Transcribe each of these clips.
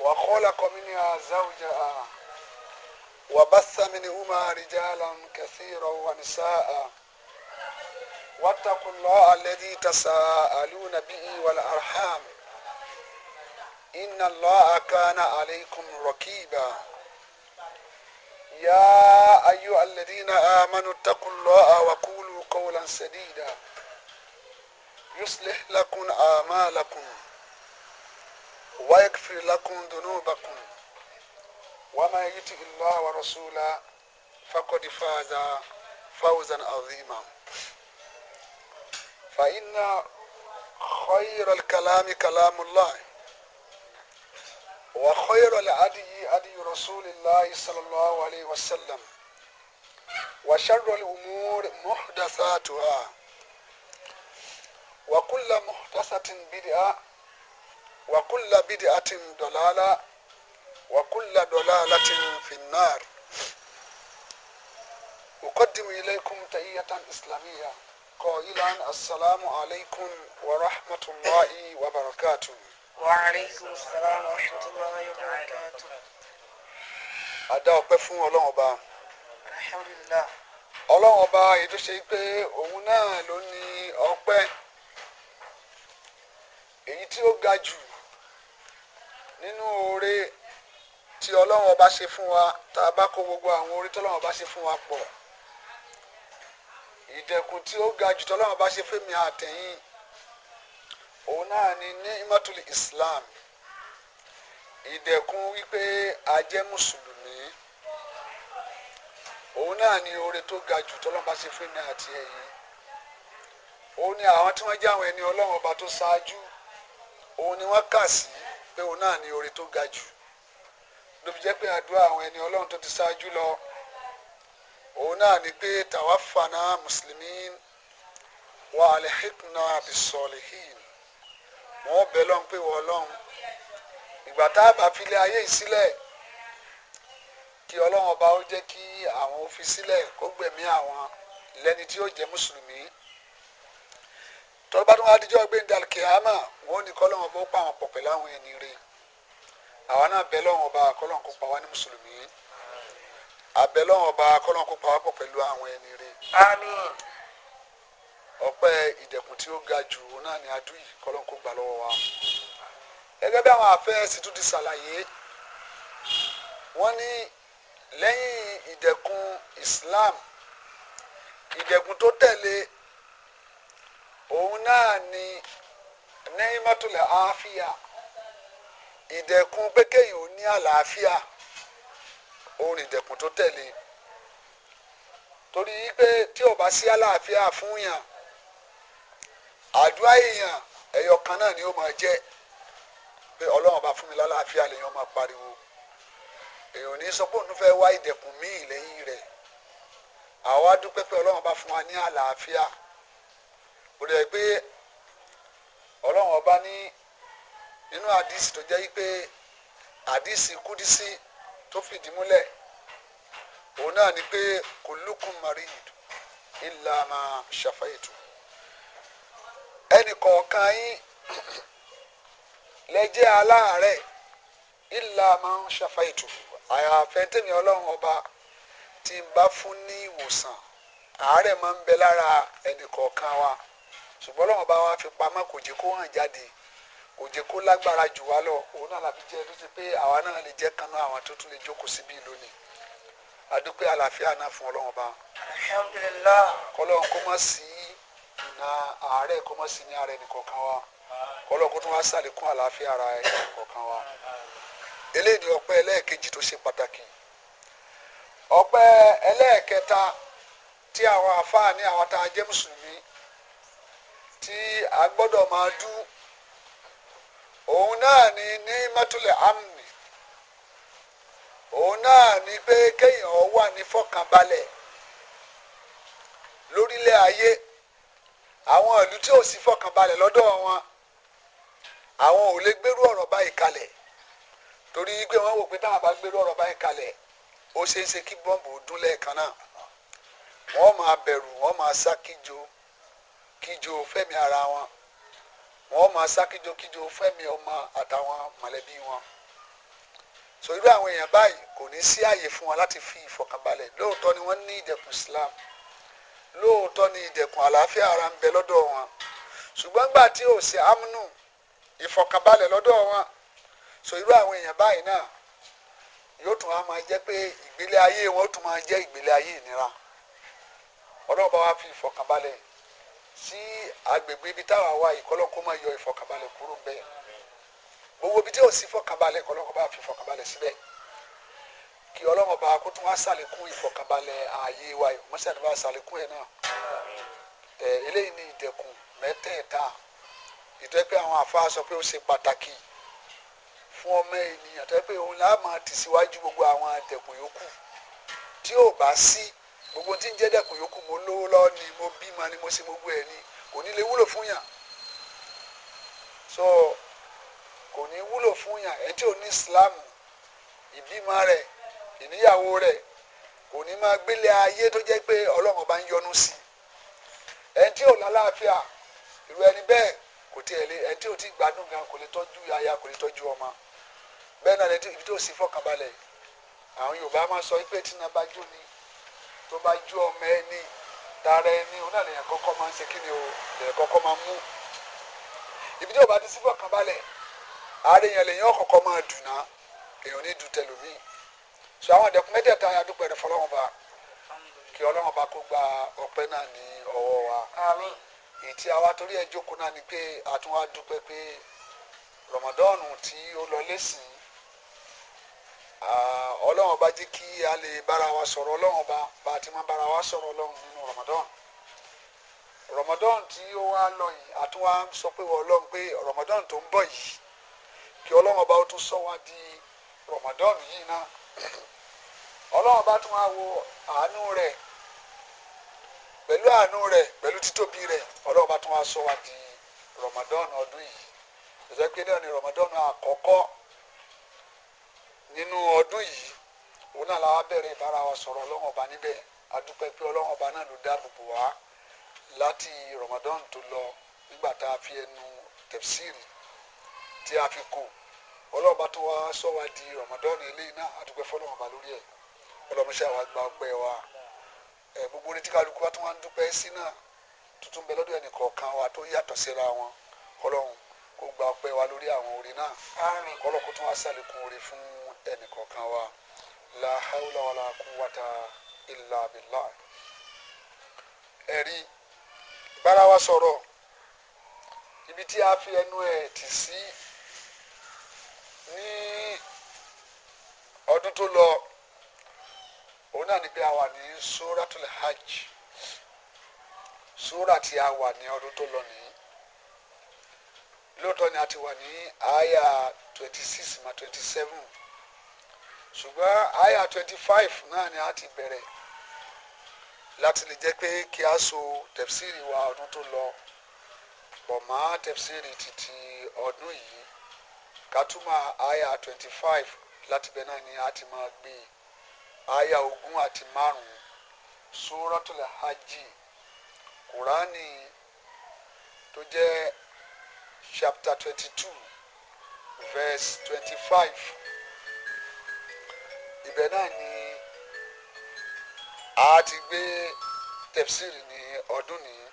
وخلق منها زوجها وبث منهما رجالا كثيرا ونساء واتقوا الله الذي تساءلون به والأرحام إن الله كان عليكم ركيبا يا أيها الذين آمنوا اتقوا الله وقولوا قولا سديدا يصلح لكم آمالكم ويكفر لكم ذنوبكم وما يطع الله ورسوله فقد فاز فوزا عظيما فإن خير الكلام كلام الله وخير الهدي هدي رسول الله صلى الله عليه وسلم وشر الأمور محدثاتها وكل محدثة بدعة وكل بدعة ضلالة وكل ضلالة في النار أقدم إليكم تحية إسلامية قائلا السلام عليكم ورحمة الله وبركاته وعليكم السلام ورحمة الله وبركاته أدعو بفهم الله أبا الحمد لله ọlọ́run أبا èyí tó ṣe أبا. òun náà èyí tí ó ga jù nínú oore tí ọlọ́run ọba ṣe fún wa tá a bá kó gbogbo àwọn oore tọ́lọ́run ọba ṣe fún wa pọ̀ ìdẹ̀kùn tí ó ga jù tọ́lọ́run ọba ṣe fẹ́mi àtẹ̀yìn òun náà ni ní imatuli Islam ìdẹ̀kùn wípé a jẹ́ mùsùlùmí òun náà ni oore tó ga jù tọ́lọ́run ọba ṣe fẹ́mi àti ẹ̀yìn òun ni àwọn tí wọ́n jẹ́ àwọn ẹni ọlọ́run ọba tó ṣáájú òun ni wọ́n kà sí pé òun náà ní oore tó ga jù lóbi jẹ́ pé àdúrà àwọn ẹni ọlọ́run tó ti ṣáájú lọ òun náà ní pé tàwáfànà muslimin wà alhikna bisolihin wọ́n bẹ̀ lọ́n pé wọ́n ọlọ́run ìgbà tá a bá filẹ̀ ayé yìí sílẹ̀ kí ọlọ́run ọba ó jẹ́ kí àwọn ó fi sílẹ̀ kó gbẹ̀mí àwọn lẹ́ni tí ó jẹ́ mùsùlùmí tọ́lá bá tún wá díjọ́ gbé ndàlù kìámà wọn ò ní kọ́ lọ́wọ́ bó pa àwọn pọ̀ pẹ̀lú àwọn ẹni rè àwa náà bẹ lọ́wọ́ ọba kọ́lọ́n kó pa ní mùsùlùmí àbẹ lọ́wọ́ ọba kọ́lọ́n kó pa pọ̀ pẹ̀lú àwọn ẹni rè. àmín. ọpẹ́ tí ó ga jù náà ni adú yìí kọ́lọ́n kó gbà lọ́wọ́ wa. gẹ́gẹ́ bí àwọn afẹ́ẹ́sì tún ti ṣàlàyé wọ́n ní lẹ́yìn ìdẹ̀kùn Islam ìdẹ̀kùn tó tẹ̀lé òun náà ni nẹ́ẹ̀mọ́tòlẹ̀ àáfíà ìdẹ̀kùn pé kéèyàn ò ní àlàáfíà òun ìdẹ̀kùn tó tẹ̀lé torí pé tí ò bá sí àlàáfíà fún yàn àdúrà èèyàn ẹyọ kan náà ni ó máa jẹ́ pé ọlọ́run bá fún mi lálàáfíà lèèyàn máa pariwo èèyàn ò ní sọ pé òun fẹ́ wá ìdẹ̀kùn míì lẹ́yìn rẹ̀ àwa dúpẹ́ pé ọlọ́run bá fún wa ní àlàáfíà kò lè pé ọlọ́run ọba ní nínú àdìsí tó jẹ́ pé àdìsí kúdísí tó fìdí múlẹ̀ òun náà ni pé kullukum marid illa ma shafaitu ẹnì kọ̀ọ̀kan yín lẹ́jẹ́ aláàárẹ̀ illa ma shafaitu àyàfẹ́ tèmi ọlọ́run ọba ti n bá fún ní ìwòsàn àárẹ̀ máa ń bẹ lára ẹnì kọ̀ọ̀kan wa. ṣùgbọ́n Ọlọ́run bá wa fi pamọ́ kò jẹ́ kó hàn jáde kò jẹ́ kó lágbára jù wá lọ òun náà làbí jẹ́ tó ti pé àwa náà lè jẹ́ kanú àwọn tó tún lè jókòó síbí lónìí adúpẹ́ àlàáfíà náà fún Ọlọ́run bá. alhamdulillah. kọ́lọ́run kó má sí iná àárẹ̀ kó má sí ní àárẹ̀ nìkọ̀ọ̀kan wa kọ́lọ́run kó tún wá sàlékún àlàáfíà ara ẹ̀ nìkọ̀ọ̀kan wa. eléyìí ni ọpẹ́ ẹlẹ́ẹ̀kejì tó ṣe pàtàkì ọpẹ́ ẹlẹ́ẹ̀kẹta tí àwọn àfáà ní àwọn tá a jẹ́ mùsùlùmí tí a gbọ́dọ̀ máa dú òun náà ni ní mẹ́tòlẹ̀ amni òun náà ni pé kéèyàn wà ní fọkànbalẹ̀ lórílẹ̀ ayé àwọn ìlú tí ò sí fọkànbalẹ̀ lọ́dọ̀ wọn àwọn ò lè gbèrú ọ̀rọ̀ báyìí kalẹ̀ torí pé wọ́n wò pé táwọn bá gbèrú ọ̀rọ̀ báyìí kalẹ̀ ó ṣeé ṣe kí bọ́ǹbù dún lẹ́ẹ̀kan náà wọ́n máa bẹ̀rù wọ́n máa sá kíjo kíjo fẹmi ara wọn wọ́n máa sá kíjokíjo fẹ́mi ọmọ àtàwọn mọ̀lẹ́bí wọn so irú àwọn èèyàn báyìí kò ní sí àyè fún wọn láti fi ìfọ̀kànbalẹ̀ lóòótọ́ ni wọ́n ní ìdẹ̀kùn Islam lóòótọ́ ni ìdẹ̀kùn àlàáfíà ara ń bẹ lọ́dọ̀ wọn ṣùgbọ́n gbà tí ò sí amúnú ìfọ̀kànbalẹ̀ lọ́dọ̀ wọn so irú àwọn èèyàn báyìí náà yóò tún máa jẹ́ pé ìgbélé ayé wọn ó tún máa jẹ́ ìgbélé ayé ìnira ọlọ́ọ̀bá wa fi ìfọ̀kànbalẹ̀ yìí sí agbègbè ibi táwa wà yìí kọ́lọ́ kó máa yọ ìfọkànbalẹ̀ kúrò bẹ́ẹ̀ gbogbo ibi tí ò sí fọkànbalẹ̀ kọ́lọ́ kó bá fi fọkànbalẹ̀ síbẹ̀ kí ọlọ́run bá kó tún wá sàlékún ìfọkànbalẹ̀ ààyè wa yìí mọ́sí àti bá sàlékún ẹ̀ náà ẹ eléyìí ni ìdẹ̀kùn mẹ́tẹ̀ẹ̀ta ìtọ́ pé àwọn àfáà sọ pé ó ṣe pàtàkì fún ọmọ ènìyàn tó pé òun láà máa tì síwájú gbogbo àwọn àdẹ̀kùn yòókù tí ò bá sí. Si, gbogbo tí ń jẹ́ dẹ̀kùn yòókù mo lówó lọ́wọ́ ni mo bímọ ni mo ṣe gbogbo ẹ̀ ni kò ní lè wúlò fún yàn so kò ní wúlò fún yàn ẹ tí ò ní Islam ìbímọ rẹ ìníyàwó rẹ kò ní máa gbélé ayé tó jẹ́ pé Ọlọ́run bá ń yọ́nú sí ẹ tí ò lálàáfíà irú ẹni bẹ́ẹ̀ kò tiẹ̀ lé ẹ tí ò ti gbádùn gan kò lè tọ́jú aya kò lè tọ́jú ọmọ bẹ́ẹ̀ náà lẹ́tí ibi tó sì fọkànbalẹ̀ àwọn Yorùbá máa sọ pé tí iná ni tó bá ju ọmọ ẹni tara ẹni òun náà lèyàn kọ́kọ́ máa ń ṣe kí ni o lèyàn kọ́kọ́ máa ń mú ibi tí o bá ti síbọ̀ kan balẹ̀ àárẹ̀ yẹn lèyàn kọ́kọ́ máa dùnà èyàn ní dùn tẹlómìn so àwọn ìdẹ̀kùn mẹ́tẹ̀ẹ̀ta adúpẹ́ rẹ̀ fọlọ́wọ́n ba kí ọlọ́wọ́n bá kó gba ọpẹ́ náà ní ọwọ́ wa ìtì àwa torí ẹ̀ jókòó náà ni pé àtúnwá pé rọmọdọ́ọ̀nù tí ó lọ lẹ́sìn Ah, ọlọ́run ọba jẹ́ kí a lè bára wa sọ̀rọ̀ ọlọ́run ọba bá ti máa bára wa sọ̀rọ̀ ọlọ́run nínú Ramadan Ramadan tí ó wá lọ yìí a tún sọ pé ọlọ́run pé Ramadan tó ń bọ̀ yìí kí ọlọ́run ọba tún sọ wá di Ramadan yìí náà ọlọ́run ọba tún wá wo àánú rẹ̀ pẹ̀lú àánú rẹ̀ pẹ̀lú títóbi rẹ̀ ọlọ́run ọba tún wá sọ wá di Ramadan ọdún yìí ìjọba pé náà ni àkọ́kọ́ nínú ọdún yìí òun náà la wá bẹ̀rẹ̀ ìbára wa sọ̀rọ̀ ọlọ́run ọba níbẹ̀ adúpẹ́ pé ọlọ́run ọba náà ló dáàbòbò wá láti Ramadan tó lọ nígbà tá a fi ẹnu tẹ̀síìrì tí a fi kù ọlọ́run bá tó wá sọ wá di Ramadan eléyìí náà adúpẹ́ fọlọ́run ọba lórí ẹ̀ ọlọ́run ṣe àwọn àgbà ọgbẹ́ wa ẹ̀ gbogbo orí tí kálukú wa tó wá ń dúpẹ́ sí náà tuntun bẹ lọ́dọ̀ ẹnìkọ̀ọ̀kan wa tó yàtọ̀ síra wọn ọlọ́run kó gba ọpẹ́ wa lórí àwọn orí náà kọ́lọ́kù tó wá sàlékún orí fún ẹnì kọ̀ọ̀kan wa la hawla wala quwwata illa billah ẹ̀rí bára wa sọ̀rọ̀ ibi tí a fi ẹnu ẹ̀ tì sí ní ọdún tó lọ òun náà ni pé a wà ní suratul hajj sura tí a wà ní ọdún tó lọ nìyí lóòótọ́ ni a ti wà ní àyà twenty six ma twenty seven ṣùgbọ́n àyà twenty five náà ni a ti bẹ̀rẹ̀ láti lè jẹ́ pé kí a so tẹ̀fsíìrì wa ọdún tó lọ pọ̀ mọ́ tẹ̀fsíìrì títí ọdún yìí kátúmọ̀ àyà twenty five láti bẹ̀ náà ni a ti máa gbé àyà ogún àti márùn-ún suratul hajj kùránì tó jẹ́ chapter twenty two verse twenty five ibẹ̀ náà ni a ti gbé tẹ̀síìrì ní ọdún nìyí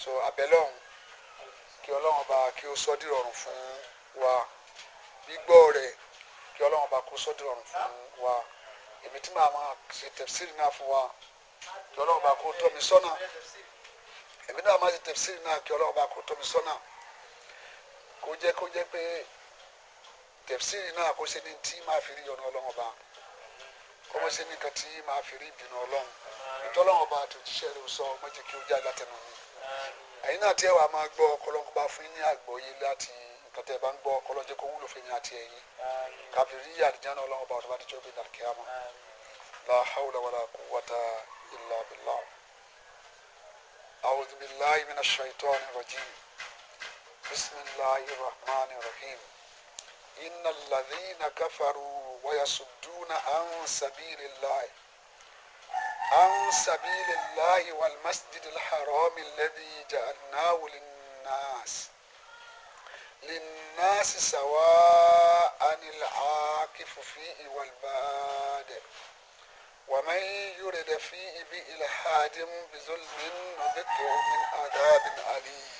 so abẹ́lọ́hún kí ọlọ́run ọba kí ó sọ́dí rọrùn fún wa gbígbọ́ rẹ̀ kí ọlọ́run ọba kó sọ́dí rọrùn fún wa èmi tí màá máa ṣe tẹ̀síìrì náà fún wa kí ọlọ́run ọba kó tọ́ mi sọ́nà èmi náà máa ṣe tẹ̀síìrì náà kí ọlọ́run ọba kó tọ́ mi sọ́nà kó jẹ́ kó jẹ́ pé tẹ̀síìrì náà kó ṣe ní tí máa fi rí yọnu ọlọ́run ọba kó mọ̀ ṣe ní nǹkan tí máa fi rí ìbínú ọlọ́run ìtọ́lọ́run ọba àti òjíṣẹ́ rẹ̀ sọ ọmọ jẹ́ kí ó já látẹnu mi ẹ̀yin náà tí ẹ wàá máa gbọ́ ọkọlọ́run ọba fún yín àgbọ́yé láti nǹkan tẹ́ ẹ bá ń gbọ́ ọkọlọ́run jẹ́ kó wúlò fún yín àti ẹ̀yin kàfi rí àdìjáná ọlọ́run ọba ọ̀tọ́ba àtijọ́ bí dàkẹ́ àmọ́ إن الذين كفروا ويصدون عن سبيل الله عن سبيل الله والمسجد الحرام الذي جعلناه للناس للناس سواء العاكف فيه والباد ومن يرد فيه بإلحاد بظلم نذقه من عذاب أليم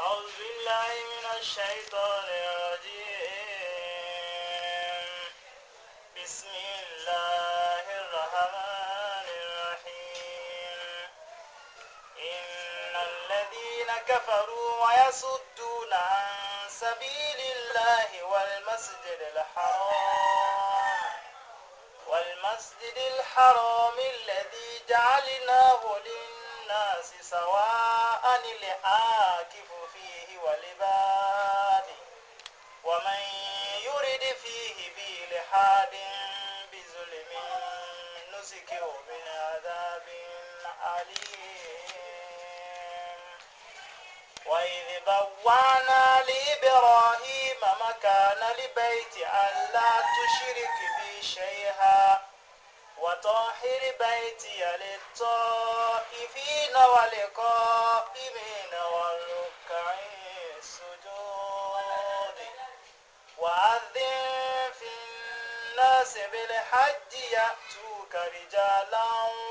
أعوذ بالله من الشيطان الرجيم بسم الله الرحمن الرحيم إن الذين كفروا ويصدون عن سبيل الله والمسجد الحرام والمسجد الحرام الذي جعلناه للناس سواء العاكف وإذ بوانا لإبراهيم مكان البيت ألا تشرك بي شيئا وطهر بيتي للطائفين والقائمين والركع السجود وأذن في الناس بالحج يأتوك رجالا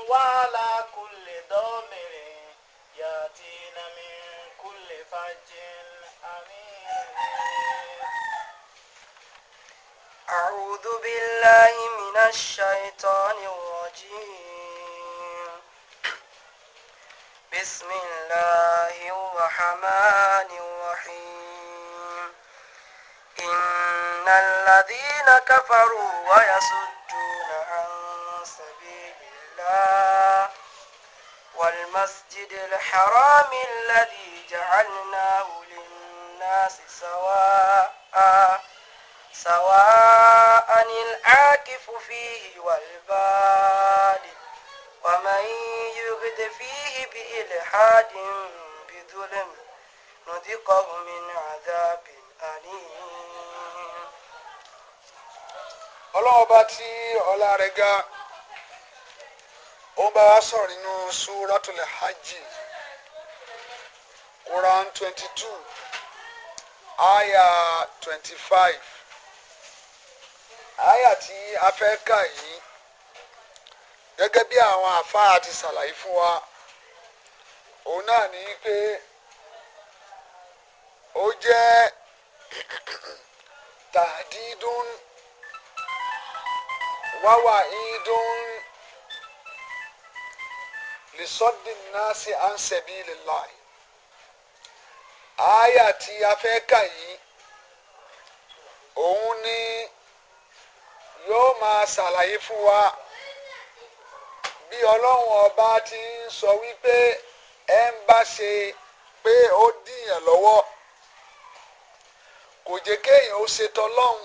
وعلى كل ضامر أعوذ بالله من الشيطان الرجيم بسم الله الرحمن الرحيم إن الذين كفروا ويصدون عن سبيل الله والمسجد الحرام الذي جعلناه للناس سواء سواء العاكف فيه والباد ومن يغد فيه بإلحاد بظلم نذقه من عذاب أليم ọlọ́wọ́ bá tí ọlá rẹ̀ ga ó bá wa sọ̀rọ̀ nínú suratul hajj Quran twenty two aya twenty five àyà tí a fẹ́ kà yìí gẹ́gẹ́ bí àwọn àfáà ti ṣàlàyé fún wa òun náà ní pé ó jẹ́ tàdídún wáwà ìdún lisọ́dín náà sí ansẹ̀bí lillahi àyà tí a fẹ́ òun ní yóò máa ṣàlàyé fún wa bí ọlọ́run ọba ti ń sọ wípé ẹ ń bá ṣe pé ó dìyàn lọ́wọ́ kò jẹ́ kéèyàn ó ṣe tọ́lọ́run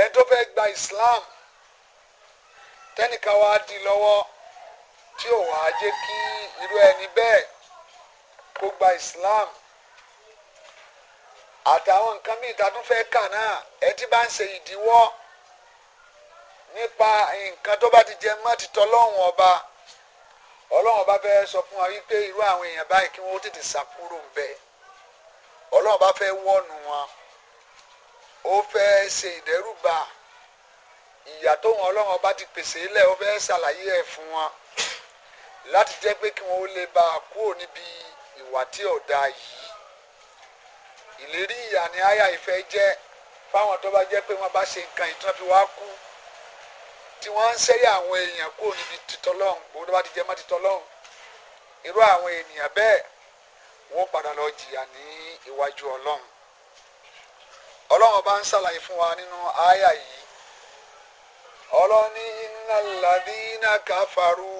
ẹ tó fẹ́ gba Islam tẹ́nìkan wá di lọ́wọ́ tí ò wá jẹ́ kí irú ẹni bẹ́ẹ̀ kó gba Islam àtàwọn nǹkan míì tá a tún fẹ́ kà náà ẹ ti bá ń ṣe ìdíwọ́ nípa nǹkan tó bá ti jẹ mọ́ ti tọ́ lọ́hùn ọba ọlọ́hùn ọba fẹ́ sọ fún wa wípé irú àwọn èèyàn báyìí kí wọ́n tètè sàkúrò ń bẹ̀ ọlọ́hùn ọba fẹ́ wọ́ọ̀nù wọn ó fẹ́ ṣe ìdẹ́rùbà ìyà tó wọn ọlọ́hùn ọba ti pèsè lẹ̀ ó fẹ́ ṣàlàyé ẹ̀ fún wọn láti jẹ́ pé kí wọ́n ó lè bá a kúrò níbi ìwà tí ò yìí ìlérí ìyà ni àyà ìfẹ́ jẹ́ fáwọn tó bá jẹ́ pé wọ́n bá ṣe nǹkan ìtàn fi wá kú tí wọ́n ń sẹ́rí àwọn èèyàn kúrò níbi títọ́ lọ́hùn gbogbo tó bá ti jẹ́ títọ́ lọ́hùn irú àwọn ènìyàn bẹ́ẹ̀ wọ́n padà lọ jìyà ní iwájú ọlọ́run ọlọ́run bá ń fún wa nínú àyà yìí ọlọ́ni iná káfàrú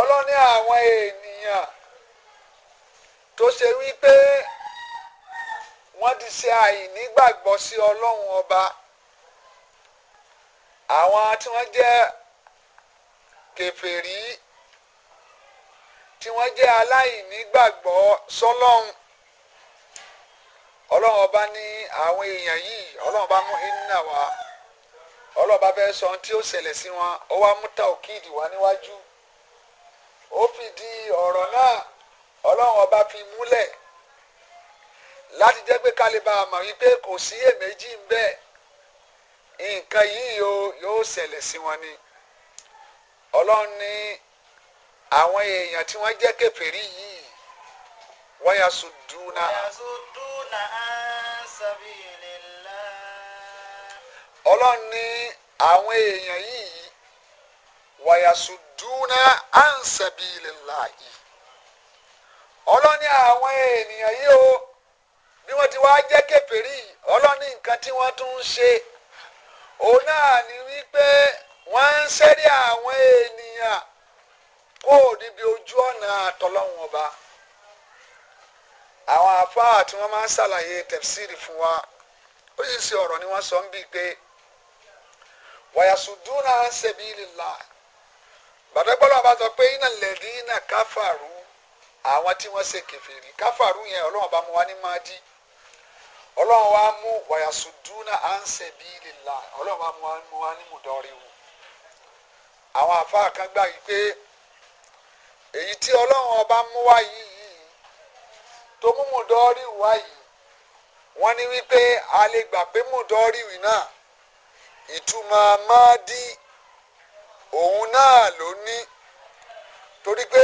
ọlọ́ni àwọn ènìyàn tó ṣe wípé wọ́n ti ṣe sí ọlọ́run ọba. àwọn tí wọ́n jẹ́ kèfèrí tí wọ́n jẹ́ aláìnígbàgbọ́ sọ́lọ́hun ọlọ́run ọba ní àwọn èèyàn yìí ọlọ́run bá mú iná wá ọlọ́run bá fẹ́ sọ ohun tí ó ṣẹlẹ̀ sí wọn ó wá mú taokidi wá níwájú ó fìdí ọ̀rọ̀ náà ọlọ́run ọba fi múlẹ̀ láti jẹ́ pé kálíbà mọ̀ wípé kò sí èméjì ń bẹ́ẹ̀ nǹkan yìí yóò yóò ṣẹlẹ̀ sí wọn ni ọlọ́run ní àwọn èèyàn tí wọ́n jẹ́ kèfèrí yìí wọ́n yà sùn dúnà. ọlọ́run ní àwọn èèyàn yìí wọ́n yà sùn dúnà ansabilillahi ọlọ́ni àwọn ènìyàn yìí o bí wọ́n ti wá jẹ́ kèfèrí ọlọ́ni nǹkan tí wọ́n tún ń ṣe onaa náà ni wípé wọ́n sẹ́rí àwọn ènìyàn kó o níbi ojú ọ̀nà àtọ́lọ́hún ọba àwọn àfáà tí wọ́n máa ń ṣàlàyé tẹ̀síìrì fún wa ó sì ṣe ọ̀rọ̀ ni wọ́n sọ ń bí pé wàyàsùdúnà sabilillah gbàdọ́gbọ́lọ́ sọ pé iná lẹ́dí iná káfàrú àwọn tí wọ́n ṣe kẹfìrí káfàrú yẹn ọlọ́run ọlọ́run wa mú wàyàsùdúnà ansẹ̀ bíi lìlà ọlọ́run wa mú wa ní mùdọ́rìwò àwọn àfáà kan gbà yìí pé èyí tí ọlọ́run ọba mú wá yìí tó mú mùdọ́rìwò wá yìí wọ́n ní wípé a lè gbà pé mùdọ́rìwò náà ìtumọ̀ máa dí òun náà ló ní torí pé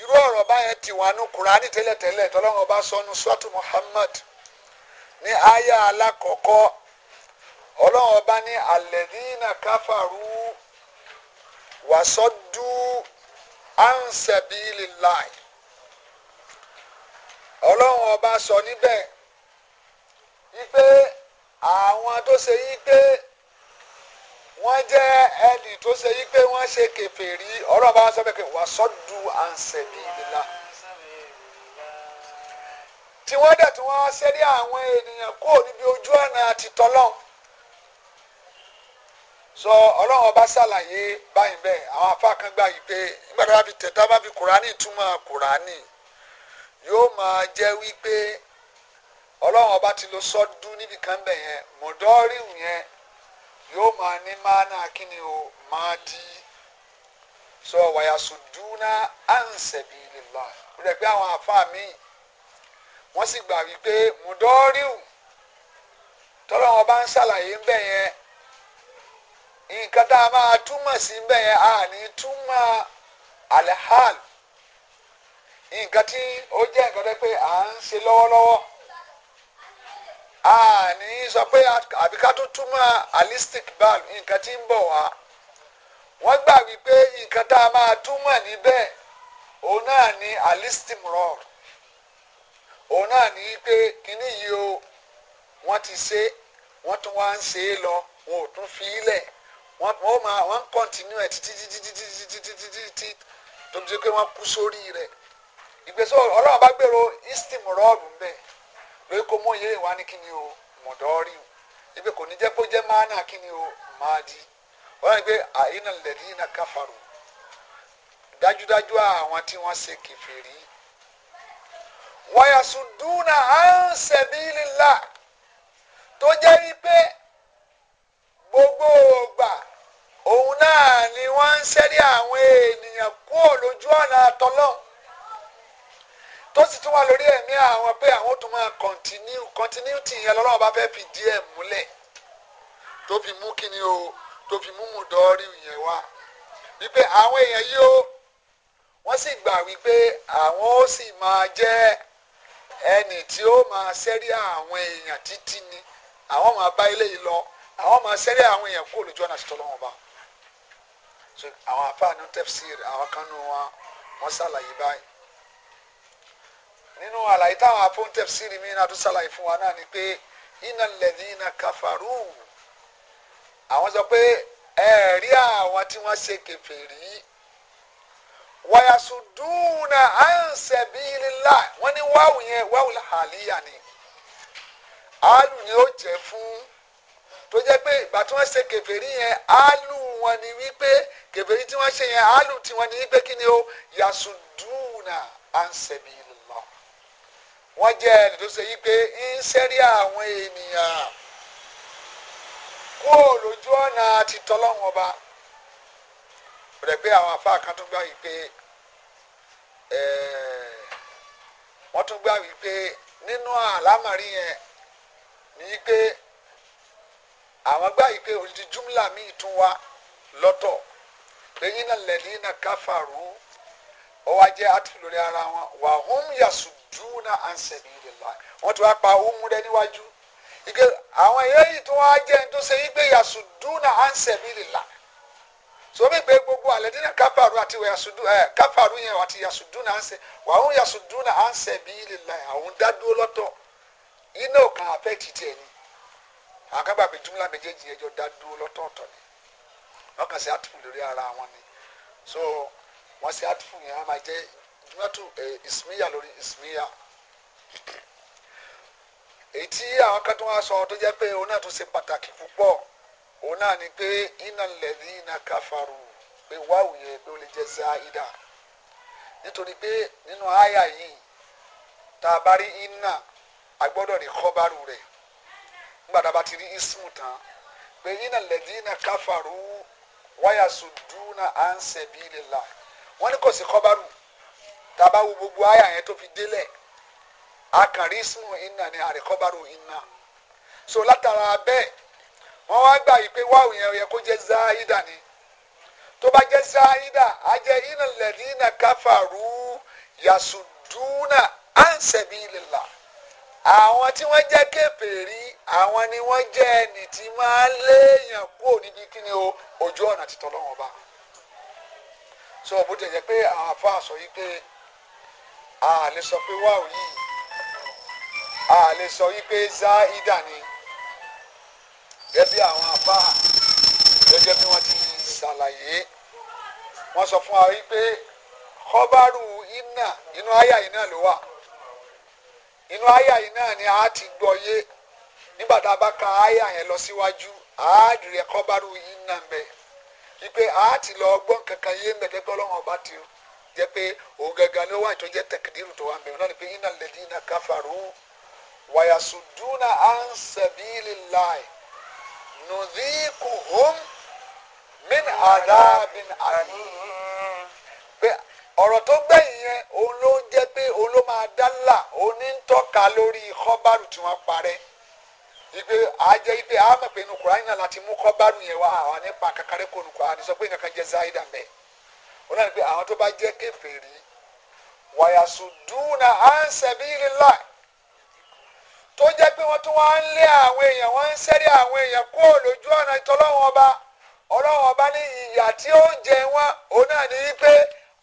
irú ọ̀rọ̀ báyẹn ti nù Kùránì tẹ́lẹ̀tẹ́lẹ̀ tọ́lọ́run ọba sọnù suratu Muhammad ní àyà alákọ̀ọ́kọ́ ọlọ́run ọba ní alẹ́dínà káfàrú wàsọ́dú ansabilillahi ọlọ́run ọba sọ níbẹ̀ wípé àwọn tó ṣe yí pé wọ́n jẹ́ ẹnì tó ṣe yí pé wọ́n ṣe kèfèrí ọlọ́run ọba wọn sọ pé wàsọ́dú ansabilillahi. tí wọ́n dẹ̀ tí wọ́n ṣẹ́rí àwọn ènìyàn kúrò níbi ojú ọ̀nà àti tọ́lọ́n sọ ọlọ́run ọba ṣàlàyé báyìí bẹ́ẹ̀ àwọn afá kan gbà yìí pé nígbà tó bá fi tẹ̀tà bá fi kùránì túmọ̀ kùránì yóò máa jẹ́ wípé ọlọ́run ọba ti sọ́dún níbi kan bẹ̀ yẹn yẹn yóò máa ní mánà kíni o máa di sọ wàyà sùdúnà ansabilillah ó dẹ̀ pé àwọn afá míì wọ́n sì gbà wípé mùdọ́ríù tọ́lọ́ wọn bá ń ṣàlàyé ń bẹ̀ yẹn nǹkan tá a máa túmọ̀ sí ń bẹ̀ yẹn a ní túmọ̀ alhal nǹkan tí ó jẹ́ nǹkan tó pé à ń ṣe lọ́wọ́lọ́wọ́ a ní sọ pé àbí ká tó túmọ̀ alistic bal nǹkan tí ń bọ̀ wá wọ́n gbà wípé nǹkan tá a máa túmọ̀ níbẹ̀ òun náà ní alistimror òun náà ní pé o wọn ti se wọn tún wá ń se é lọ wọn ò tún fi í lẹ̀ wọ́n wọ́n máa wọ́n títí títí títí títí títí títí tó ti pé wọ́n kú sórí bá istim kó mú iye o mọ̀dọ́rì o ibi kò ní jẹ́ o máa di wọ́n rí àyínà iná dájúdájú àwọn tí se wayasuduna an sabilillah tó jẹ́ wípé gbogbo ògbà òun náà ni wọ́n ń ṣẹ́rí àwọn ènìyàn kúrò lójú ọ̀nà àtọ́lọ́ tó sì tún wà lórí ẹ̀mí àwọn pé àwọn tó máa kọ̀ntínú kọ̀ntínú yẹn lọ́wọ́ bá fẹ́ fi díẹ̀ múlẹ̀ tó fi mú kíni o tó fi mú mùdọ́rí yẹn wá wípé àwọn èèyàn yìí o wọ́n sì gbà wípé àwọn ó sì máa jẹ́ ẹni tí ó máa ṣẹ́rí àwọn èèyàn títí ni àwọn máa bá eléyìí lọ àwọn máa ṣẹ́rí àwọn èèyàn kó olùjọ́ náà ṣètò lọ́wọ́ bá so àwọn afáàní tafsir àwọn kan nù wọn wọn ṣàlàyé báyìí nínú àlàyé táwọn afọ́n tafsir mi náà tún ṣàlàyé fún wa náà ni pé innal ladhina kafaru àwọn sọ pé ẹ̀ẹ́rí àwọn tí wọ́n ṣe kèfèrí wàyàsùdúnà ànsẹ̀bìlélà wọ́n ní wáwù yẹn wáwù hàlíyà ni Alu ni ó jẹ́ fún tó jẹ́ pé ìgbà tí wọ́n ṣe kèfèrí yẹn áálù wọn ni wípé kèfèrí tí wọ́n ṣe yẹn áálù tí wọ́n ni wípé kí ni ó yàsùdúnà ànsẹ̀bìlélà wọ́n jẹ́ ẹni tó ṣe wípé ń sẹ́rí àwọn ènìyàn kó lójú ọ̀nà àti tọ́lọ́wọ́n ọba rẹ̀ pé àwọn afá kan tún gbà wípé wọ́n tún gbà wípé nínú àlámọ̀rí yẹn ní pé àwọn gbà wípé òdìdí júmùlà míì tún wá lọ́tọ̀ lẹ́yìn náà lẹ́yìn náà káfàrú ó wá jẹ́ àtúntò lórí ara wọn wà hum yasuduna an sabilillah wọ́n ti wá pa hum rẹ níwájú àwọn èyí tó wá jẹ́ se tó ṣe yí pé yasuduna an sabilillah sọmi gbẹ gbogbo alẹdina kafaru àti yasudu ẹ eh, kafaru yẹn àti yasudu náà ansẹ wàhùn yasudu náà ansẹ bíi lila àwọn dádúró lọ́tọ̀ iná ò kàn afẹ títí ẹ ní àkàbà bíi jumla méjèèjì yẹn dádúró lọ́tọ̀ ọ̀tọ̀ ni wọn kàn sí àtúfù lórí ara wọn ni so wọn sí àtúfù yẹn a máa jẹ jumlatu ẹ eh, lórí ismiya èyí tí àwọn kan tó sọ tó jẹ pé òun náà tó ṣe pàtàkì púpọ̀. òun náà ni pé iná lẹ́dí iná káfàrú pé wáwù yẹn pé ó lè jẹ́ záídà nítorí pé nínú àyà yìí tá a bá rí iná a gbọ́dọ̀ rí kọ́bárù rẹ̀ nígbà tá a bá ti rí ismu tán pé iná lẹ́dí iná káfàrú wáyà sùdúnà à ń la wọ́n ní kò sí kọ́bárù tá a bá wo gbogbo àyà yẹn tó fi délẹ̀ a kàn rí ismu iná ni àrí iná so látara bẹ́ẹ̀. wọ́n wá gbà yìí pé wáwù yẹn yẹ kó jẹ́ záídà ni tó bá jẹ́ záídà á jẹ́ iná lẹ́dínà káfàrú yasuduna ansẹ̀bílélà àwọn tí wọ́n jẹ́ kèfèrí àwọn ni wọ́n jẹ́ ẹni tí máa léèyàn kúrò níbi kíni o ojú ọ̀nà títọ́ lọ́wọ́ bá so bó ti jẹ́ pé àwọn afá sọ yìí pé a lè sọ pé wáwù yìí a lè sọ yìí pé záídà ni gẹ́gẹ́ àwọn afá gẹ́gẹ́ bí wọ́n ti ṣàlàyé wọ́n sọ fún wa wípé kọ́bárù iná inú àyà iná ló wà inú àyà iná ni a ti gbọ́ yé nígbà tá a bá ka àyà yẹn lọ síwájú àádìrẹ kọ́bárù iná mbẹ wípé a ti lọ gbọ́n kankan yé mbẹ gẹ́gẹ́ ọba ti jẹ́ pé òun gangan ló wà tó tẹkidiru tó wà mbẹ wọn náà ni pé iná lẹ́dí iná káfàrú wàyàsùdúnà ansabilillahi nùdíkùhùm min àdábìn àní. ọ̀rọ̀ tó gbẹ̀yìn yẹn òun ló ń jẹ́ pé òun ló máa dálà òun ní ń tọ́ka lórí kọ́bárù tí wọ́n parẹ́ ìgbé àjẹ́ ìgbé àmọ̀ pé inú kùránì náà láti mú kọ́bárù yẹn wá àwọn nípa kankanrẹ́ kò nùkọ́ àti sọ pé nǹkan kan jẹ́ záídà bẹ́ẹ̀ òun náà ni pé àwọn tó bá jẹ́ kèfèrí wàyàsùdúnà ansabilillah tó jẹ́ pé wọ́n tún wá ń lé àwọn èèyàn wọ́n ń sẹ́rí àwọn èèyàn kúrò lójú ọ̀nà ìtọ́lọ́wọ́n ọba ọlọ́wọ́n ọba ní ìyà tí ó jẹ wọ́n òun náà ní pé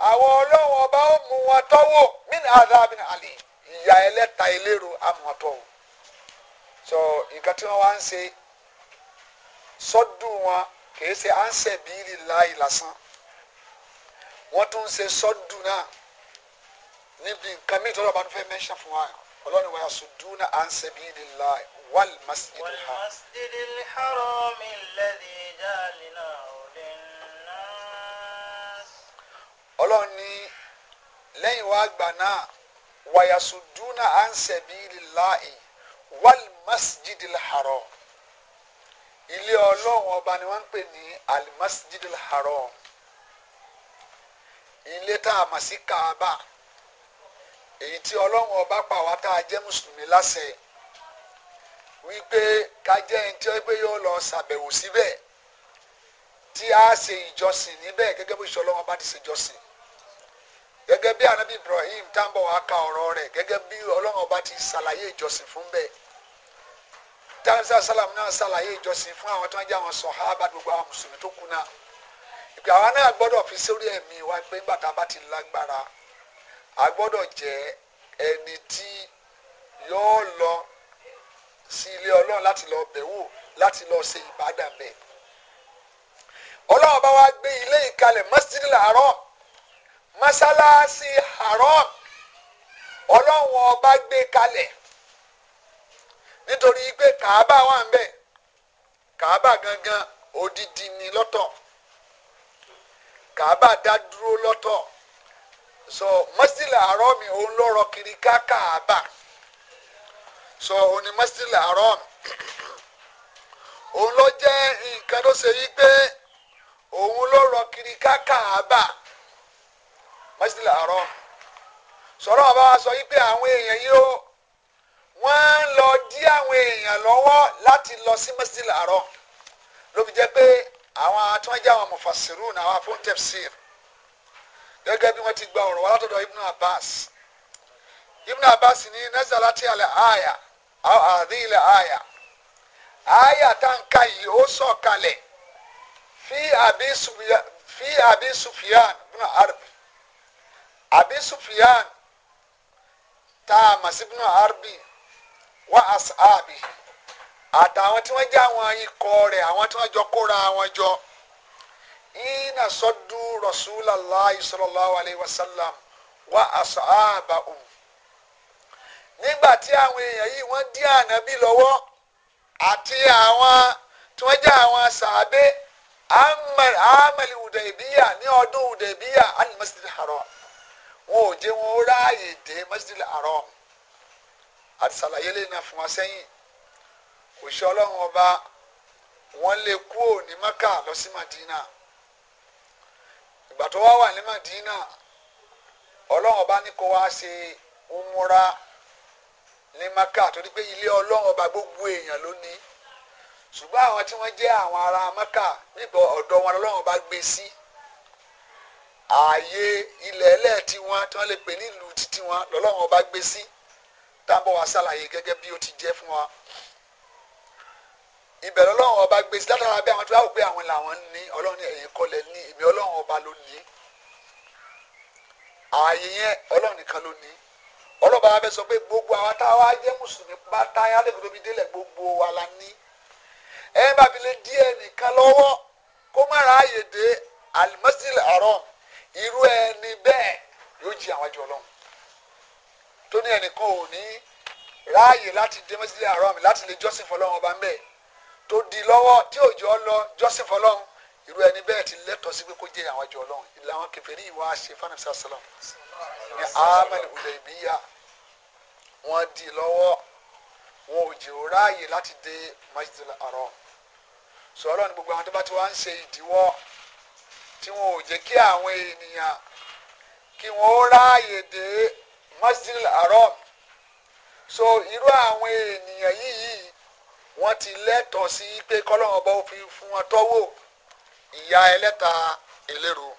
àwọn ọlọ́wọ́n ọba ó mú wọn tọ́wọ́ ìyà ẹlẹ́ta ìlérò so nǹkan tí wọ́n wá wọn kìí ṣe láì lásán wọ́n tún ń ṣe sọ́dún náà níbi ọlọ́ni wa yasuduna an sabilillah wal masjidil haram. wal masjidil haram alladhi jalinahu linnas. ọlọ́ni lẹ́yìn wá gbà náà wa yasuduna an sabilillah wal masjidil haram ilé ọlọ́run ọba ni wọ́n ń pè ní al masjidil haram ilé tá a mọ̀ sí kaaba. Si èyí tí ọlọ́run ọba pa wá tá a jẹ́ mùsùlùmí láṣẹ wípé ká jẹ́ ẹni tí ó gbé yóò lọ ṣàbẹ̀wò síbẹ̀ tí a ṣe ìjọsìn níbẹ̀ gẹ́gẹ́ bí ìṣọlọ́run ọba ti ṣe ìjọsìn gẹ́gẹ́ bí anabi Ibrahim táǹbọ̀ wá ka ọ̀rọ̀ rẹ̀ gẹ́gẹ́ bí ọlọ́run ọba ti ṣàlàyé ìjọsìn fún bẹ́ẹ̀ tansa salam náà ṣàlàyé ìjọsìn fún àwọn tó ń jẹ́ àwọn sọ̀hábà gbogbo àwọn mùsùlùmí tó kú náà ìgbà wa náà gbọ́dọ̀ fi sórí ẹ̀mí wa pé bàtà bá ti lágbára a gbọ́dọ̀ jẹ́ ẹni tí yóò lọ sí ilé ọlọ́run láti lọ bẹ̀wò láti lọ ṣe ìbádà bẹ́ẹ̀. ọlọ́run bá wá gbé ilé ìkalẹ̀ masjid haram masalasi haram ọlọ́run ọba gbé kalẹ̀ nítorí pé kàábà wà ń bẹ̀ kàábà gangan odidi ni lọ́tọ̀ kàábà dá dúró lọ́tọ̀ so masjidil haram òun ló rọ kiri ká Káàbà so òun ni masjidil haram òun ló jẹ́ nǹkan tó ṣe yí pé òun ló rọ kiri ká Káàbà masjidil haram sọ̀rọ̀ àbá wa sọ yí pé àwọn èèyàn yìí ó wọ́n ń lọ dí àwọn èèyàn lọ́wọ́ láti lọ sí masjidil haram ló fi jẹ́ pé àwọn tí wọ́n jẹ́ àwọn mufasirun àwọn afúntẹ̀síìrì gẹ́gẹ́ bí wọ́n ti gba ọ̀rọ̀ wá látọ̀dọ̀ Ibn Abbas Ibn Abbas ní nazalati alẹ́ àyà àdé ilẹ̀ àyà àyà táǹkà yìí ó sọ̀ kalẹ̀ fi àbí Sufyan fi àbí Sufyan ibn Harb àbí Sufyan tá a mà sí ibn Harbi wá as'abi àtàwọn tí wọ́n jẹ́ àwọn ikọ̀ rẹ̀ àwọn tí wọ́n jọ kóra wọn jọ ina sọdu رسول الله صلى الله عليه وسلم وأصحابه. um nígbà tí àwọn èèyàn yìí wọ́n dí ànábì lọ́wọ́ àti àwọn tí wọ́n jẹ́ àwọn sàábé amali udaibiya ní ọdún udaibiya ali masjid haram wọn ò jẹ́ wọn ráàyè dé masjid haram àti sàlàyé lè na fún wa sẹ́yìn òṣìṣẹ́ ọlọ́run ọba wọ́n lè kúò ní maka lọ sí madina. Si ìgbà tó wá wà ní Madina ọlọ́run ọba ní kó wá ṣe umura ní Maka torí pé ilé ọlọ́run ọba gbogbo èèyàn ló ní ṣùgbọ́n àwọn tí wọ́n jẹ́ àwọn ará Maka nígbà ọ̀dọ̀ wọn ọlọ́run ọba gbé sí ààyè ilẹ̀ ẹlẹ́ẹ̀tì wọn tí wọ́n lè pè ní ìlú títí wọn lọ́lọ́run ọba gbé sí tábọ̀ wá ṣàlàyé gẹ́gẹ́ bí ó ti jẹ́ fún wa ìbẹ̀rẹ̀ ọlọ́run ọba gbé sí látara bí àwọn tó wáwò pé àwọn làwọn ní ọlọ́run ẹ̀yìn kọlẹ̀ ní èmi ọlọ́run ọba ló ní ààyè yẹn ọlọ́run nìkan ló ní ọlọ́ba wa fẹ́ sọ pé gbogbo àwọn táwa jẹ́ mùsùlùmí pátá yálẹ́gbẹ̀ẹ́ tóbi délẹ̀ gbogbo wa la ní ẹ bá fi lé díẹ̀ nìkan lọ́wọ́ kó má ra ààyè dé alimọ́sílì ọ̀rọ̀ irú ẹni bẹ́ẹ̀ yóò jí àwọn àjọ ọlọ́run tó ní ẹnìkan ò ní ráàyè láti dé mọ́sílì ọ̀rọ̀ mi láti lè jọ́sìn fọlọ́run ọba ń tó di lọ́wọ́ tí òjò lọ jọ́sìn fọlọ́run irú ẹni bẹ́ẹ̀ ti lẹ́tọ̀ọ́ sí pé kó jẹ́ àwọn àjọ ọlọ́run ìlànà kẹfẹ́rí ìwà ṣe fanamisa salam ní ahmed Hudaybiya wọ́n di lọ́wọ́ wọn ò jẹ́ ráàyè láti dé Masjidil Haram sọ̀rọ̀ ní gbogbo àwọn tó bá ti wá ń ṣe ìdíwọ́ tí wọn ò jẹ́ kí àwọn ènìyàn kí wọ́n ó ráàyè dé Masjidil Haram so irú àwọn ènìyàn yìí yìí wọ́n ti lẹ́tọ̀ọ́ sí pé kọ́lọ́wọ́n bọ́ fi fún wọn tọ́wò ìyá ẹlẹ́ta ìlérò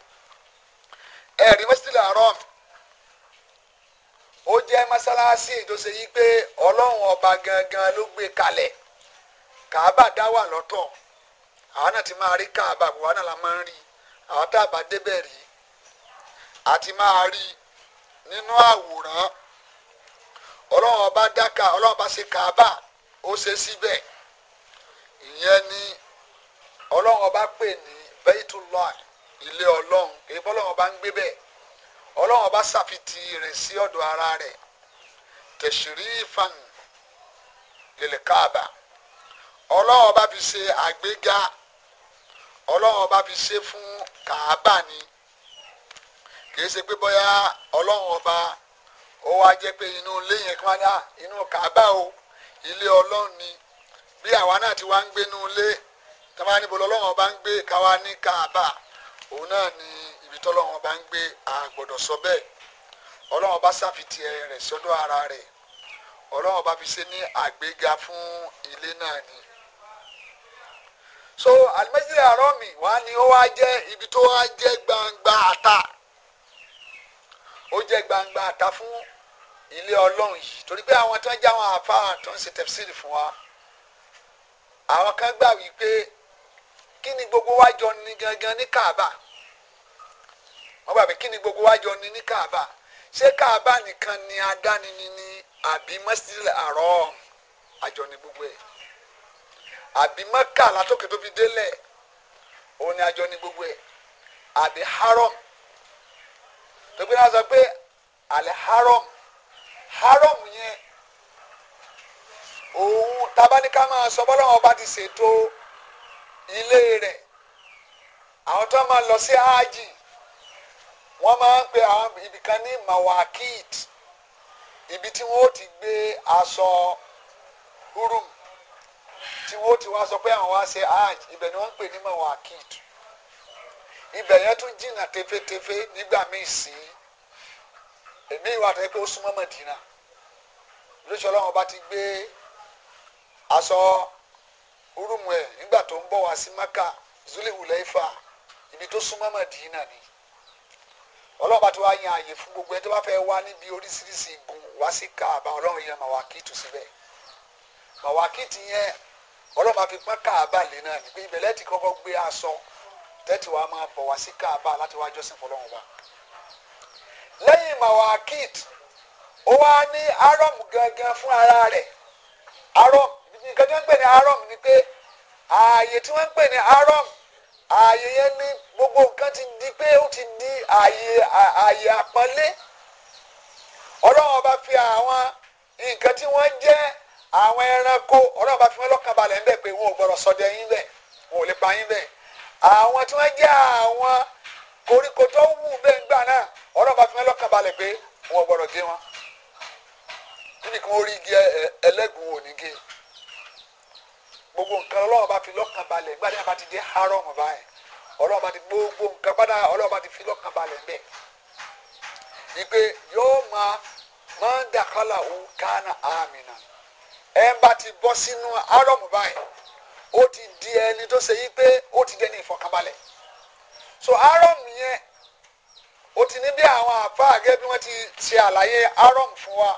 ẹ̀rí mẹ́sítìlì àárọ̀m ó jẹ́ mọ́sálásí ìjọsẹ̀ yìí pé ọlọ́run ọba gangan ló gbé kalẹ̀ kàábà dá wà lọ́tọ̀ àwọn náà ti máa rí kàábà bò wọn náà la máa ń rí àwọn tá a bá débẹ̀ rí àti máa rí nínú àwòrán ọlọ́run ọba dá ká ọlọ́run ọba ṣe kàábà ó ṣe síbẹ̀ ìyẹn ni ọlọ́run ọba pè ní Baitullah ilé ọlọ́run kì í bọ́ ọlọ́run ọba ń gbé bẹ́ẹ̀ ọlọ́run ọba ṣàfitì rẹ̀ sí ọ̀dọ̀ ara rẹ̀ tashrifan lil Kaaba ọlọ́run ọba fi ṣe àgbéga ọlọ́run ọba fi ṣe fún Kaaba ni kìí ṣe pé bóyá ọlọ́run ọba ó wá jẹ́ pé inú ilé yẹn kan dá ah, inú Kaaba o ilé ọlọ́run ni bí àwa náà ti wá ń gbénú ilé táwa níbo lọ́lọ́run ọba ń gbé káwa ní káàbà òun náà ni ibi tọ́lọ́run ọba ń gbé a gbọ́dọ̀ sọ bẹ́ẹ̀ ọlọ́run ọba ṣàfitì rẹ̀ sọ́dọ̀ ara rẹ̀ ọlọ́run ọba fi ṣe ní àgbéga fún ilé náà ni so alimẹsiri arọmi wa ni ó wá jẹ́ ibi tó wá jẹ́ gbangba ata ó jẹ́ gbangba ata fún ilé ọlọ́run yìí torí pé àwọn tó ń já àwọn àfa tó ń ṣe tẹ̀síìlì fún wa àwọn kan gbà wípé kí ni gbogbo wa jọ ní gangan ní Kaaba wọ́n gbà pé kí ni gbogbo wa jọ ní ní Kaaba ṣé Kaaba nìkan ni adáni ni ni àbí Masjidil Haram àjọ ní gbogbo ẹ̀ àbí Mẹ́kà látòkè tó fi délẹ̀ òun ni àjọ ní gbogbo ẹ̀ àbí haram tó gbé náà sọ pé àlẹ́ haram haram yẹn òun tabaníká máa sọ bọ́lá wọn bá ti ṣètò ilé rẹ̀ àwọn tó máa lọ sí ájì wọ́n máa ń pe àwọn ibìkan ní mawakit ibi tí wọ́n ti gbé aṣọ hurum tí wọ́n ti wá sọ pé àwọn wá ṣe ájì ibẹ̀ ni wọ́n ń pè ní mawakit ibẹ̀ yẹn tún jìnnà tefetefe nígbà míì sí i èmi ìwà tó yẹ pé ó súnmọ́ Mẹ̀dínà lóṣù ọlọ́run ọba ti gbé aṣọ urúmu ẹ̀ nígbà tó ń bọ̀ wá sí Maka Zulihulaifa ibi tó súnmọ́ Mẹ̀dínà ni ọlọ́run bá ti wá yan àyè fún gbogbo ẹ tó bá fẹ́ wá níbi oríṣiríṣi wá sí Kaaba ọlọ́run síbẹ̀ yẹn ọlọ́run fi pọ́n Kaaba lé náà nígbà kọ́kọ́ gbé aṣọ máa bọ̀ wá sí Kaaba láti wá jọ́sìn fọlọ́run lẹ́yìn mawakit ó wá ní arom gangan fún ara rẹ̀ arom nǹkan tí wọ́n ń pè ní arom ni pé ààyè tí wọ́n ń pè ní arom ààyè yẹn ní gbogbo nǹkan ti di pé ó ti di ààyè ààyè àpọ́nlé ọlọ́run ọba fi àwọn nǹkan tí wọ́n jẹ́ àwọn ẹranko ọlọ́run bá fi wọ́n lọ́kàn balẹ̀ ńbẹ̀ pé wọn ò gbọ́dọ̀ ṣọdẹ yín bẹ́ẹ̀ wọn ò lè pa yín bẹ́ẹ̀ àwọn tí wọ́n jẹ́ àwọn kò tó wù bẹ́ẹ̀ gbà náà ọlọ́run bá fi mẹ́lọ́ kàn balẹ̀ pé wọ́n gbọ́dọ̀ gé wọn rí igi ẹlẹ́gùn òní gbogbo nǹkan ọlọ́run bá fi lọ́kàn balẹ̀ gbàdé àbá ti gbogbo nǹkan gbàdá bá ti fi lọ́kàn balẹ̀ bẹ́ẹ̀ yóò máa máa ń dàkálà òun kánà ẹ̀ so Aram yẹn ó ti ní bí àwọn àfáà gẹ́gẹ́ bí wọ́n ti ṣe àlàyé Aram fún wa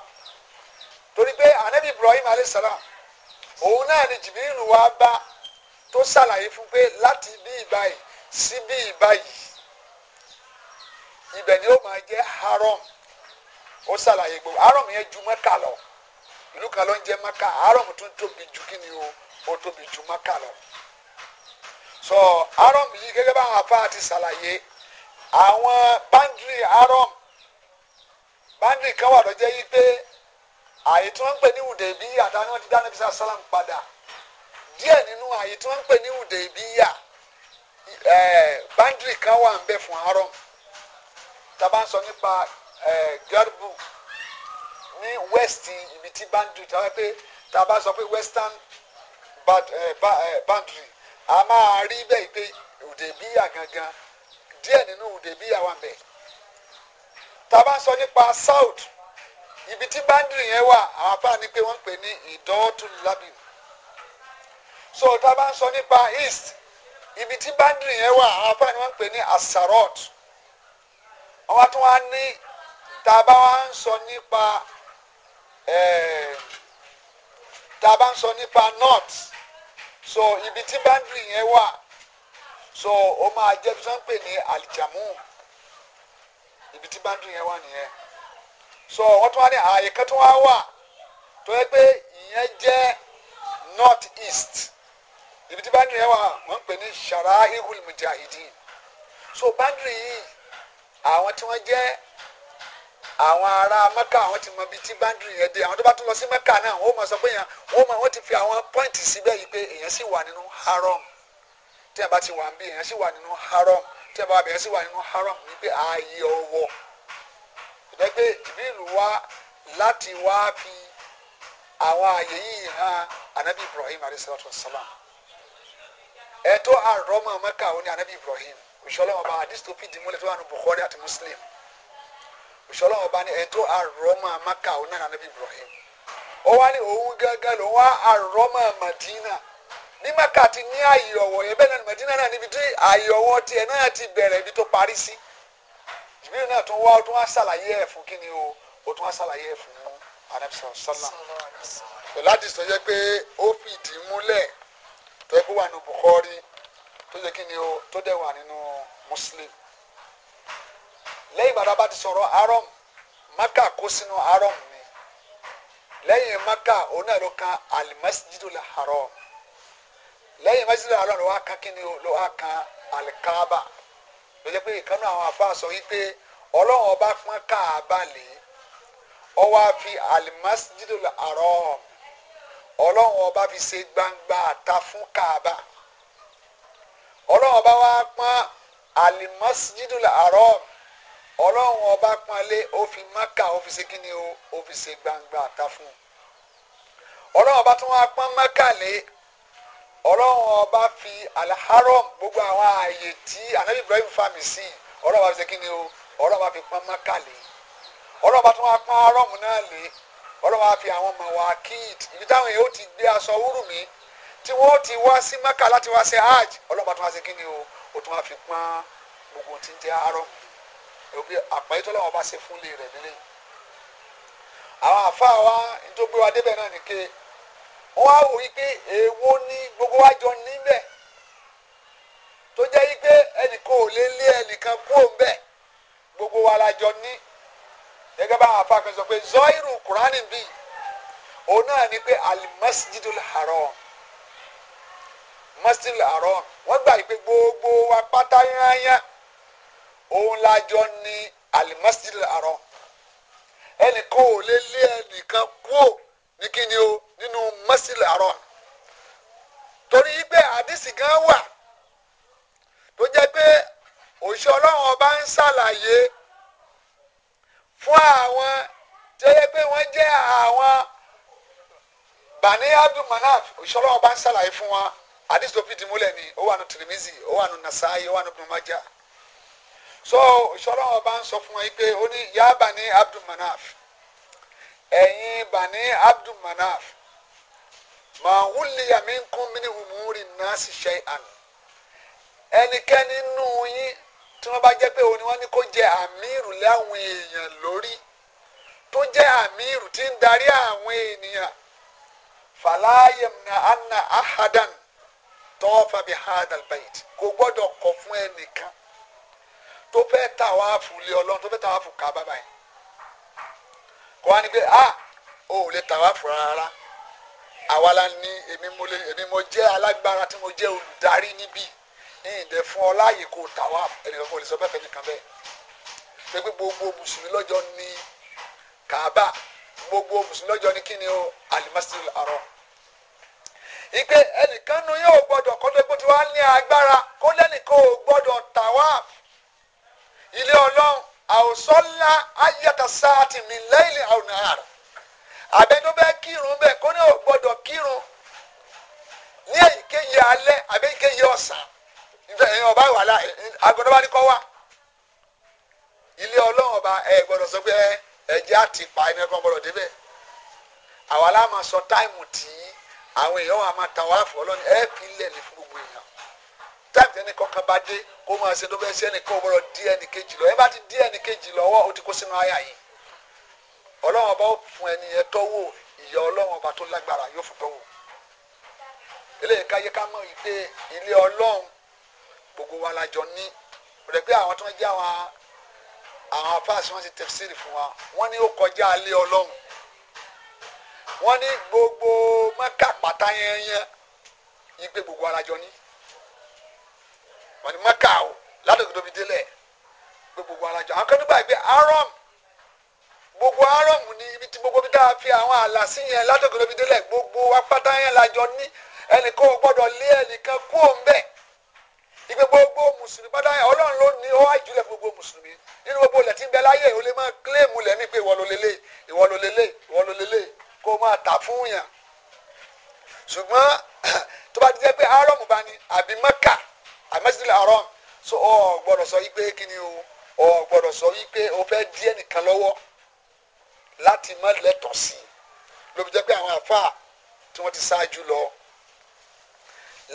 torí pé anabi Ibrahim alayisalaam òun náà ni Jibril wá bá tó ṣàlàyé fún pé láti bí ìbáyìí sí bí ìbáyìí ibẹ̀ ni ó máa jẹ́ Haram ó ṣàlàyé gbogbo Haram yẹn ju Mẹ́kà lọ ìlú kan ló ń jẹ́ Mẹ́kà Haram tún tóbi ju kí ni o ó tóbi ju Mẹ́kà lọ so arom yìí gẹ́gẹ́ bá àwọn afáà ti ṣàlàyé àwọn bandri arom bandri kan wà lọ́jọ́ yìí pé àyè tí wọ́n ń pè ní ùdè bí àtàwọn wọn ti dáná bí sàlám padà díẹ̀ nínú àyè tí wọ́n ń pè ní ùdè bí yà bandri kan wà ń bẹ fún arom tàbá ń sọ nípa garbu ní west ibi tí bandri tàbá pé tàbá sọ pé western boundary. a máa rí bẹ́ẹ̀ pé òdèbíyà gangan díẹ̀ nínú òdèbíyà wà bẹ́ẹ̀ tá a nipa ń south ibi ti bandiri yẹn wa àwọn ni pe pé pe ni pè ní so taba a nipa east ibi ti bandiri yẹn wa àwọn ni ní pe ni asarot àwọn àti wọn á ní tá a bá wá ń sọ eh, north. so ibi tí boundary yẹn wà so ó máa jẹ́ bí wọ́n pè ní alijamu ibi tí boundary yẹn wà nìyẹn so wọ́n tún wá ní ààyè kan tún wá wà tó yẹ pé ìyẹn jẹ́ north east ibi tí boundary yẹn wà wọ́n pè ní sharaihul mujahideen so Bandri, yìí àwọn tí wọ́n jẹ́ àwọn ará mẹ́kà àwọn ti mọ ibi tí báńdìrì yẹn dé àwọn tó bá tún lọ sí mẹ́kà náà wọ́n mọ̀ sọ pé yẹn wọ́n mọ̀ wọ́n ti fi àwọn pọ́ìntì síbẹ̀ yìí pé èèyàn sì wà nínú haram tí a bá ti wà ń bí èèyàn sì wà nínú haram tí a bá bẹ̀rẹ̀ sì wà nínú haram ní pé ààyè ọ̀wọ̀ ìdẹ́gbẹ́ ìbílù wa láti wá fi àwọn ààyè yìí hàn anabi ibrahim alayhisalatu wasalam ẹ̀tọ́ àrọ́mọ̀ mẹ́kà òní anabi ibrahim òṣìṣẹ́ ọlọ́mọba àdìsítòpì dìmúlẹ̀ tó muslim ìṣọlá ọba ní ẹni tó àrọ́mọ Maka òun Ibrahim ó wá ní òun gángan ló wá àrọ́mọ Madina ní Maka ti ní ààyè ọ̀wọ̀ yẹn bẹ́ẹ̀ náà Madina náà níbi tí ààyè ọ̀wọ̀ tiẹ̀ náà ti bẹ̀rẹ̀ ibi tó parí sí Jibril náà tún wá ó tún wá ṣàlàyé ẹ̀ fún kíni o ó tún wá ṣàlàyé ẹ̀ fún anabisa sallam pẹ̀lú àdìsọ yẹ pé ó fìdí múlẹ̀ tó yẹ kó wà nínú Bukhari tó yẹ kíni o tó dẹ̀ wà nínú Muslim lẹ́yìn ìgbà tá a bá ti sọ̀rọ̀ arom maka kó sínú arom ni lẹ́yìn maka òun náà ló kan alimasidul haram lẹ́yìn masidul haram ló wá kan kí ni ló wá kan alikaba ló jẹ́ pé ìkànnì àwọn afa sọ wípé ọlọ́run ọba pọ́n káàbà lé ó wá fi alimasidul haram ọlọ́run ọba fi ṣe gbangba àta fún káàbà ọlọ́run ọba wá pọ́n alimasidul haram ọlọ́run ọba pọ́nlé ó fi mọ́kà ó fi ṣe kíni o ó fi ṣe gbangba àta fún un ọlọ́run ọba tún wá pọ́n mọ́kà lé ọlọ́run ọba fi alharom gbogbo àwọn ààyè tí anabi ibrahim fami sí ọlọ́run ọba fi ṣe kíni o ọlọ́run ọba fi pọ́n mọ́kà lé ọlọ́run ọba tún wá pọ́n harom náà lé ọlọ́run ọba fi àwọn mawakid ibi táwọn èèyàn ó ti gbé aṣọ wúrù mi tí wọ́n ti wá sí mọ́kà láti wá ṣe hajj ọlọ́run ọba tún wá ṣe kíni o ó tún wá fi pọ́n gbogbo tí ń jẹ́ harom ebi akpa yi tɔ lɛ ɔba se fun le rɛ lele awo afa wa ntobi wa debɛ na nike wa wo ike ewo ni gbogbo wa jɔ ni bɛ to je ike ɛnika o le le ɛnika ko gbogbo wa la ni gɛgɛ ba afa kan sɔ pe zɔyiru kurani bi o naa ni pe alimasijidul haro masijidul haro wọn gbogbo wa pata yanya. òun lájọ ní alimasiri àrọ ẹnìkan ò lè lé ẹnìkan kúò ní kíni o nínú igbe àrọ torí pé àdìsí gan wà tó jẹ́ pé òṣìṣẹ́ ọlọ́run ọba ń bani abdul manaf òṣìṣẹ́ ọba ń ṣàlàyé fún wọn àdìsí tó fìdí múlẹ̀ ni ó wà nù tìrìmìzì ó wà nù so ọba ń fún wa pé ó ní Bani Abdulmanaf Bani Abdulmanaf ma wuliya minkum min umuri ṣe shay'an ẹnikẹ́ni nù tí wọ́n bá jẹ́ pé wọ́n ní kó jẹ àmírù láwọn èèyàn lórí tó jẹ́ àmírù tí ń darí àwọn anna ahadan tọ́fà hadal bait kò gbọ́dọ̀ tó fẹ́ tà wá fún ilé ọlọ́run tó fẹ́ tà wá fún ká bàbá yìí kó wá ní pé a ah, ò lè tà wá fún rárá àwa la ní èmi mo lè èmi mo jẹ́ alágbára tí mo jẹ́ olùdarí níbí ní ìdẹ fún ọ láàyè kó tà wá ẹnìkan kò lè sọ bẹ́ẹ̀ fẹ́ nìkan bẹ́ẹ̀ pé pé gbogbo mùsùlùmí lọ́jọ́ ní kàábà gbogbo mùsùlùmí lọ́jọ́ ní kíni o alimasiri arọ ìpè ẹnìkan nu yóò gbọ́dọ̀ kọ́tẹ́gbọ́tò wa ní agbára kó lẹ́nìkan ò gbọ́dọ̀ tà wá ilé ọlọ́run àwòsọ́lá ayẹta sáàtì mi lẹ́yìn àwọn àrà àbẹ́ni ó bẹ́ kírun bẹ́ẹ̀ kó ní ò gbọ́dọ̀ kírun ní èyíkéyìí alẹ́ àbí èyíkéyìí ọ̀sán ọba wàhálà agbọ́dọ̀ bá ní kọ́ wá ilé ọlọ́run ọba ẹ gbọ́dọ̀ sọ pé ẹ̀jẹ̀ àti pa ẹni ẹ̀kọ́ gbọ́dọ̀ débẹ̀ àwa la máa sọ táìmù tí àwọn èèyàn wa máa ta wàhálà fún ọlọ́run ẹ̀ lẹ̀ ní fún gbogbo èèyàn táìpù tẹ́ni kọ̀ọ̀kan bá dé kó máa ṣe tó fẹ́ ṣe ẹnì kan ọ̀bọ̀rọ̀ dí ẹnì kejì lọ ẹ bá ti dí ẹnì kejì lọ́wọ́ ó ti kó sínú àyà yìí ọlọ́run ọba ó fún ẹni yẹn tọ́wọ́ ìyá ọlọ́run ọba tó lágbára yóò fún tọ́wọ́ eléyìí káyé ká mọ̀ wípé ilé ọlọ́run gbogbo wa lájọ ní rẹ̀ pé àwọn tó ń jẹ́ àwọn àwọn apáàsì wọn ti tẹ̀síìrì fún wa wọ́n ní ó kọjá ilé ọlọ́run wọ́n ní gbogbo mọ́kà pátá yẹn yẹn yí pé gbogbo alájọ ní wọ́n ní mẹ́kà o ládògbò fi délẹ̀ pé gbogbo alájọ àwọn kan nígbà gbé aram gbogbo aram ní ibi tí gbogbo bí dáa fi àwọn àlà sí yẹn ládògbò fi délẹ̀ gbogbo apáta yẹn lájọ ní ẹnìkan ò gbọ́dọ̀ lé ẹnìkan kú òun bẹ́ẹ̀ ìgbé gbogbo mùsùlùmí bá dáhùn ọlọ́run ló ní ó wá jùlẹ̀ fún gbogbo mùsùlùmí nínú gbogbo ilẹ̀ tí ń bẹ láyé ó lè máa kílèmù lẹ́mí pé ìwọ ló lélẹ̀ ìwọ ló lélẹ̀ ìwọ ló lélẹ̀ kó o máa tà fún yàn ṣùgbọ́n tó bá ti jẹ́ pé arọ́mù bá ní àbí mọ́kà àmẹsílẹ àrọ so ọ gbọ́dọ̀ sọ yìí pé kí ni o ọ gbọ́dọ̀ sọ yìí pé o fẹ́ díẹ̀ nìkan lọ́wọ́ láti má lẹ́tọ̀ sí i lóbi jẹ́ pé àwọn àfa tí wọ́n ti ṣáájú lọ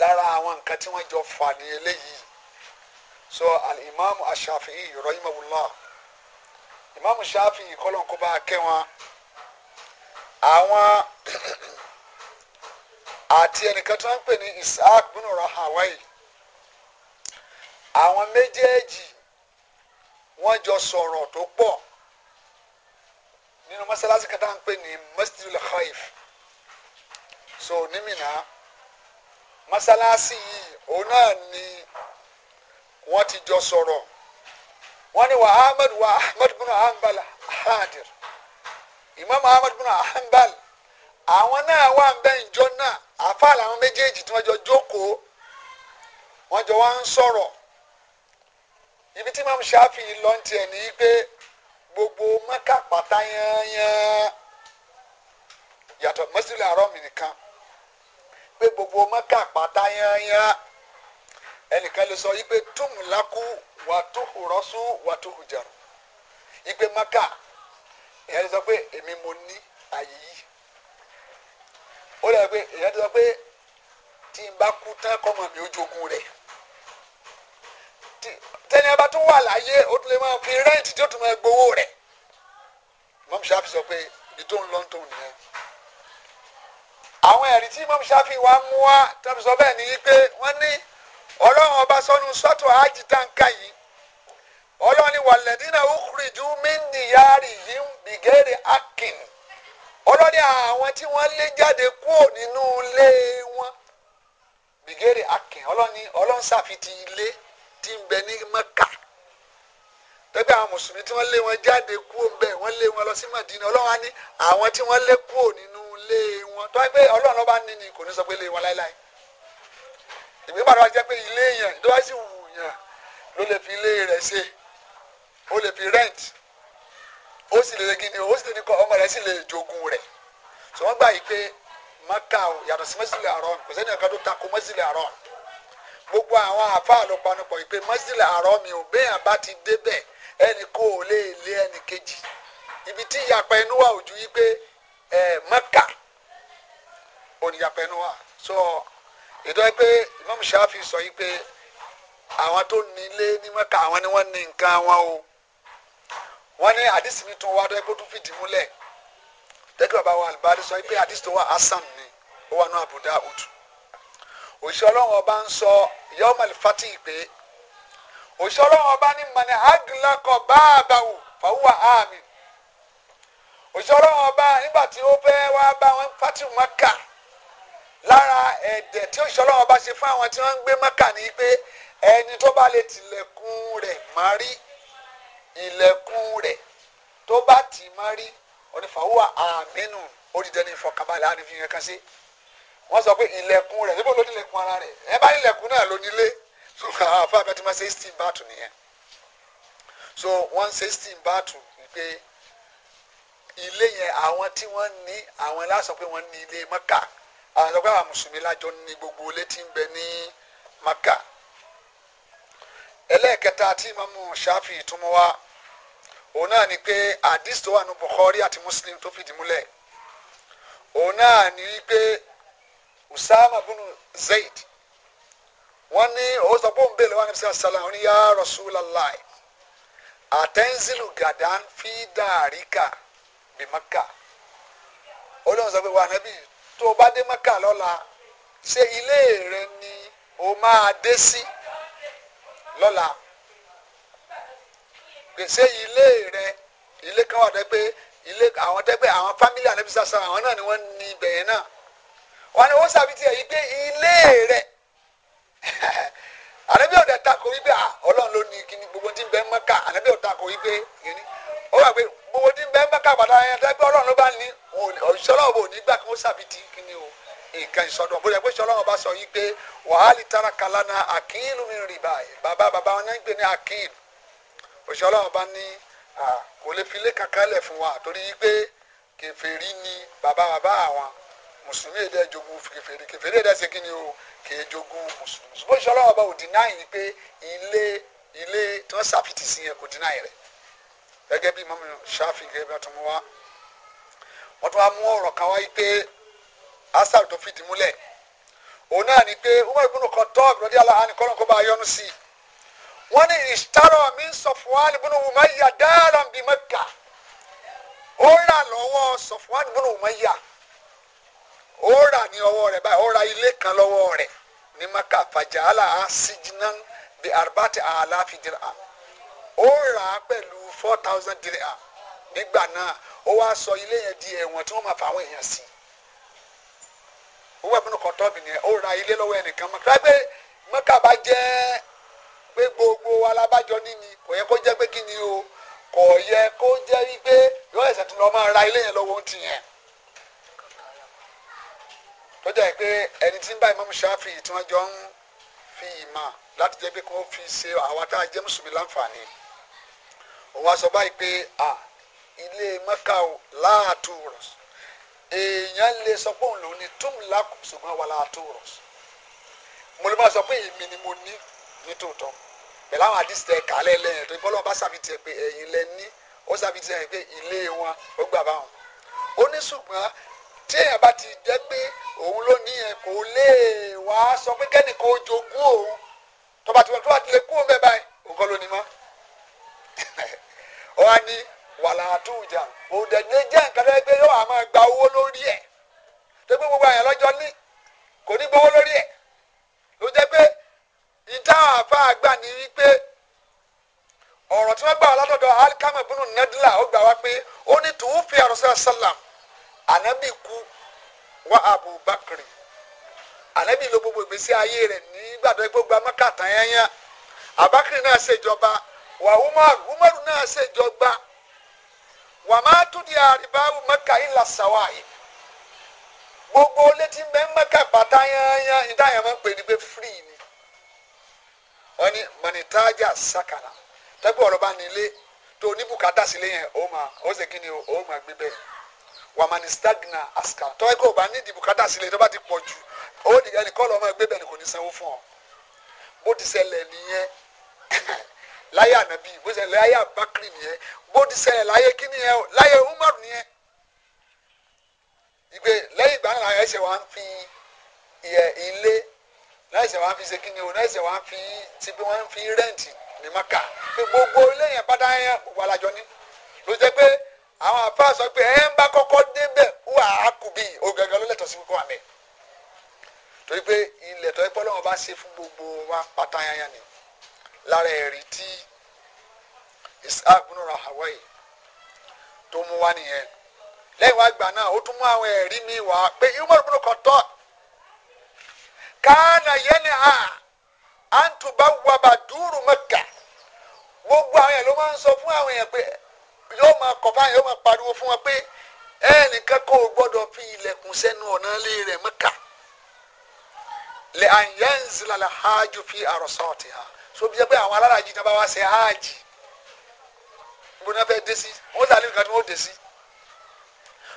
lára àwọn nǹkan tí wọ́n jọ fà ní eléyìí so alimami ashafi'i rahimahullah imaamu shafi'i kọlọ́nkọba akẹ́wọ̀n àwọn àti ẹnìkan tí wọ́n ń pè ní isaac bin Hawaii àwọn méjèèjì wọ́n jọ sọ̀rọ̀ tó pọ̀ nínú mọ́sálásí kan tá à ń pè ní Masjidul Khaif so ní Mínà mọ́sálásí yìí òun náà ni wọ́n ti jọ sọ̀rọ̀ wọ́n ní wa Ahmed wa Ahmed bin Ahmed hadir Imam Ahmed bin Ahmed, àwọn náà wà ń bẹ́ ìjọ náà àfa làwọn méjèèjì tí wọ́n jọ jókòó wọ́n jọ wá ń sọ̀rọ̀ ibi tí Imam Shafi lọ́ntì ẹ̀ ní í pé gbogbo Mẹ́kà pátá yányán yàtọ̀ mọ́sílẹ̀ àárọ̀ mi nìkan pé gbogbo Mẹ́kà pátá yányán ẹnìkan lè sọ yí pé túmùlákú wàtúhùrọ́sù wàtúhùjàrù yí pé Mẹ́kà èyàn ti sọ pé èmi mo ní àyè yìí ó dàgbé èyàn ti sọ pé tí n bá kú tán kọ́mọ mi ó jogún rẹ̀ tẹ́ni ẹ bá tún wà láyé ó tún lè máa fi rẹ́ǹtì tí ó tún máa gbowó rẹ̀ mọ́mú ṣáfi sọ pé ibi tó ń lọ tó nìyẹn àwọn ẹ̀rí tí mọ́mú ṣáfi wá mú wá tọ́bi sọ bẹ́ẹ̀ ni wípé wọ́n ní ọlọ́run ọba sọnù sọ́tò ájítàǹkà yìí ọlọ́run ni wàlẹ́dínà ukhriju min diyarihim bighairi akin ọlọ́run ni àwọn tí wọ́n lé jáde kúrò nínú ilé wọn bighairi akin ọlọ́run ni ọlọ́run ṣàfitì ilé ti ń bẹ ní mẹ́kà tẹ́gbẹ́ àwọn mùsùlùmí tí wọ́n lé wọn jáde kúrò ń bẹ̀ wọ́n lé wọn lọ sí màdínà ọlọ́run á ní àwọn tí wọ́n lé kúrò nínú ilé wọn tó wá pé ọlọ́run lọ́ba ní ni kò ní sọ pé ilé wọn láéláé ìgbé bàdàn wa jẹ́ pé ilé yẹn tó wá sí wù yẹn ló lè fi ilé rẹ̀ ṣe ó lè fi rent ó sì lè gidi ó sì lè ní kọ ọmọ rẹ̀ sì lè jogun rẹ̀ sọ wọ́n gbà yìí pé maka yàtọ̀ sí mọ́sílẹ̀ àrọ́ọ̀nù kò sẹ́ni gbogbo àwọn àfáà ló panupọ̀ ìpè mọ́sílẹ̀ àárọ̀ mi ò béèyàn bá ti débẹ̀ ẹnì kó o lè lé ẹnì kejì ibi tí ìyapa ẹnu wà ojú yìí pé ẹ Mẹ́kà oníyapa ẹnu wà so ìdọ́ pé Imam Shafi sọ yìí pé àwọn tó nílé ní Mẹ́kà àwọn ni wọ́n ní nǹkan wọn o wọ́n ní àdìsí mi tún wá dọ́ ẹgbẹ́ tó fìdí múlẹ̀ tẹ́kí bàbá wa Albani sọ yìí pé àdìsí tó wà hasan ni ó wà ní Abu Dawud òṣìṣẹ́ ọlọ́run ọba ń sọ yọmọlì fati pé òṣìṣẹ́ ọlọ́run ọba ní mọ̀nì agilakọ̀ báàbáwò fàwùwà àmì òṣìṣẹ́ ọlọ́run ọba nígbà tí ó fẹ́ wá bá wọn fati maka lára ẹ̀dẹ̀ tí òṣìṣẹ́ ọlọ́run ọba ṣe fún àwọn tí wọ́n ń gbé maka ní pé ẹni tó bá lè tilẹ̀kùn rẹ̀ má rí ilẹ̀kùn rẹ̀ tó bá tì má rí onífàwùwà àmínú ó ti dẹni ìfọkànbalẹ̀ àrífín yẹn kan sí wọ́n sọ pé ilẹ̀kùn rẹ̀ níbo ló ní ilẹ̀kùn ara rẹ̀ ẹ bá ilẹ̀kùn náà ló nílé so àwọn afọ abẹ́tí máa ṣe steam báàtù nìyẹn so wọ́n ṣe steam báàtù pé ilé yẹn àwọn tí wọ́n ní àwọn lásán pé wọ́n ní ilé mọ́kà àwọn sọ pé àwọn mùsùlùmí lájọ ní gbogbo ilé ń bẹ ní mọ́kà ẹlẹ́ẹ̀kẹta tí Imamu Shafi ìtumọ̀ wa òun náà ni pé àdìs tó wà ní Bukhari àti Muslim tó fìdí múlẹ̀ òun náà ni pé usama bunu zayd wọ́n ní ó sọ pé òun bèèrè wọn kìí sàlá òun ní yá rasulallah àtẹ́nzìlù gàdán fi dàríkà bí maka ó lóun wà nábì tó o bá dé maka lọ́la ṣé ilé rẹ ni o máa dé sí lọ́la gbèsè ilé rẹ ilé kan wà dẹ́gbẹ́ ilé àwọn dẹ́gbẹ́ àwọn fámílì ànábì sàlá àwọn náà ni wọ́n ní ibẹ̀ yẹn náà wọn ni wọn sàbí tiẹ̀ yìí pé ilé rẹ̀ ànábì ọ̀dà takò yìí pé ọlọ́run ló ní kíni gbogbo tí ń bẹ mọ́kà ànábì ọ̀dà takò yìí pé kíni ó wà pé gbogbo tí ń bẹ mọ́kà padà yẹn dábẹ́ ọlọ́run ló bá ní ìṣọ́lá ọ̀bọ̀ nígbà kí wọ́n sàbí ti kíni o nǹkan ìsọdọ̀ bó pé ìṣọ́lá ọ̀bá sọ yìí pé wàhálì tára kala na àkínú mi rìn báyìí bàbá bàbá wọn yẹn ń gbé ní àkínú òṣìṣọ́lá ọ̀bá ní kò lè fi ilé kankan lẹ̀ fún wa torí yìí pé kèfèrí ni bàbá bàbá àwọn mùsùlùmí yìí dẹ́ jogún kèfèrí kèfèrí yìí dẹ́ ṣe ni o ke jogún mùsùlùmí ṣùgbọ́n ìṣọ́ ọlọ́wọ́ bá òdì náà yìí pé ilé ilé tí wọ́n ṣàfitì sí yẹn kò dín náà rẹ̀ gẹ́gẹ́ bí mọ́mí ṣáfì gẹ́gẹ́ bí wọ́n tún mú wá wọ́n tún wá mú ọ̀rọ̀ kan wáyé pé asar tó fìdí múlẹ̀ òun náà ni pé Umar ibn Khattab rọdí aláhání kọ́lọ́n kó bá a yọnu sí i wọ́n ní ìṣtarọ̀ mi ń Safwan ibn Umayya dáàrán bíi Mẹ́kà ó rà lọ́wọ́ Safwan ibn Umayya ó rà ní ọwọ́ rẹ̀ báyìí ó ra ilé kan lọ́wọ́ rẹ̀ ní maka fàjàlá asijina bi arbati alaafi dirham ó rà pẹ̀lú four thousand nígbà náà ó wá sọ ilé yẹn di ẹ̀wọ̀n tí wọ́n máa fa àwọn èèyàn sí owó ilé pé maka bá pé gbogbo alábàjọ kò yẹ kó pé kí ni o kò tọ́jà yìí pé ẹni tí ń bá Imam Shafi'i tí wọ́n jọ ń fi ìmọ̀ láti jẹ́ pé kí fi ṣe àwa tá a jẹ́ mùsùlùmí láǹfààní òun á sọ báyìí pé à ilé Mẹ́kà o láàtú rọ̀ èèyàn lè sọ pé òun lòun ni túm lákò ṣùgbọ́n wà láàtú rọ̀ mo lè má sọ pé èmi ni mo ní ní tòótọ́ pẹ̀lú àwọn àdìsí tẹ kálẹ̀ lẹ́yìn tó bọ́lá ọba sàbí tiẹ̀ pé ẹ̀yin lẹ ní ó sàbí tiẹ̀ pé ilé wọn ó gbà báwọn ó ní ṣùgbọ́n tí èèyàn bá ti jẹ́ pé òun ló ní yẹn kò sọ pé kẹ́nìkan ó jogún òun tó bá ti wọ́n tó bá ti lè kú òun bẹ́ẹ̀ báyìí ló mọ́ ní wàhálà àtúnjà òun dẹ̀ ní jẹ́ nǹkan tó yẹ gba owó lórí ẹ̀ tó gbogbo àyàn ní kò ní gbowó lórí ẹ̀ ló jẹ́ pé àfa àgbà ní ọ̀rọ̀ tí ànábì kú wá abubakar ànábì ló gbogbo ìgbésí ayé rẹ nígbà gbogbo amákàtà yányá abakar náà ṣèjọba wà umar náà ṣèjọba má tún di àríbáwò ìlà sàwáyé gbogbo létí pàtà ìdáyà máa pè ní pé free ni wọ́n ní mọ̀nìtájà sàkàlà tẹ́gbọ̀ọ́rọ̀ bá nílé tó oníbùkátà sílé yẹn ó máa ó ṣe kí ni gbé bẹ́ẹ̀. wàmánì stagna aska tọ́wọ́ kó o bá ní ìdìbò kátà sílẹ̀ tó bá ti pọ̀ jù owó nìkan ẹni kọ́ lọ́mọ ẹgbẹ́ bẹ̀rẹ̀ kò ní sanwó fún ọ bó ti ṣẹlẹ̀ nìyẹn láyé ànábì bó ti ṣẹlẹ̀ láyé àbákìrì nìyẹn bó ti ṣẹlẹ̀ láyé kíní yẹn o láyé umaru nìyẹn ìgbé lẹ́yìn ìgbà náà ẹsẹ̀ wa ń fi ìyẹ ilé náà ẹsẹ̀ wa ń fi ṣe kíní o náà ẹsẹ̀ wa ń fi ti bí wọ́n ń fi rẹ́ǹtì ní maka gbogbo ilé yẹn bá dá yẹn wàlájọ ní ló pé àwọn àfáà sọ pé ẹ ń bá kọ́kọ́ débẹ̀ wà á kù bí ògàngàn ló lẹ́tọ̀ọ́ sí kókó àmì torí pé ilẹ̀ tó ẹ pọ́ lọ́wọ́ bá ṣe fún gbogbo wa pátá yányá ni lára ẹ̀rí tí Isaac bin Rahawai tó mú wá nìyẹn lẹ́yìn wá gbà náà ó tún mú àwọn ẹ̀rí mi wá pé Umar bin Khattab kánà yẹn ni a àǹtùbá wàbà dúró Mẹ́kà gbogbo àwọn yẹn ló máa ń sọ fún àwọn yẹn pé yóò máa kọ̀ fáwọn yóò máa pariwo fún wọn pé ẹnìkan kò gbọ́dọ̀ fi ilẹ̀kùn sẹ́nu ọ̀nà ilé rẹ̀ Mẹ́kà lè àyẹ̀nzìlàlà hajj fi àròsọ̀tì ha so bí ẹ pé àwọn alára yìí náà bá wá ṣe hajj gbogbo náà fẹ́ dé sí wọ́n dàlú nǹkan tí wọ́n dé sí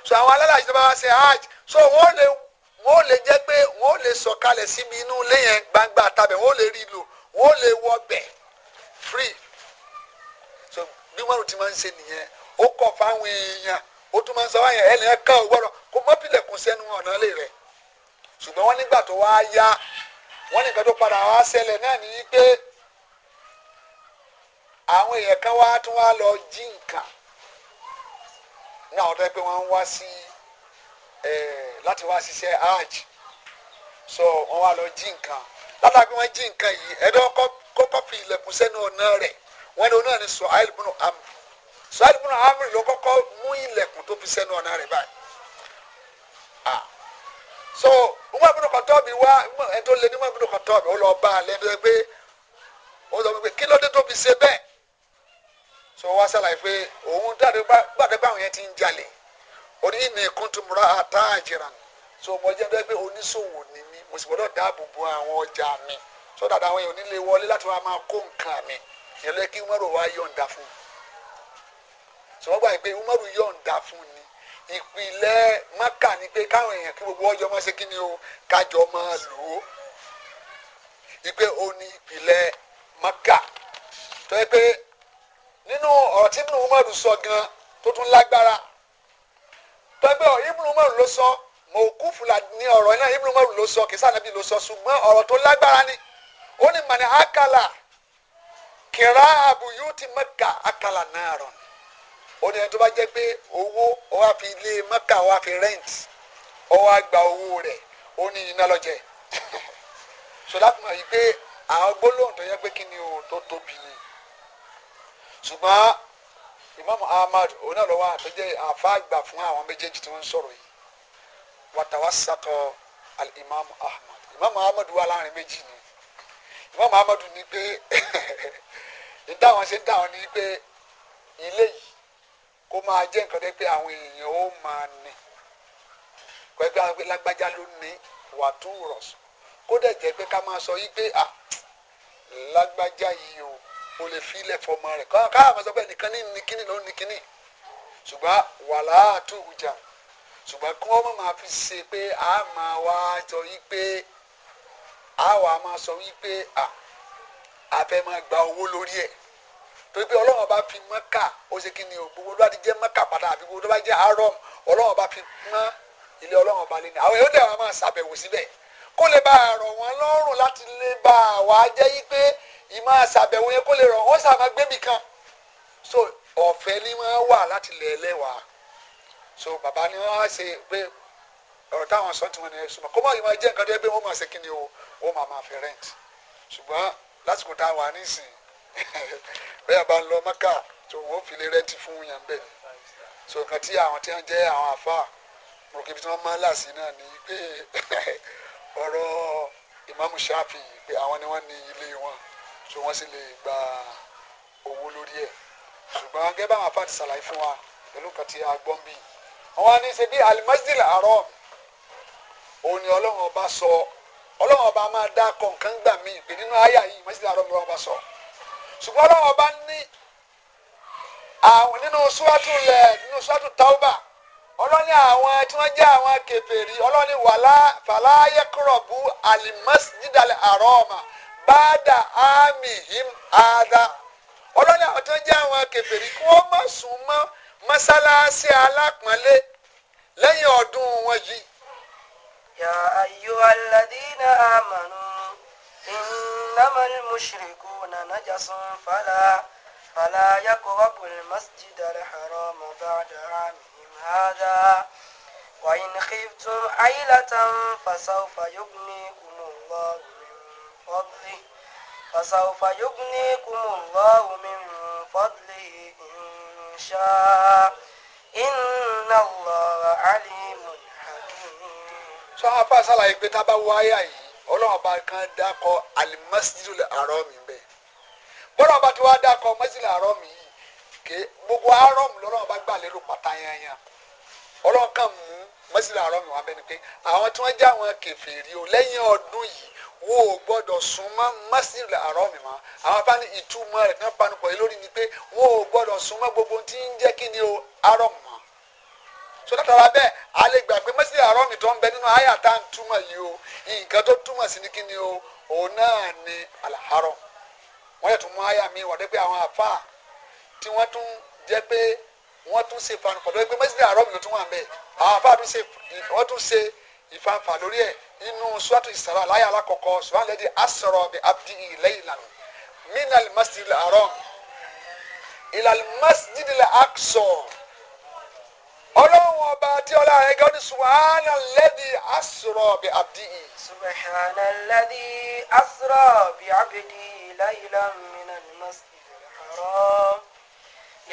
so àwọn alára yìí náà bá wá ṣe hajj so wọ́n lè wọ́n lè jẹ́ pé wọ́n lè sọ̀kalẹ̀ síbi inú ilé yẹn gbangba tàbí wọ́n lè rí lò wọ́n lè wọ bẹ̀ free bí wọn ti máa ń ṣe nìyẹn ó kọ fáwọn èèyàn ó tún máa ń sọ wáyà ẹni ẹ ká ò gbọ́dọ̀ kó mọ pìlẹ̀kùn sẹ́nu ọ̀nà lè rẹ̀ ṣùgbọ́n wọn nígbà tó wá yá wọn nìkan tó padà wá ṣẹlẹ̀ náà ní pé àwọn èèyàn kan wá tún wá lọ jí nǹkan ní àwọn tó yẹ pé wọn ń wá sí ẹ láti wá ṣiṣẹ́ hajj so wọn wá lọ jí nǹkan látàgbé wọn jí nǹkan yìí ẹdọ kọ́kọ́ fi ilẹ̀kùn sẹ́nu ọ̀nà rẹ̀ wọn ni onáà ni Suhail bunu amr Suhail bunu amr ló kọ́kọ́ mú ilẹ̀kùn tó fi sẹ́nu ọ̀nà rẹ̀ báyìí ah so Umar bunu Khattab wá ẹni tó ni ní Umar bunu Khattab ó lọ bá a lẹ́nu tó yẹ pé tó fi ṣe bẹ́ẹ̀ so wá sàlàyé pé òun gbàdé báwọn yẹn ti ń jalè ó ní ìnà ata àtàjìrà so mo jẹ́ bẹ́ẹ̀ pé oníṣòwò ni mí mo sì gbọ́dọ̀ dáàbò bo àwọn ọjà mi so dàda àwọn yẹn ò ní lè wọlé láti wá máa kó nǹkan mi. So, yẹn kí umaru wá yọ̀ǹda fún un sọ̀rọ̀ gbà umaru yọ̀ǹda fún ni ìpìlẹ̀ maka ni pé káwọn èèyàn kí gbogbo ọjọ́ máa ṣe kí ni o kájọ máa lò ó ìpè o ní maka tó yẹ pé nínú ọ̀rọ̀ tí ibùdó umaru sọ gan tó tún lágbára tó yẹ pé ibùdó umaru ló sọ mo kú fúlàní ní ọ̀rọ̀ náà ibùdó umaru ló sọ kìsà nàbí ló sọ ṣùgbọ́n ọ̀rọ̀ tó lágbára ni ó ní màní àkàlà kira abuyuti maka akala naaron oni ní ẹni tó bá jẹ́ pé owó ó wá fi ilé maka ó wá fi rent ó wá gba owó rẹ̀ ó iná lọ́jẹ́ so láti mọ̀ yìí pé àwọn gbólóhùn tó yẹ pé kí ni o tó tóbi ni ṣùgbọ́n Imam Ahmad onílọ́wọ́ àtọ́jẹ́ àfáàgbà fún àwọn méjèèjì tí wọ́n ń sọ̀rọ̀ yìí wàtàwá sàkọ al Imam Ahmad Imam Ahmad wà láàrin méjì ni. wọn Muhammadu ní pé ìdáwọn ṣe ń dáwọn ní pé ilé yìí kó máa jẹ́ nǹkan tó pé àwọn èèyàn ó máa ní pẹ̀lú àwọn lágbájá ló ní wàtúrọ̀sù kó dẹ̀ jẹ́ pé ká máa sọ yí pé à lágbájá yìí o mo lè fi ilẹ̀ fọmọ rẹ̀ káà máa sọ pé nìkan ní nìkíní ló nìkíní ṣùgbọ́n wàhálà àtúwùjà ṣùgbọ́n kí wọ́n máa fi ṣe pé a máa wá jọ yí pé a wà á máa sọ wípé à a fẹ́ máa gba owó lórí ẹ̀ torí pé ọlọ́run bá fi mọ́kà ó ṣe kí ni o gbogbo lóra ti jẹ́ mọ́kà padà àbí gbogbo tó bá jẹ́ arọ́m ọlọ́run bá fi mọ́ ilé ọlọ́run bá lé ní àwọn èèyàn máa ṣàbẹ̀wò síbẹ̀ kó lè bá a rọ̀ wọ́n lọ́rùn láti lè bá a wá jẹ́ yí pé ìmọ̀ ṣàbẹ̀wò yẹn kó lè rọ̀ wọ́n ṣàmọ́ gbẹ́mì kan so ọ̀fẹ́ ni wọ́n wà láti lẹ̀ ẹlẹ́wàá so bàbá ni wọ́n á ṣe pé ọ̀rọ̀ wọn ní ẹ̀sùn mọ́ kó má yìí máa jẹ́ nǹkan tó yẹ pé ṣe kí o wọ́n máa máa fi rent ṣùgbọ́n lásìkò tá a wà nísìn bẹ́ẹ̀ bá ń lọ mọ́kà tó wọ́n fi lè rent fún yàn bẹ́ẹ̀ so nǹkan tí àwọn tí wọ́n jẹ́ àwọn àfa mọ̀kìbí tí wọ́n máa ń là sí náà ni pé ọ̀rọ̀ ìmáàmù ṣáfì pé àwọn ni wọ́n ní ilé wọn so wọ́n sì lè gba owó lórí ẹ̀ ṣùgbọ́n gẹ́gẹ́ bá àwọn àfa ti ṣàlàyé fún wa pẹ̀lú nǹkan tí a gbọ́ ń bì wọ́n á ní ṣe bí al-masjid òun ni ọlọ́run ọba sọ ọlọ́run ọba máa dá kọ̀ǹkan gbà mí pé nínú àyà yìí mọ́sídìí àrọ́ ọba sọ ṣùgbọ́n ọlọ́run ọba ní àwọn nínú suwatu lẹ̀ nínú suwatu tauba ọlọ́ni àwọn tí wọ́n jẹ́ àwọn kèfèrí ọlọ́ni wàlá fàlàyẹkọ̀rọ̀bù alimọ́sídìdàlẹ̀ àrọ́ ọ̀mà báàdà àmì him àdá ọlọ́ni àwọn tí wọ́n jẹ́ àwọn kí wọ́n sùn mọ́ mọ́sálásí alápọ̀nlé wọn yìí يا أيها الذين آمنوا إنما المشركون نجس فلا فلا يقربوا المسجد الحرام بعد عامهم هذا وإن خفتم عيلة فسوف يغنيكم الله من فضله فسوف يغنيكم الله من فضله إن شاء إن الله عليم sọ afa ṣàlàyé pé tá a bá wọ àyà yìí ọlọ́run ọba kan dákọ alimasidiru àárọ̀ mi bẹ́ẹ̀ bọ́lá ọba tí wàá dákọ masidiru àárọ̀ mi yìí ké gbogbo àárọ̀ mi lọ́lọ́run ọba gbà lérò pátá yanyan ọlọ́run kan mú masidiru àárọ̀ mi wá bẹ́ẹ̀ ni pé àwọn tí wọ́n já wọn kèfèrí o lẹ́yìn ọdún yìí wo gbọ́dọ̀ súnmọ́ masidiru àárọ̀ mi mọ́ àwọn bá ìtumọ̀ rẹ̀ náà panupọ̀ yìí lórí ni pé wo gbọ́dọ̀ súnmọ́ gbogbo so látara bẹ́ẹ̀ a lè gbà pé mẹsìlẹ àárọ mi tó ń bẹ nínú àyà tá à ń túmọ̀ yìí o nǹkan tó túmọ̀ sí ni kí ni o òun náà ni àlàárọ wọn yẹ tún mú àyà mi wà dé pé àwọn àfáà tí wọn tún jẹ pé wọn tún ṣe fanfa lórí pé mẹsìlẹ àárọ mi ló tún wà bẹ́ẹ̀ àwọn àfáà tún ṣe wọn tún ṣe ìfanfa lórí ẹ inú suwatu ìsàrà láyà alákọ̀ọ́kọ́ suwatu lẹ́dí asọ̀rọ̀ ọlọ́run ọba tí ọlá rẹ̀ gẹ́gẹ́ ní subahana lẹ́dí asrọ̀ bí abdi. subahana lẹ́dí asrọ̀ bí abdi láyìlá mìíràn masjid al-haram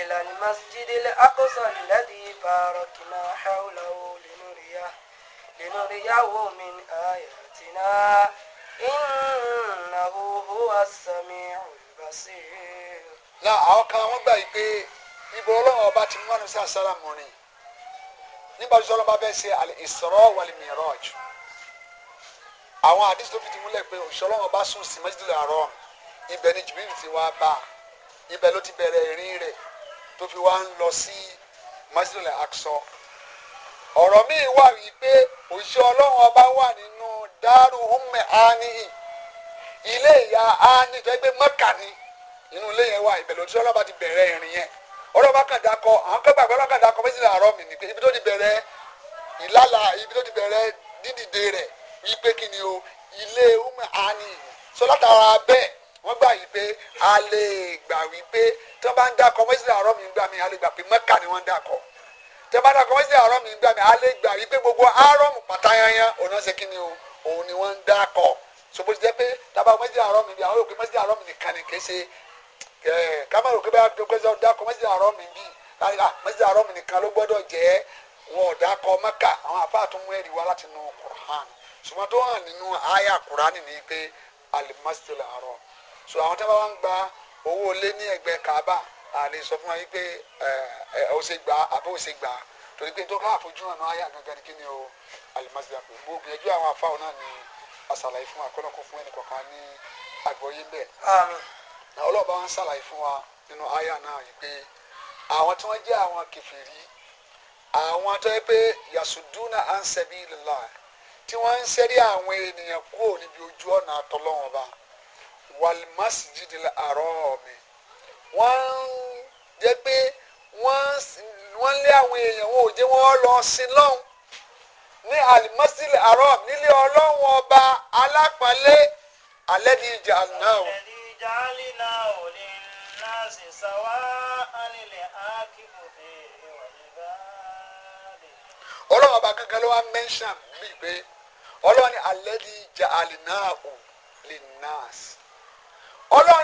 ilà masjid al-aqsa lẹ́dí barakina hawlawo linuriya linuriyawo min ayatina innahu huwa sami'u basir. náà àwọn kan wọ́n gbà yìí pé ibo ọlọ́run ọba ti mú wọn sí àsálàmù rìn nígbà tí sọlọ́n bá fẹ́ ṣe al-Isra wal-Miraj àwọn àdìsí tó fi ti múlẹ̀ pé òṣìṣọ́lọ́wọ́n bá sùn sí Masjidul Haram ibẹ̀ ni Jibril ti wá bá ibẹ̀ ló ti bẹ̀rẹ̀ ìrìn rẹ̀ tó fi wá ń lọ sí Masjidul Aqsa ọ̀rọ̀ míì wà wípé òṣìṣẹ́ ọlọ́run ọba wà nínú dárú umme anihi ilé ìyá ani fẹ́ gbé mọ́kà ni inú ilé yẹn wà ìbẹ̀lẹ̀ òṣìṣẹ́ ọlọ́ba kàdá kọ àwọn kan gbàgbọ́ ọlọ́ba kàdá kọ mẹ́sìlẹ̀ àárọ̀ mi ni pé ibi tó ti bẹ̀rẹ̀ ìlàlà ibi tó ti bẹ̀rẹ̀ dídìde rẹ̀ wípé kí ni o ilé umu ani sọlátara bẹ́ẹ̀ wọ́n gbà yí pé a lè gbà wípé tí wọ́n bá ń dákọ̀ mẹ́sìlẹ̀ àárọ̀ mi gbà mí a lè gbà pé mẹ́kà ni wọ́n ń dákọ̀ tí wọ́n bá dákọ̀ mẹ́sìlẹ̀ àárọ̀ mi gbà mí a lè gbà wípé gbogbo àárọ̀mù pátáyányá òun ṣe kí ni o òun ni wọ́n ń dákọ̀ sopo ti ni kì í Eh, kámá rò pé bá dọgbẹ́sẹ̀ ọ̀dà akọ mẹ́sìlẹ̀ mi bí ah, mẹ́sìlẹ̀ àárọ̀ mi nìkan ló gbọ́dọ̀ jẹ́ wọn ọ̀dà kọ mẹ́ka àwọn àfáà tó mú ẹ̀rí wá láti nu Qur'an ṣùgbọ́n hàn nínú àyà ni pé so àwọn tí gba owó kaaba àlè sọ fún wa yìí pé eh, eh, torí pé tó ká àfojú hàn náà àyà gangan kí ni o gbìyànjú na ọlọ́ọ̀bá wa ń fún wa nínú àyà náà yìí pé àwọn tí wọ́n jẹ́ àwọn kèfèrí àwọn tó pé yasuduna an sabilillah tí wọ́n ń ṣẹ́rí àwọn ènìyàn kúrò níbi ojú ọ̀nà àtọ́lọ́wọ́n ba wal masjidil harami wọ́n jẹ́ pé wọ́n lé àwọn èèyàn wọn ò jẹ́ wọ́n lọ sí lọ́hùn ní alimasili haram nílé ọlọ́wọ́n ọba alápọ̀nlé alẹ́ ní ìjà náà. وجعلناه للناس سواء للآكل به والباد ọlọ́run ọba gángan ló wá mẹ́ńsàn mí pé ọlọ́run ni ile ìjà àlìnáàhù lè nàásì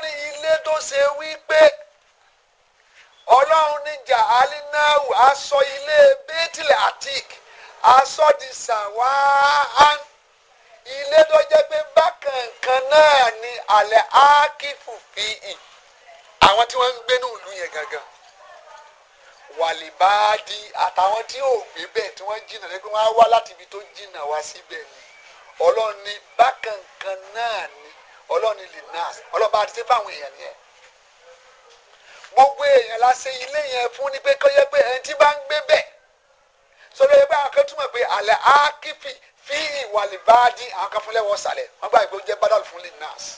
ni ní ilé tó ṣe wípé ọlọ́run ní ìjà àlìnáàhù aṣọ di ilé tó jẹ́ pé bákan kan náà ni àlẹ́ ákífù fi hì àwọn tí wọ́n ń gbé ní ìlú yẹn gangan wàlíbáàdì àtàwọn tí ò gbé bẹ́ẹ̀ tí wọ́n jìnnà lẹ́gbẹ́ wọn á wá láti ibi tó jìnnà wá síbẹ̀ ni ọlọ́run ní bákan kan náà ni ọlọ́run ní lè nà ọlọ́run bá ti ṣe fáwọn èèyàn yẹn gbogbo èèyàn la ṣe ilé yẹn fún ni pé kọ́ pé ẹni tí bá ń gbé bẹ́ẹ̀ sọ́dọ̀ pé àwọn pé àlẹ́ ákífì fíì wàlìbáàdì àwọn kan fún lẹ́wọ̀ sàlẹ̀ wọ́n gbà pé ó jẹ́ bádàlù fún lè nọ́ọ̀sì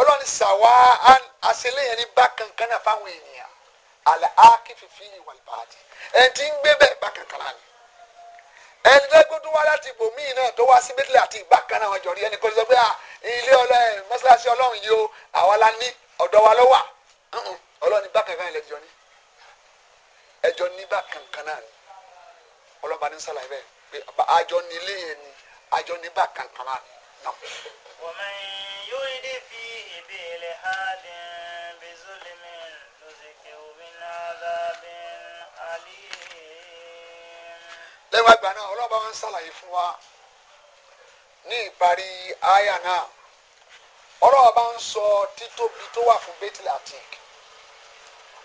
ọlọ́ni sàwá àṣẹlẹ́yìn ní bákan kan náà fáwọn ènìyàn àlẹ́ ákífi fíì wàlìbáàdì ẹni tí ń gbé bẹ́ẹ̀ bákan kan láàánú ẹni tó gbódú wá láti ibòmíì náà tó wá sí bẹ́tẹ̀lẹ̀ àti ìbákan náà jọ̀rí ẹni kò sọ pé ilé mọ́ṣáláṣí ọlọ́run yìí o àwa la ní ọ̀dọ̀ wa ló wà ọlọ́ni bákan kan ilẹ̀ jọ ní ẹjọ́ ní bákan kan náà ọlọ́ba ní sàlàyé bẹ́ẹ̀ pé àjọ ní ilé yẹn ni àjọ ní bá kankan náà. wa man yurid náà ọlọ́ba wọn ń fún wa ní ìparí àyà náà ọlọ́ọ̀bá ń sọ títóbi tó wà fún bethel atik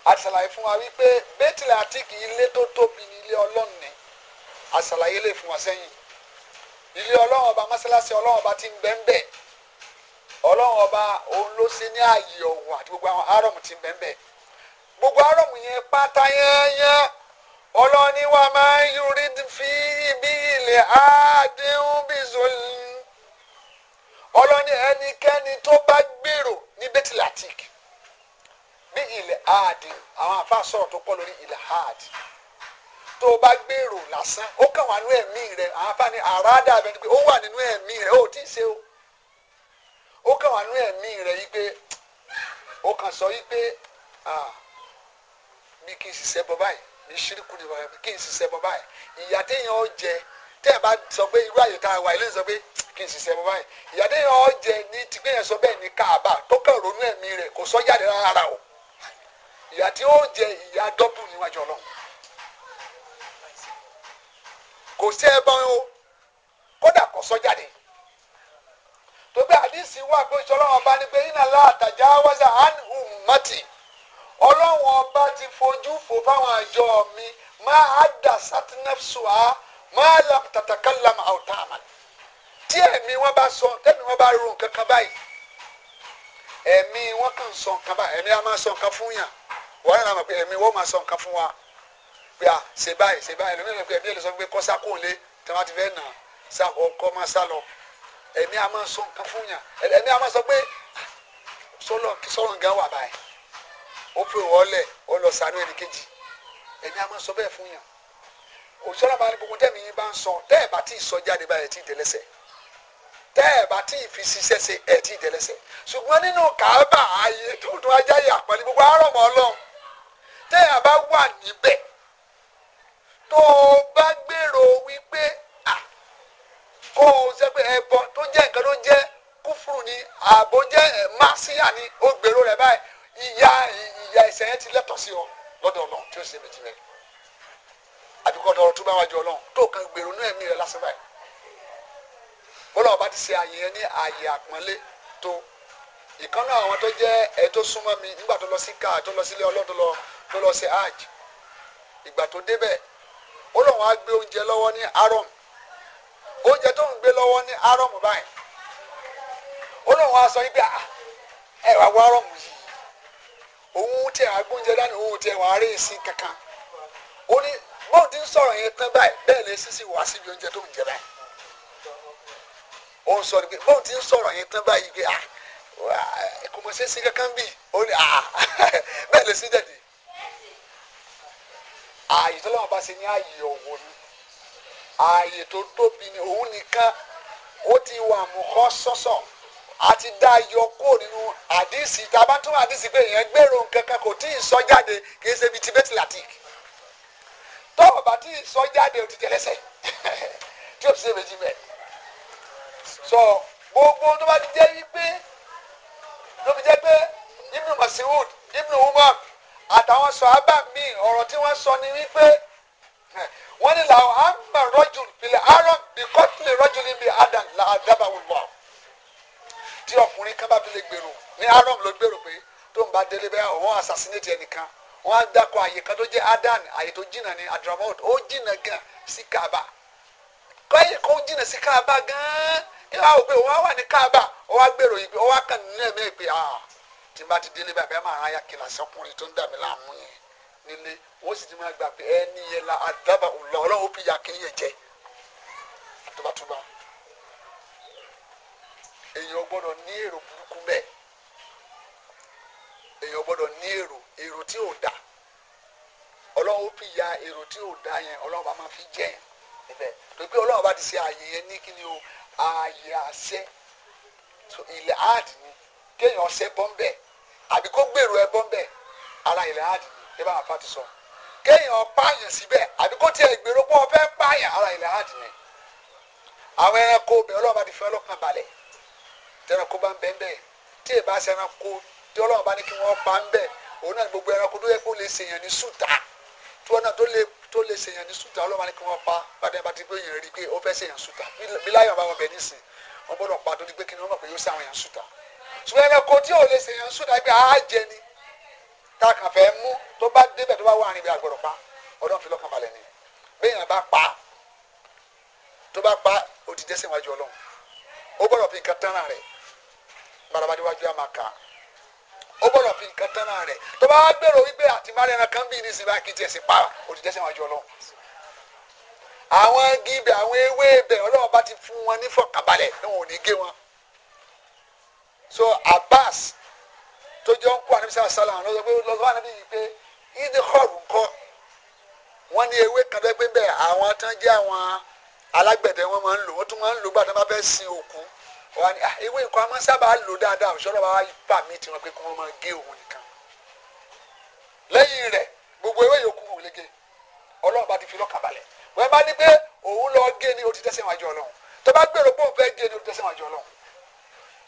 àti ṣàlàyé fún wa wípé bethel atik ilé tó tóbi ní ilé ọlọ́run àṣàlàyé lè fún wa sẹ́yìn ilé ọlọ́run ọba mọ́sálásí ọlọ́run ọba ti ń bẹ́ẹ̀ bẹ́ẹ̀ ọlọ́run ọba òun ló ṣe ní ààyè ọ̀hún àti gbogbo àwọn arọ́mù ti ń bẹ́ẹ̀ bẹ́ẹ̀ gbogbo arọ́mù yẹn pátá yẹ́nyẹ́ ọlọ́ni wa máa ń yúrí fi ibi ilẹ̀ àádéhùn bí zolin ọlọ́ni ẹnikẹ́ni tó bá gbèrò ní betilatik bí ilẹ̀ àádéhùn àwọn àfa tó pọ̀ lórí ilẹ̀ àádéhùn tó o bá gbèrò lásán ó kàn wá nínú ẹ̀mí rẹ àáfàá ni àràádà bẹ ni pé ó wà nínú ẹ̀mí rẹ ó tí ṣe o ó kàn wá nínú ẹ̀mí rẹ yìí pé ó sọ yìí pé mi kì í ṣiṣẹ́ bọ́ báyìí mi ni mi kì í ṣiṣẹ́ bọ́ báyìí ìyá téèyàn ó jẹ tẹ́ ẹ̀ bá sọ pé irú àyè tá a wà sọ pé kì í ṣiṣẹ́ bọ́ báyìí ìyá téèyàn ó jẹ ní ti gbéyàn sọ o ìyá tí ó jẹ ìyá dọ́bù kò ṣe é bọ́n o kódà kò sọ jáde tó bí àdìsí wà pé ìṣọlọ́wọ́ ọba ni pé iná láàtàjà wáṣà ánú mọ́tì ọlọ́wọ́n ọba ti fojú fò fáwọn àjọ mi máa á dà sátínẹ́fṣù á máa là tàtàkà lamà àwòtá àmà tí ẹ̀mí wọn bá sọ tẹ́mi wọn bá ro nǹkan kan báyìí ẹ̀mí wọn kàn sọ nǹkan báyìí ẹ̀mí wọn máa sọ nǹkan fún yàn wọ́n yàn lámà pé ẹ̀mí wọn máa sọ nǹkan fún wa pé a ah, ṣe báyìí ṣe báyìí lómi ìrìnkú ẹ̀mí ẹ̀ lè sọ pé kọ́ sákò lé tí wọ́n ti fẹ́ nà sá ọkọ́ máa sá lọ ẹ̀mí a máa sọ nǹkan fún yàn ẹ̀mí a máa sọ pé ah, sọ́run gan wà báyìí ó pè wọ́lẹ̀ ó lọ sànú ẹnì kejì ẹ̀mí a máa sọ bẹ́ẹ̀ fún yàn òṣèlú àbálẹ̀ gbogbo tẹ́mi yín bá ń sọ tẹ́ ẹ̀ bá tí ì sọ jáde báyìí tí ì tẹ́lẹ́sẹ̀ tẹ́ ẹ̀ bá tí ì fi ṣiṣẹ́ ṣe ẹ̀ tí ì tẹ́lẹ́sẹ̀ ṣùgbọ́n nínú kàábà ayé tó tún ajá gbogbo àárọ̀ mọ́ ọlọ́run tẹ́ ẹ̀ bá wà níbẹ̀ tó o bá gbèrò wípé kó o ṣe pé ẹbọ tó jẹ́ nǹkan tó jẹ́ kúfùrù ni àbò jẹ́ màsíyà ni ó gbèrò rẹ̀ báyìí ìyá ìyá ẹ̀ṣẹ̀ yẹn ti lẹ́tọ̀ sí ọ lọ́dọ̀ Ọlọ́run tí ó ṣe méjì mẹ́rin àbíkọ́ ọ̀dọ̀ tó bá wájú Ọlọ́run tó kan gbèrò náà ẹ̀mí rẹ̀ lásán báyìí bọ́lá ọba ti ṣe àyè yẹn ní àyè àpọ́nlé tó ìkan náà àwọn tó jẹ́ ẹ tó súnmọ́ mi nígbà tó lọ sí káà tó lọ sílé Ọlọ́run tó lọ sí hajj ìgbà tó débẹ̀ ó lọ́wọ́ gbé oúnjẹ lọ́wọ́ ní arom oúnjẹ tó ń gbé lọ́wọ́ ní arom báyìí ó lọ́wọ́ sọ yín ah, ẹ wá yìí òun tẹ agbóúnjẹ dání òun rí kankan ó ní bóun ti ń sọ̀rọ̀ yẹn tán báyìí bẹ́ẹ̀ lè sísè wá síbi oúnjẹ tó ń jẹ báyìí sọ bóun ti ń sọ̀rọ̀ yẹn tán sí ah, kankan bíi ní ah, bẹ́ẹ̀ ààyè tó lọ́wọ́ bá ṣe ní ààyè ọ̀wọ̀ ni ààyè tó tóbi ni òun nìkan ó ti wà mú kọ́ sọ́sọ́ àti dá yọ kúrò nínú àdìsí tàbá tún àdìsí pé èèyàn gbèrò nǹkan kan kò tí ì sọ jáde kì í ṣe bíi tibeti latik tọ́wọ́ bá tí ì sọ jáde ò ti tẹ̀lẹ́sẹ̀ tí ò ti ṣe méjì mẹ́ẹ̀ sọ gbogbo tó bá ti jẹ́ wípé ló fi jẹ́ pé Ibn Mas'ud Ibn Umar àtàwọn sọ̀hábà míì ọ̀rọ̀ tí wọ́n sọ ni wípé wọ́n ní làwọn àmà rọ́jù ìpìlẹ̀ aaron bí kọ́tìlẹ̀ rọ́jù níbi adam là àdábà wùwà tí ọkùnrin kan bá fi lè gbèrò ní aaron ló gbèrò pé tó ń bá délé bẹ́ẹ̀ òun assassinate ẹnìkan wọ́n á dákọ̀ àyè kan tó jẹ́ adan àyè tó jìnnà ní adramot ó jìnnà gan sí kaaba kọ́yè kó jìnnà sí kaaba gan kí wọ́n á wò pé òun á wà ní kaaba ó wá gbèrò yìí pé ó wá kàn nínú ẹ̀mí ẹ̀ ah, tí bá ti délé báyìí bẹ́ẹ̀ máa ń aya kìlàsì ọkùnrin tó ń dà mí láàmú yẹn nílé wọ́n sì ti máa gbà pé ẹni yẹn la àdábà òlò ọlọ́run bí ya kí yẹn jẹ àtúbàtúbà èèyàn gbọ́dọ̀ ní èrò burúkú bẹ́ẹ̀ èèyàn gbọ́dọ̀ ní èrò èrò tí ò dáa ọlọ́run ó ya èrò tí ò dá yẹn ọlọ́run bá máa fi jẹ yẹn níbẹ̀ tó pé bá ti ṣe ààyè yẹn ní kí ni o ààyè àṣẹ ilẹ̀ áàdì ni kéèyàn ṣe bọ́ńbẹ́ àbí kó gbèrò ẹ ala ara ìlà àdì ní bá àfa ti sọ kéèyàn pààyàn síbẹ̀ àbí kó tiẹ̀ gbèrò pé fẹ́ pààyàn ara àwọn ẹranko obìnrin ọlọ́run bá ti fi ọlọ́kàn balẹ̀ tẹranko bá ń bẹ́ ń bẹ́ tí ṣe ẹranko tí ọlọ́run bá ní kí wọ́n gbogbo ẹranko tó yẹ kó lè ṣèyàn ní sùtà tí wọ́n náà tó lè tó lè ṣèyàn ní sùtà ọlọ́run bá ní kí wọ́n ṣùgbọ́n ẹranko tí ò lè ṣèyàn sùn dàbí àájẹ ni tá a kàn fẹ́ mú tó bá débẹ̀ tó bá wà níbi àgbọ̀rọ̀ pa ọlọ́run fi lọ́kàn balẹ̀ ni béèyàn bá pa tó bá pa òdìdẹ́ síwájú ọlọ́run ó gbọ́dọ̀ fi nǹkan tán rẹ̀ balabadéwájú àmà kà ó gbọ́dọ̀ fi nǹkan tán rẹ̀ tó bá gbèrò wípé àtìmárẹ̀ ẹran kan bí ní sinmi akitì ẹ̀sìn pa òdìdẹ́ síwájú ọlọ́run àwọn igi ibẹ̀ àwọn ewé ibẹ̀ ọlọ́run bá ti fún wọn ní fọkànbalẹ̀ ní ò ní gé wọn so Abbas tó jọ ń kó anamisa salam lọ́sọ pé lọ́sọ wà níbi yìí pé idikọ́ọ̀bù ńkọ́ wọ́n ní ewé kan tó gbé bẹ́ẹ̀ àwọn tán jẹ́ àwọn alágbẹ̀dẹ wọn máa ń lò wọ́n tún máa ń lò gbàtà bá fẹ́ sin òkú wọ́n ní ah, ewé nǹkan a máa ń sábà lò dáadáa òṣèlú wa pa mí tiwọn pé kí wọ́n máa gé òun nìkan lẹ́yìn rẹ̀ gbogbo ewé yòókù wò lége ọlọ́run bá ti fi lọ́kàn balẹ̀ wọ́n bá ní pé òun lọ gé ni ó ti dẹ́ṣẹ̀ wájú ọlọ́run tó bá gbèrò pé òun fẹ́ gé ni ó ti dẹ́ṣẹ̀ wájú ọlọ́run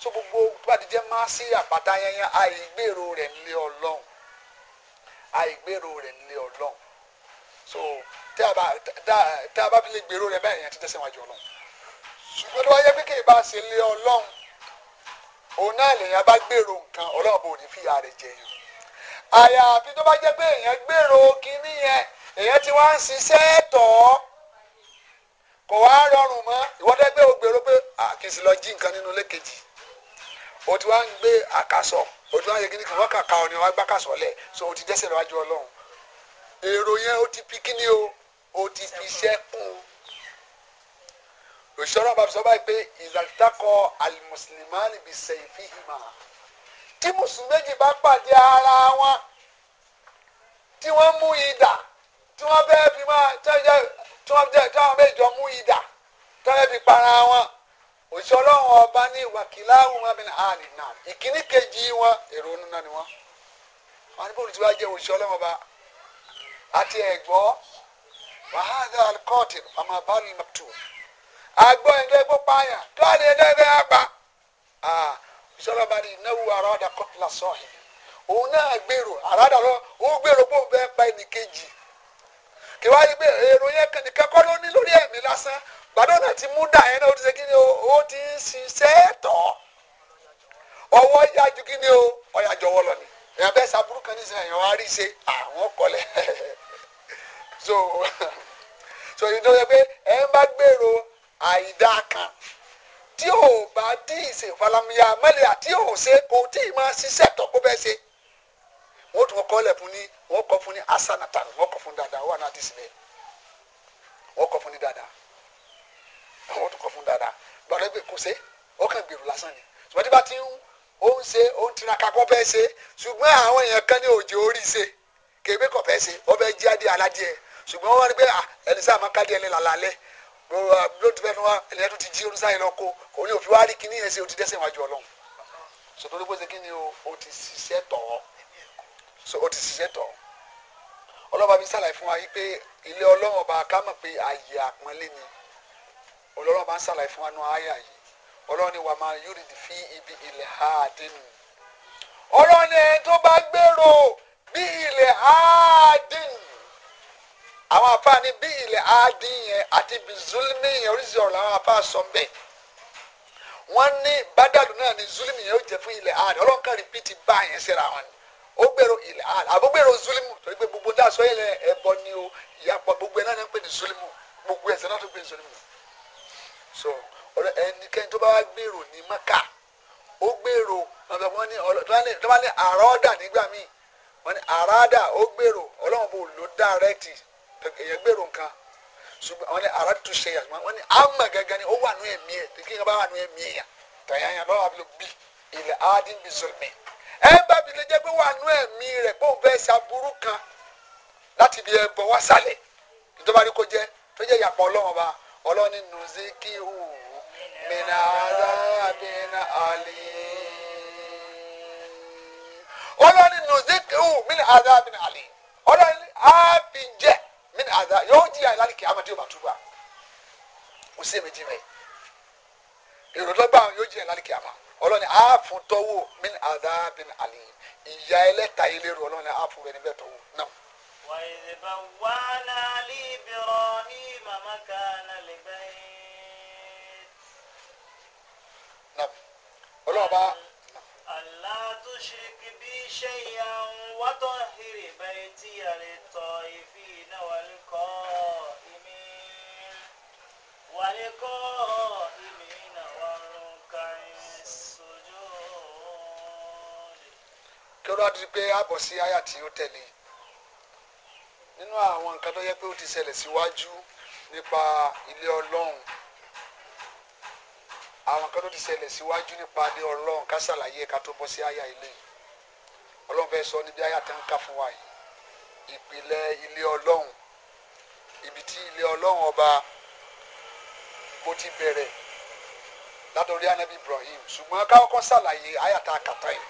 so gbogbo bá ti jẹ́ máa sí àpáta yẹnyẹn àìgbèrò rẹ̀ nílé ọlọ́run àìgbèrò rẹ̀ nílé ọlọ́run so tá a bá tá a bá fi lè gbèrò rẹ̀ bẹ́ẹ̀ yẹn ti tẹ̀sẹ̀ wájú ọlọ́run ṣùgbọ́n tó wáyé pé kí ìbá ṣe lé ọlọ́run òun náà lèèyàn bá gbèrò nǹkan ọlọ́run bò ní fìyà rẹ̀ jẹ yẹn àyàfi tó bá jẹ́ pé èèyàn gbèrò kínní yẹn èèyàn ti wá ń ṣiṣẹ́ tọ̀ ọ́ kò wá rọrùn mọ́ ìwọ́dẹ́gbẹ́ ògbèrò pé àkìsì lọ jí nǹkan nínú ilé o ti wá ń gbé àkàsọ̀ o ti wá yẹ kíni kan wọ́n kàkà ọ ni wọ́n gbá kàsọ̀ lẹ̀ so o ti dẹ́sẹ̀ lọ́wájú ọlọ́run èrò yẹn o ti fi kíni o o ti fi sẹ́kùn òṣìṣọ́rọ́ bàbá sọ báyìí pé ìzàtàkọ alimusulimani bi sẹ́yìnfì hìmà tí mùsùlùmí méjì bá pàdé ara wọn tí wọ́n mú idà tí wọ́n bẹ́ẹ̀ fi máa tí wọ́n jẹ́ tí wọ́n jẹ́ tí mú idà tí wọ́n bẹ́ẹ̀ fi para wọn. òṣìṣẹ́ ọlọ́run ọba ní wàkìlá wọn bí ní àlè náà ìkíní kejì wọn èrò onú ni wọn wọn ní bóòlù tí jẹ ọlọ́run ọba àti ẹ̀gbọ́ wàhálà alikọ́ọ̀tì àmọ́ abáàlì mọ̀tò àgbọ̀ ẹ̀dọ́ ẹ̀gbọ́ pààyà tó àlè ẹ̀dọ́ ẹ̀dọ́ àgbà òṣìṣẹ́ ọlọ́run ọba ní ìnáwó sọ́ọ̀hìn òun náà gbèrò lọ gbèrò bó bẹ́ẹ̀ pa ẹnì kejì gbàdọ́ náà ti mú dà yẹn náà ó ti ṣe kí ni o ó ti ń ṣiṣẹ́ tọ̀ ọwọ́ yá ju kí ni o ọ̀yà jọ̀wọ́ lọ ni èèyàn bẹ́ẹ̀ sábúrú kan ní sẹ́yìn wá rí ṣe àwọn kọlẹ̀ so so ìdọ́jọ́ pé ẹ bá gbèrò àìdá kan tí ò bá tí ì ṣe falamiya mẹ́lẹ̀ àti ò ṣe kò tí ì máa ṣiṣẹ́ tọ́ kó bẹ́ẹ̀ ṣe wọ́n tún kọ́ lẹ̀ fún ni wọ́n kọ́ fún ni asanatan wọ́n kọ́ fún dáadáa wọ́n àná àti sinmi àwọn tó kọ fún dáadáa lọ́dọ̀ gbé kó ṣe ó kàn gbèrò lásán ni ṣùgbọ́n tí bá ti ń ó ń ṣe ó ń tiraka kọ́ fẹ́ ṣe ṣùgbọ́n àwọn èèyàn kan ní òjò orí ṣe kébé kọ́ fẹ́ ṣe ó fẹ́ jí adé aládìẹ ṣùgbọ́n wọ́n rí pé ẹni sáà máa kádìẹ ní làlálẹ́ ló ti bẹ́ẹ̀ fún wa ẹni tó ti jí orun sáyẹn lọ kó kò ní òfin wá rí kíní yẹn ṣe ó ti dẹ́ṣẹ̀ wájú ọlọ́run sọtọ́ni pé ṣe kí ni o ti ṣiṣẹ́ tọ̀ ọ́ o ti ṣiṣẹ́ tọ̀ ọ́ ọlọ́ba mi ṣàlàyé fún wa yí pé ilé ọlọ́run ọba ká mọ̀ pé ààyè àpọ́nlé ni ọlọ́run ọba ń fún wa nù àyà yìí ọlọ́run ni máa fi ibi ilẹ̀ ha dín nù tó bá gbèrò bí ilẹ̀ ha ni bí ilẹ̀ ha dín yẹn àti bí zulmi yẹn oríṣi ọ̀rọ̀ làwọn apá sọ ń bẹ̀ ní náà ni zulmi yẹn ó fún ilẹ̀ ha dín ọlọ́run kan rìpítì bá yẹn síra wọn ni ha àbó gbèrò zulimu torí gbogbo ẹ̀bọ ni o ìyàpọ̀ gbogbo ẹ̀ náà ni wọ́n pè ní gbogbo ẹ̀ sẹ́ni so ẹnikẹ́ni tó bá wá gbèrò ní maka ó gbèrò wọ́n ní tó bá ní àrọ́dà nígbà míì wọ́n ní àràdà ó gbèrò ọlọ́run bò ló dàrẹ́tì èyàn gbèrò nǹkan ṣùgbọ́n wọ́n ní àrà tún ṣe yàtọ̀ wọ́n ní àmà gẹ́gẹ́ ni ó wà nù ẹ̀mí ẹ̀ tí kí n bá wà nù ẹ̀mí ẹ̀ tàyàn yàn lọ́wọ́ àbílẹ̀ bí ilẹ̀ adín bí zọlmẹ̀ ẹ̀ bá mi lè jẹ́ pé wà nù ẹ̀mí rẹ̀ pé òun fẹ́ ṣàbúrú kan láti bí ẹbọ wá sálẹ̀ ìjọba ni kò jẹ́ tó jẹ́ yàpọ̀ ọlọ́run ọba ọlọ́ni nùzíkìhù mìnàrà bìnà àlè. ọlọ́ni nùzíkìhù mìnàrà bìnà àlè ọlọ́ni àbíjẹ́ mìnàrà yóò jí àìláàlì kí amadu bá túbà kò sí èméjì mẹ́ èrò lọ́gbà yóò jí àìláàlì kí ama. ọlọ́ni àfùntọ́wò mìnàrà bìnà àlè ìyá ẹlẹ́ta ilé rẹ̀ ọlọ́ni àfùrẹ́ níbẹ̀ tọ́wò náà. وإذ بوأنا لإبراهيم مكان البيت نعم ولو ألا تشرك بي شيئا وطهر بيتي للطائفين والقائمين والقائمين والركع السجود. kí ló dá dúró pé a nínú àwọn nǹkan tó yẹ pé ó ti ṣẹlẹ̀ síwájú nípa ilé ọlọ́run àwọn nǹkan tó ti ṣẹlẹ̀ síwájú nípa ilé ọlọ́run ká ṣàlàyé ká tó bọ́ sí àyà ilé ọlọ́run fẹ́ sọ níbi àyà tó ń kà fún wa yìí ìpìlẹ̀ ilé ọlọ́run ibi tí ilé ọlọ́run ọba bó ti bẹ̀rẹ̀ látọ̀rí anabi Ibrahim ṣùgbọ́n ká kọ́kọ́ ṣàlàyé àyà tá a kàtà yìí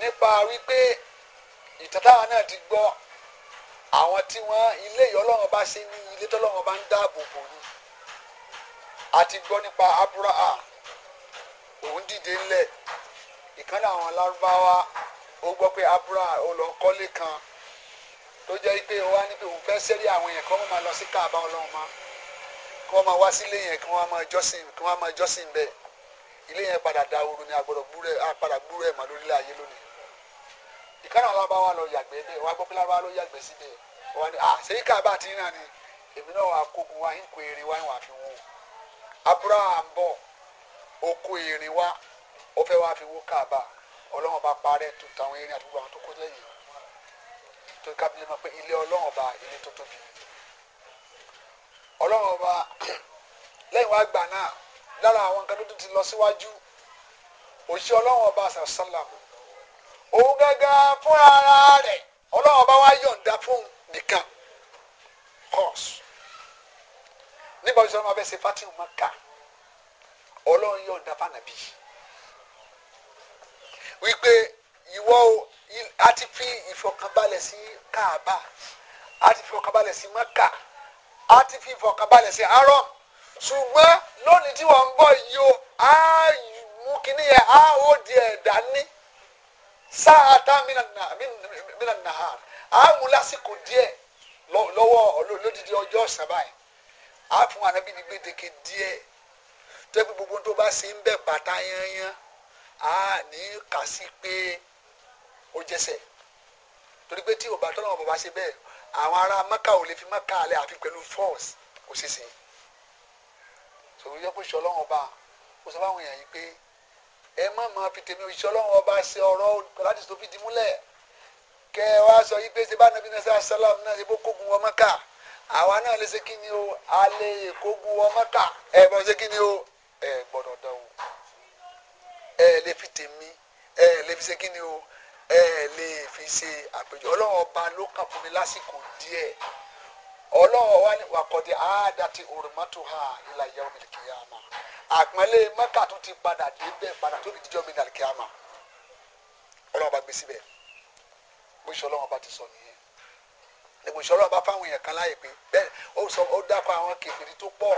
nípa wípé ìtàtà náà ti gbọ́ àwọn tí wọ́n ilé yìí ọlọ́run bá ṣe ní ilé tọ́lọ́run bá ń dáàbò bò ní àti gbọ́ nípa Abraha òun dìde ńlẹ̀ ìkan náà àwọn lárúbáwá ó gbọ́ pé Abraha ó lọ kọ́lé kan tó jẹ́ pé ó wá ní pé òun fẹ́ sẹ́rí àwọn yẹn kí wọ́n máa lọ sí káàbá ọlọ́run mọ́ kí wọ́n máa wá sílé yẹn kí wọ́n máa jọ́sìn kí wọ́n máa jọ́sìn bẹ́ẹ̀ ilé yẹn padà dahoro ni agbọ́dọ̀ gbúrẹ́ padà gbúrẹ́ mà lórílẹ̀ ayé lónìí ìkànnì alábáwá lọ yàgbẹ́ bẹ́ẹ̀ wọ́n á gbọ́ pé alábáwá lọ yàgbẹ́ síbẹ̀ wọ́n ní ah sẹ́yìn káàbà tí náà ni èmi náà wà kógun wá ń kó erin wá ń wà fi wó Abraham bọ̀ ó kó erin wá ó fẹ́ wá fi wó káàbà ọlọ́run bá parẹ́ tó tàwọn erin àti gbogbo àwọn tó kó lẹ́yìn tó kábílẹ̀ mọ́ pé ilé ọlọ́run bá ilé tó tóbi ọlọ́run ọba lẹ́yìn wá gbà náà lára àwọn nǹkan tó ti lọ síwájú òṣìṣẹ́ ọlọ́run ọba àṣà òun fún ara rẹ̀ ọlọ́run bá wá yọ̀ǹda fún nìkan course nígbà tí sọ́nà abẹ́sẹ̀ fatima maka ọlọ́run yọ̀ǹda fànàbí wípé ìwọ a ti fi ìfọkànbalẹ̀ sí káàbà a ti fi ìfọkànbalẹ̀ sí maka a ti fi ìfọkànbalẹ̀ sí arọ́m ṣùgbọ́n lónìí tí wọ́n ń gbọ́ yìí o a mú kínní yẹn a ó di ẹ̀dá ní. sáà tá mìíràn nàá àmú lásìkò díẹ̀ lọ́wọ́ lódìdí ọjọ́ ọ̀sán báyìí á fún ànábì ní gbèdéke díẹ̀ tẹ́bí gbogbo tó bá ṣe ń bẹ̀ pátá yányán á ní kà sí pé ó jẹsẹ̀ torí pé tí òbá tọ́lọ́wọ́ bàbá ṣe bẹ́ẹ̀ àwọn ará mẹ́kà ò lè fi mẹ́kà alẹ́ àfi pẹ̀lú force kò ṣe sí i sọ̀rọ̀ yẹ kó ṣe ọlọ́wọ́n bá ó sọ fáwọn èèyàn yìí pé ẹ má máa fi tèmi òṣìṣẹ́ ọlọ́run ọba ṣe ọ̀rọ̀ láti tó fi dimúlẹ̀ kẹ ẹ wá sọ yí pé ṣe bá nàbí nàṣẹ asálàm náà ṣe bó kógun wọn mọ́kà àwa náà lè ṣe kí ni o a lè kógun wọn mọ́kà ẹ bọ́ ṣe kí ni o ẹ gbọ́dọ̀ dán o ẹ lè fi tèmi ẹ lè fi ṣe kí ni o ẹ lè fi ṣe àpèjọ ọlọ́run ọba ló kàn fún mi lásìkò díẹ̀ ọlọ́run wa ni wàkọ̀dé àádá ti òrùmọ́tò ha ìlà ìyá omi kìí àmà àpọ́nlé mẹ́kà tó ti padà dé bẹ́ẹ̀ padà tó fi jíjọ́ mi nàlẹ́ kíámà ọlọ́run bá gbé síbẹ̀ bó ṣe ọlọ́run bá ti sọ nìyẹn níbo ṣe ọlọ́run bá fáwọn èèyàn kan láàyè pé bẹ́ẹ̀ ó sọ ó dákọ̀ àwọn kèfèrí tó pọ̀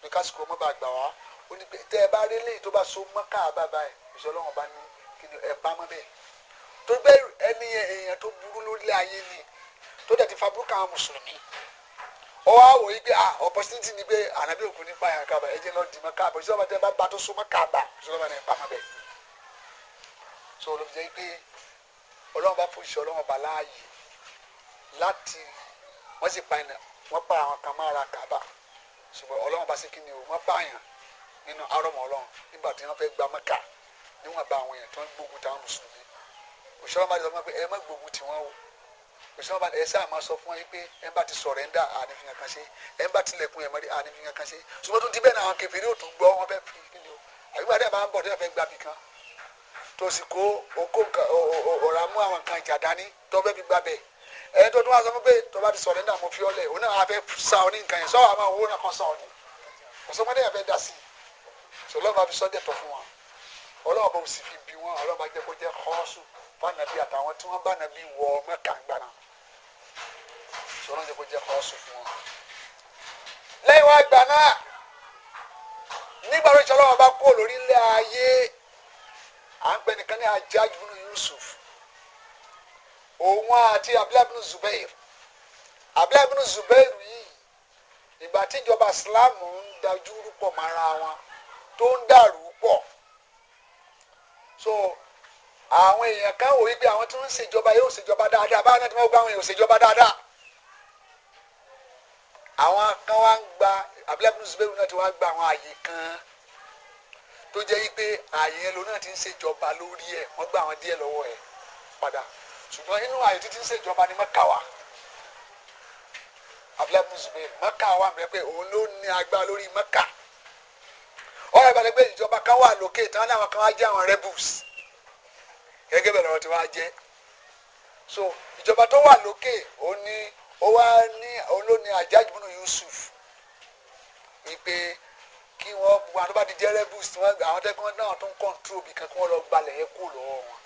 pé kásìkò ọmọ bá gbà wá ó ní pé tẹ́ ẹ bá rí léyìí tó bá so mẹ́kà bàbá ẹ̀ ìṣe ọlọ́run bá ní kí ni ẹ pamọ́ bẹ́ẹ̀ tó bẹ́ẹ̀ ẹni èèyàn tó burú lórílẹ̀ ayé ni tó dẹ̀ ti fa burúkú àwọn mùsùlùmí ọwọ awọ yi bi a opportunity ni bi anabi okun ni bayan kaba ẹ jẹ náà ma kaba ìṣọba bá tẹ bá ba tó so ma kaba ìṣọba náà pàmò bẹ so olùdíje yìí pé ọlọ́run bá fún ìṣọ́ ọlọ́run bá láàyè láti wọ́n sì pa ẹ̀nà wọ́n pa àwọn kan máa kaba ṣùgbọ́n ọlọ́run bá sí kí ni o wọ́n báyàn nínú arọ́mọ ọlọ́run nígbà tí wọ́n fẹ́ gba mẹ́ka níwọ̀n bá àwọn èèyàn tí wọ́n gbógun táwọn mùsùlùmí òṣèlú ọmọdé ọmọ pé ẹ má gbógun bísí ọba ẹsẹ àmà sọ fún yín pé ẹ bá ti sọ̀rọ̀ ẹ ń dà àní fi kankan ṣe ẹ bá ti lẹ̀kùn ẹ mọ́rí àní fi kankan ṣe ṣùgbọ́n tó ti bẹ́ẹ̀ náà àwọn kẹfìrí ò tún gbọ́ wọn fẹ́ fi kí ni o àyùbá dẹ́ bá ń bọ̀ tó yẹ fẹ́ gbàbí kan tó sì kó okó ọ̀rá mú àwọn nǹkan ìjà dání tó fẹ́ fi gbàbẹ̀ ẹ tó tún wá sọ fún pé tó bá ti sọ̀rọ̀ ẹ ń dà mo fi ọlẹ̀ òun náà fẹ́ sa ọ ní nǹkan yẹn sọ́wọ́ àmọ́ owó náà kan sa ọ ní ọ̀sọ́mọdé yẹn fẹ́ dá sí i ṣòlọ́ọ̀ bá fi sọ́jẹ̀ tọ̀ fún wọn ọlọ́ọ̀bọ̀ sì fi bí wọn ọlọ́ọ̀bá jẹ́ ọlọ́run jẹ́ kó jẹ́ kọ́ọ̀sù fún wọn. lẹ́yìn wá gbà náà nígbà tó ìṣọ̀lá wọn bá kú lórí ilé ayé à ń gbẹ nìkan ní Hajjaj bin Yusuf òun àti Abdullahi Zubair Abdullahi Zubair yìí ìgbà tí ìjọba Islam ń dájú rúpọ̀ mọ́ra wọn tó ń dàrú pọ̀ so àwọn èèyàn kan wòye pé àwọn tí wọ́n ń ṣèjọba yóò ṣèjọba dáadáa báwọn náà ti máa gbọ́ àwọn èèyàn ṣèjọba dáadáa àwọn kan wá ń gba abdullahi bin náà ti wá gba àwọn àyè kan tó jẹ́ pé àyè yẹn lòun náà ti ń ṣèjọba lórí ẹ̀ wọ́n gba àwọn díẹ̀ lọ́wọ́ ẹ̀ padà ṣùgbọ́n inú àyè títí ń ṣèjọba ni Mẹ́kà wà abdullahi bin zubair Mẹ́kà pé òun ló ní agbára lórí Mẹ́kà ọ̀rọ̀ ìbàdàn pé ìjọba kan wà lókè tán láwọn kan wá jẹ́ àwọn rebels gẹ́gẹ́ bẹ̀rẹ̀ ọ̀rọ̀ tí wọ́n jẹ́ so ìjọba tó wà lókè ó ní òun ló ní Hajjaj Yusuf wípé kí wọ́n gbogbo àwọn tó bá di jẹ́rẹ́bùs tí wọ́n àwọn tẹ́kọ́ náà tó ń kọ́ńtró bì kan kí wọ́n lọ gbalẹ̀ yẹn kú lọ́wọ́ wọn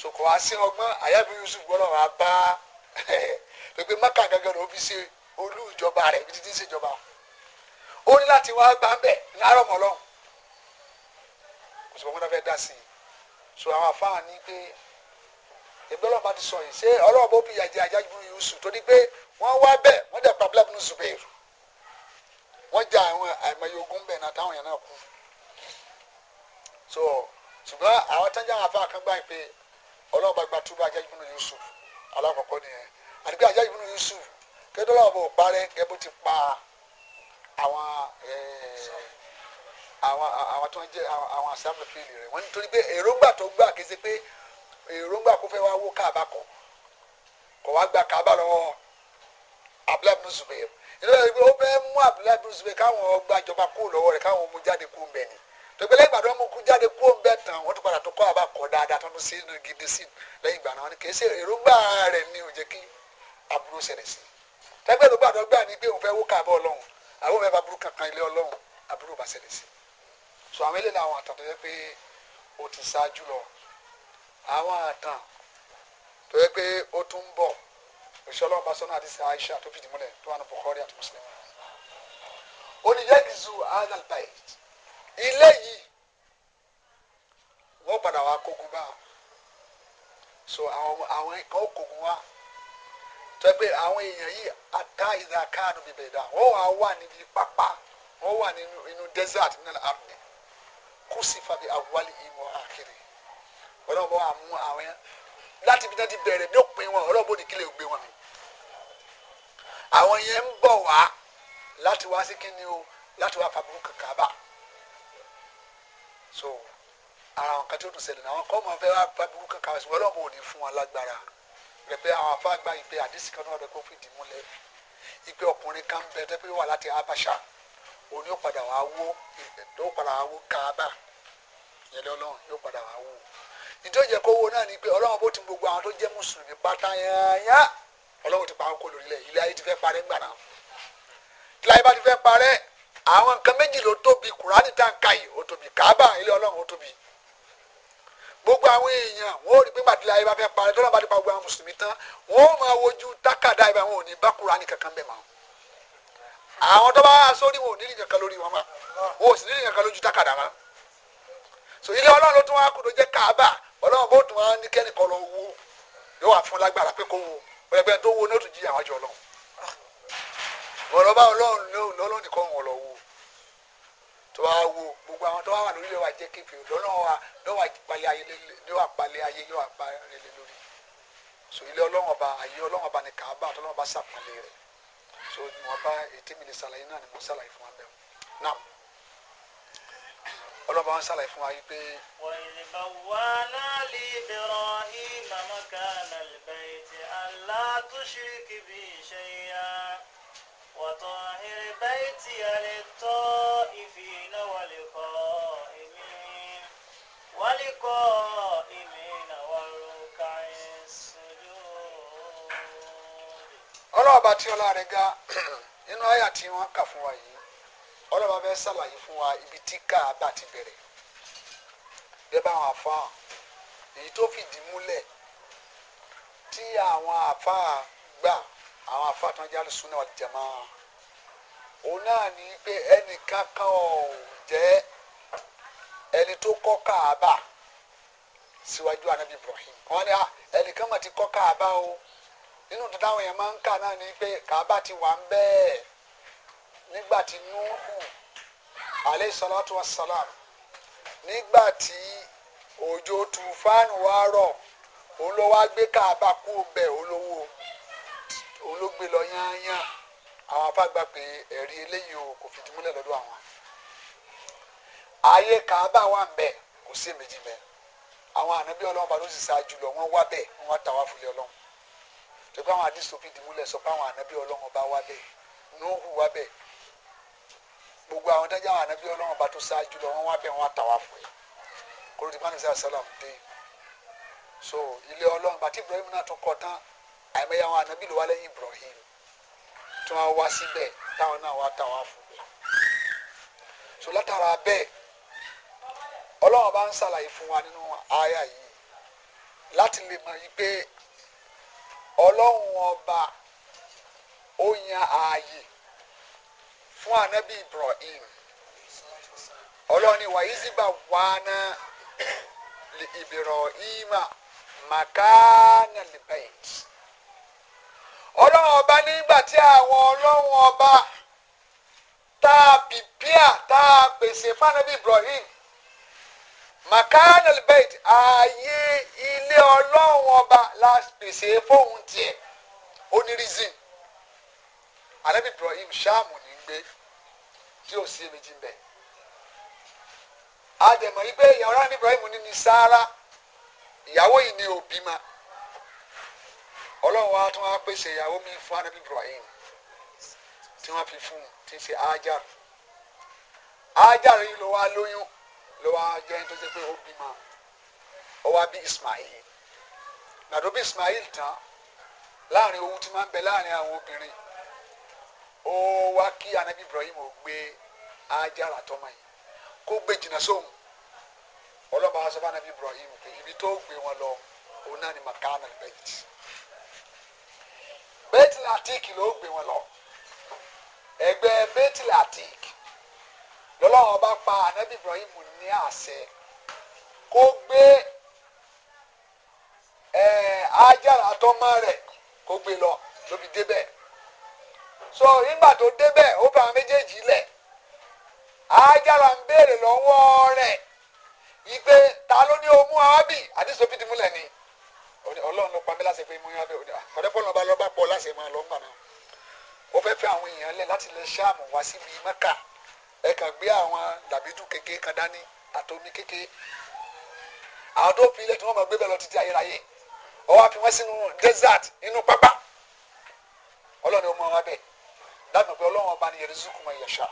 sòkò wá sí ọgbọ́n àyàbí Yusuf gbọ́dọ̀ wá bá pépé maka gangan ló fi ṣe olú ìjọba rẹ̀ ibi títí ń ṣèjọba ó ní láti wá gbà bẹ́ẹ̀ láàárọ̀ mọ́ lọ́hùn kò sì mọ́kànlá fẹ́ dá sí i so àwọn afáà ní pé ẹgbẹ́ ọlọ́ọ̀bá ti sọ yìí ṣé ọlọ́ọ̀bá ó fi yàjẹ́ Hajjaj ibn Yusuf torí pé wọ́n wá bẹ́ẹ̀ wọ́n dẹ̀ Abdullahi ibn Zubair wọ́n jẹ́ àwọn àìmọye ogun bẹ́ẹ̀ náà táwọn yẹn náà kú so ṣùgbọ́n àwọn tẹ́jà àfa kan gbá pé ọlọ́ọ̀bá gba túbọ̀ Hajjaj ibn Yusuf alákọ̀ọ́kọ́ nìyẹn àti pé Hajjaj ibn Yusuf kẹ́dọ́lá ọ̀bọ̀ parẹ́ gẹ́gẹ́ bó ti pa àwọn àwọn àwọn tó ń jẹ àwọn assembly field rẹ wọ́n nítorí pé èròǹgbà tó gbà kì í ṣe pé èròǹgbà kó fẹ́ wá wó káàbà kọ̀ kọ̀ wá gba káàbà lọ́wọ́ abdullahi bin zubair ìlú ẹ̀rí pé ó fẹ́ mú abdullahi bin zubair káwọn ọgbà ìjọba kú lọ́wọ́ rẹ̀ káwọn mú jáde kú mbẹ́ ni tògbẹ́ lẹ́yìn ìgbàdàn mú kú jáde kú mbẹ́ tán wọ́n tún padà tó kọ́ àbá kọ́ dáadáa tó ń sí inú gidi sí lẹ́yìn ìgbà náà kì í ṣe èròǹgbà rẹ̀ ni ò jẹ́ kí aburú ṣẹlẹ̀ sí tẹ́gbẹ́ ló gbàdàn gbà ní pé òun fẹ́ wó káàbọ̀ ọlọ́run àwọn òun fẹ́ aburú kankan ilé ọlọ́run aburú bá ṣẹlẹ̀ sí so àwọn eléyìí òṣìṣẹ́ ọlọ́run bá sọ́nà àdìsí Aisha tó fìdí múlẹ̀ tó wà ní Bukhari àti Muslim oníyẹ́gìzù adalbait ilé yìí wọ́n padà wá kógun bá so àwọn àwọn kan kógun wá tẹ́gbẹ́ àwọn èèyàn yìí àká ìdá káànù bíbẹ̀ dá wọ́n wà wà níbi pápá wọ́n wà nínú inú desert nínú àmì kùsì fàbí awali ìmọ̀ àkèrè wọ́n náà wọ́n wà mú àwọn láti ibi náà ti bẹ̀rẹ̀ dópin wọn ọ̀rọ̀ bòdì kílẹ̀ gbé wọn. àwọn yẹn ń bọ̀ wá láti wá sí kíni o láti wá fàbùrù kankan bá so ara àwọn kan tí ó tún ṣẹlẹ̀ náà àwọn kọ́ máa fẹ́ wá fàbùrù kankan sí wọn ọlọ́mọ ò ní fún wọn lágbára rẹ̀ pé àwọn afá gba ìpè àdìsí kan náà rẹ̀ kó fìdí múlẹ̀ ìpè ọkùnrin kan bẹ tẹ́ wà láti Abasha òun yóò padà wá wó tó padà wá wó Kaaba yẹn lọ́lọ́run nítorí jẹ́ kó wo náà ni pé ọlọ́run bó ti gbogbo àwọn tó jẹ́ mùsùlùmí pátá yányá ọlọ́run ti pa àwọn kòlò ilẹ̀ ilé ayé ti fẹ́ parẹ́ ńgbà náà láyé bá ti fẹ́ parẹ́ àwọn nǹkan méjì ló tóbi kùránì tá ń ka yìí ó tóbi kábà ilé ọlọ́run ó tóbi gbogbo àwọn èèyàn wọn ò rí pé gbàdúrà ayé bá fẹ́ parẹ́ tọ́lá bá ti pa gbogbo àwọn mùsùlùmí tán wọn ò máa wojú tákàdá ibà wọn ò ní bá kùránì kankan bẹ̀ mọ́ so ilé ọlọ́run ló tún wá kú jẹ́ kábà ọlọ́run bó tún wá ní kẹ́nìkan lọ wo yóò wà fún lágbára pé kó wo ọ̀yẹ́gbẹ́ tó wo ní òtún jíyà wájú ọlọ́run ọlọ́ba ọlọ́run lọ́lọ́run nìkan wọn lọ wo tó wá wo gbogbo àwọn tó wá wà lórí lè wà jẹ́ kéèpì lọ́lọ́run wa lọ́wọ́ àpalẹ̀ ayé lọ́wọ́ àpalẹ̀ ayé lọ́wọ́ àpalẹ̀ lórí so ilé ọlọ́run ọba ayé ọlọ́run ọba ní kàábà tó lọ́wọ́ bá sàpalẹ̀ rẹ̀ so ìwọ̀nba ètí mi ní sàlàyé náà ni mo sàlàyé fún wa bẹ́ẹ̀ náà ọlọ́ba wọn ṣàlàyé fún wa yìí pé. wàyí bàwá náà lè bẹ̀rọ ìmàmà kàlà lẹ́bẹ̀ẹ́tì aláàtúnṣìkì bí iṣẹ́ yá wàtọ̀ ìrìbẹ̀ẹ́tì àlẹ́tọ́ ìfìnà wàlẹ́kọ́ èmi wàlẹ́kọ́ èmi nàwárùkà ìṣòro. ọlọ́ọ̀bá tí ọlá rẹ̀ ga nínú àyà tí wọ́n kà fún wa yìí ọlọ́ba fẹ́ ṣàlàyé fún wa ibi tí káàbà ti bẹ̀rẹ̀ bẹ́ẹ̀ bá àwọn afa èyí tó fìdí múlẹ̀ tí àwọn afa gbà àwọn afa tán jẹ́ alùsùnà wal jamaa òun náà ní pé ẹnìkan kan ò jẹ́ ẹni tó kọ́ káàbà síwájú anabi Ibrahim wọn ni ah, ẹnìkan mà ti kọ́ káàbà o nínú dídáwọn yẹn máa ń kà náà ní pé káàbà ti wà ń bẹ́ẹ̀ nígbà nuhu alayhi salatu wa salam nígbà tí òjò tùfánù wá rọ̀ òun ló wá gbé káàbà kú bẹ̀ olówó òun ló gbé lọ yányá àwọn afágbà pé ẹ̀rí eléyìí o kò fìdí múlẹ̀ lọ́dọ̀ àwọn. ayé káàbà wà bẹ́ẹ̀ kò sí èméjì bẹ́ẹ̀ àwọn ànábí ọlọ́run bá ló sì ṣáájú lọ wọ́n wá bẹ́ẹ̀ wọ́n wá tàwa fúlẹ̀ ọlọ́run tó pé àwọn àdìsófin dìmúlẹ̀ sọ pé àwọn ànábí ọlọ́run bá wá bẹ́ẹ̀ nóhù wá bẹ́ẹ̀ gbogbo àwọn tó jáwé ànábì ọlọ́run bá tó ṣáájú lọ wọ́n wá bẹ̀ wọ́n àtàwà fún yìí kóró ti pàṣẹ sàlám dé so ilé ọlọ́run bàtí Ibrahim náà tó kọ́ tán àìmọye àwọn ànábì ló wá lẹ́yìn Ibrahim tí wọ́n wá síbẹ̀ táwọn náà wá àtàwà fún yìí so látara bẹ́ẹ̀ ọlọ́run bá ń ṣàlàyé fún wa nínú àyà yìí láti lè mọ̀ yìí pé ọlọ́run ọba ó yan ààyè fún anabi ibrahim ọlọ́ni wàyísíbà wàánà ibrahim makana libait ọlọ́run ọba nígbà tí àwọn ọlọ́run ọba tá a pìpíà tá a pèsè fún anabi ibrahim makana libait ààyè ilé ọlọ́run ọba la pèsè fóun tiẹ̀ onírísìn anabi ibrahim ṣáàmù dé tí ò sí èméjì mbẹ àdèmọ̀ yìí pé ìyàwó rani Ibrahim ní ní sáárá ìyàwó yìí ni òbí ma ọlọ́run wa tó wá pèsè ìyàwó mi fún anabi Ibrahim tí wọ́n fi fún un tí ń ṣe Ajar Ajar yìí ló wá lóyún ló wá jẹ́ ẹni tó ṣe pé ó bí ma ó wá bí Ismail gbàdó bí Ismail tán láàrin ohun tí máa ń bẹ láàrin àwọn obìnrin ó wá kí anabi ibrahim ó gbé ajara tọ́mọ yìí kó gbé jìnnà sóhun ọlọ́ba aṣọ anabi ibrahim pé ibi tó gbé wọn lọ òun náà ni makana bẹ́ẹ̀tì bẹ́ẹ̀tì latíìkì ló gbé wọn lọ ẹgbẹ́ bẹ́ẹ̀tì latíìkì lọ́lọ́wọ́ bá pa anabi ibrahim ní àṣẹ kó gbé ẹ̀ ajara tọ́mọ rẹ̀ kó gbé lọ lóbi débẹ̀ so nígbà tó débẹ̀ ó bá àwọn méjèèjì lẹ̀ ajára ń béèrè lọ́wọ́ rẹ̀ ìgbé ta ló ní omú arábì àti sofi ti múlẹ̀ ni ọlọ́run ló pa mí láṣẹ pé mú yàrá òde àkọ́dẹ́pọ̀ lọ́ba lọ́ba pọ̀ láṣẹ máa lọ́ gbà náà ó fẹ́ fẹ́ àwọn èèyàn lẹ̀ láti lè ṣáàmù wá síbi mẹ́kà ẹ kàn gbé àwọn dàbídù kékeré kan dání àtomi kékeré àwọn tó fi ilé tí wọ́n máa gbé bẹ́ẹ̀ lọ títí ayérayé ọwọ́ àfi sínú desert inú pápá ọlọ́run ló mú wọn bẹ́ẹ̀ dábàá pé ọlọ́run ọba ni yẹrẹ zikun máa yẹsà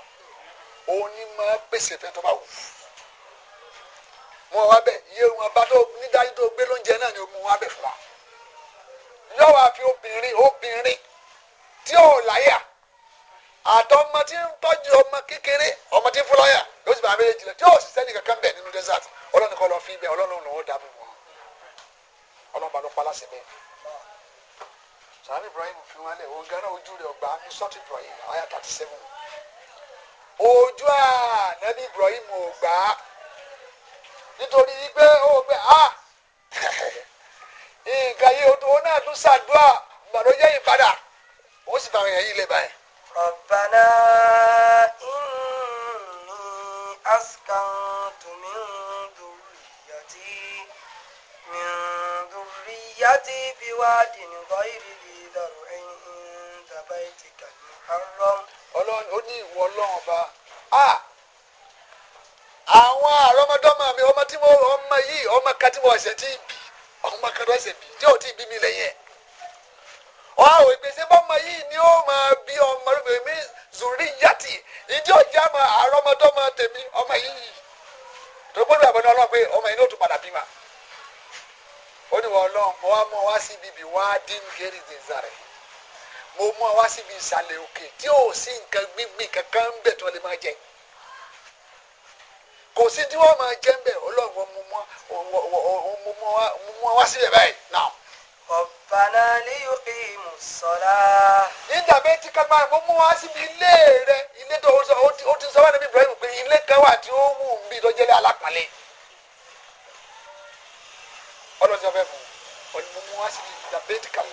òun ni máa pèsè fẹ́ tó bá wù mọ wa bẹ iye wọn bá tó nídájú tó gbé lóúnjẹ náà ni mo wa bẹ fún wa yóò wá fi obìnrin obìnrin tí ò láyà àtọ ọmọ tí ń tọ́jú ọmọ kékeré ọmọ tí ń fún lọ́yà yóò sì bá abẹ́rẹ́ jìnnà tí yóò sì sẹ́ni kankan bẹ̀ nínú desert ọlọ́run kọ́ lọ fi bẹ́ẹ̀ ọlọ́run lọ́wọ́ dàbí wọn ọlọ́run bá ló pa láṣẹ bẹ́ẹ̀ sani ibrahim fi wọn lẹ wọn gánà ojú rẹ ọgbà ní sọtì ibrahim àyà thirty seven ojú à nàbí ibrahim ò nítorí pé ó gbẹ á nǹkan yìí ó náà tún ṣàdúrà gbàdó jẹ́ ìpadà ó sì fàwọn èèyàn yìí lè báyìí. ربنا إني أسكنت من ذريتي من ذريتي بواد غير báyìí kàní haram. ọlọ́run ó ní ìwọ ọlọ́run ọba àwọn àrọ́mọdọ́mọ mi ọmọ tí wọ́n ọmọ yìí ọmọ kan tí wọ́n ṣẹ̀ tí bì ọmọ kan tó ṣẹ̀ bì tí ò tí bí mi lẹ́yìn ẹ̀. ọ̀hún ìgbésẹ̀ bọ́mọ yìí ni ó máa bí ọmọ rẹ̀ mi zùrí yàtì ìdí ọjà mọ àrọ́mọdọ́mọ tèmi ọmọ yìí. tó gbọ́dọ̀ àbọ̀ náà ọlọ́run pé ọmọ yìí ni ó tún padà bímọ. ó ní wọ́n ọlọ́run mọ́ wá mọ́ wá sí bíbí wá dín gẹ́rì dè zàrẹ̀ mo mú ọ wá síbi ìsàlẹ̀ òkè tí ò sí nǹkan gbígbì kankan ń bẹ̀ tó lè máa jẹ kò sí tí wọ́n máa jẹ́ ń bẹ̀ ọlọ́run mo mú ọ wá síbẹ̀ báyìí náà. ọ̀bàlá ni yóò fi mú sọ́lá. nígbà bẹ́ẹ̀ tí kápá mo mú wá síbi ilé rẹ ilé tó o ti sọ wá níbi Ibrahim pé ilé kan wà tí ó wù mí lọ́jọ́lẹ́ alápàlẹ́ ọlọ́run ti sọ fẹ́ fún ọ mo mú wá síbi ìdàbẹ́ẹ̀ tí kápá.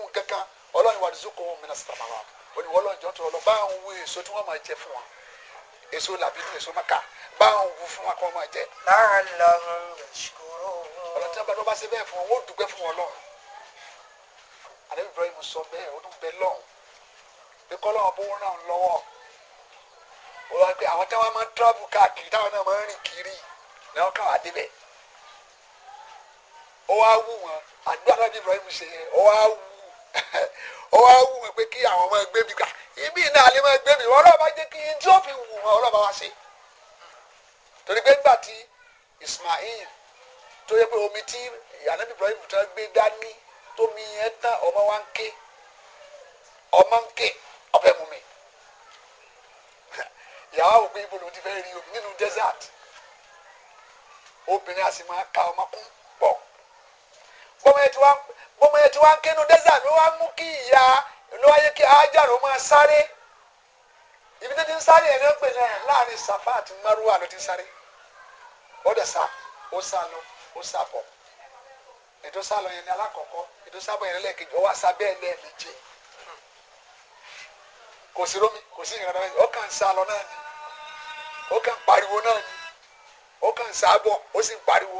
kankan ọlọ́run wàdùsùkò mìnísítàmàlà òní wọ́lọ́ jọ́ tó lọ bá wo èso tí wọ́n máa jẹ fún wa èso làbí ní èso maka bá wo fún wa kọ́ máa jẹ. ọlọ́tí náà bá tó bá ṣe bẹ́ẹ̀ fún wọn wọ́n dùgbẹ́ fún wọn lọ́run àdébí Ibrahim sọ bẹ́ẹ̀ ó dùn bẹ́ẹ̀ lọ́run pé kọ́lọ́run bó ràn lọ́wọ́ ó wá pé àwọn táwọn máa ń travel káàkiri táwọn náà máa ń rìn kiri náà káwọn adébẹ̀ ó wá wọn àdúrà ó wá wù pé kí àwọn ọmọ ẹgbẹ́ mi gbà ibi náà lè máa gbé mi ọlọ́run jẹ́ kí n fi wù wọn ọlọ́run wá sí torí pé nígbà Ismail tó yẹ omi tí anabi Ibrahim tó gbé dání mi yẹn tán ọmọ wa ń ké ọmọ ń ké ọbẹ̀ mú mi omi nínú desert obìnrin ka ọmọ kún bọ́mọ yẹn ti wá ń kínú dẹ́sà ló wá mú kí ìyá ibi tó ti ń sáré yẹn ló ń pè náà láàrin sàfà àti márùwà ló ti ń sáré ó dẹ̀ sá ó sá lọ ó sá bọ̀ ètò yẹn alákọ̀ọ́kọ́ ètò yẹn ó wà kò sí kò sí ìrànlọ́wọ́ ó kàn ń náà ni ó kàn ń pariwo náà ni ó kàn ń ó sì ń pariwo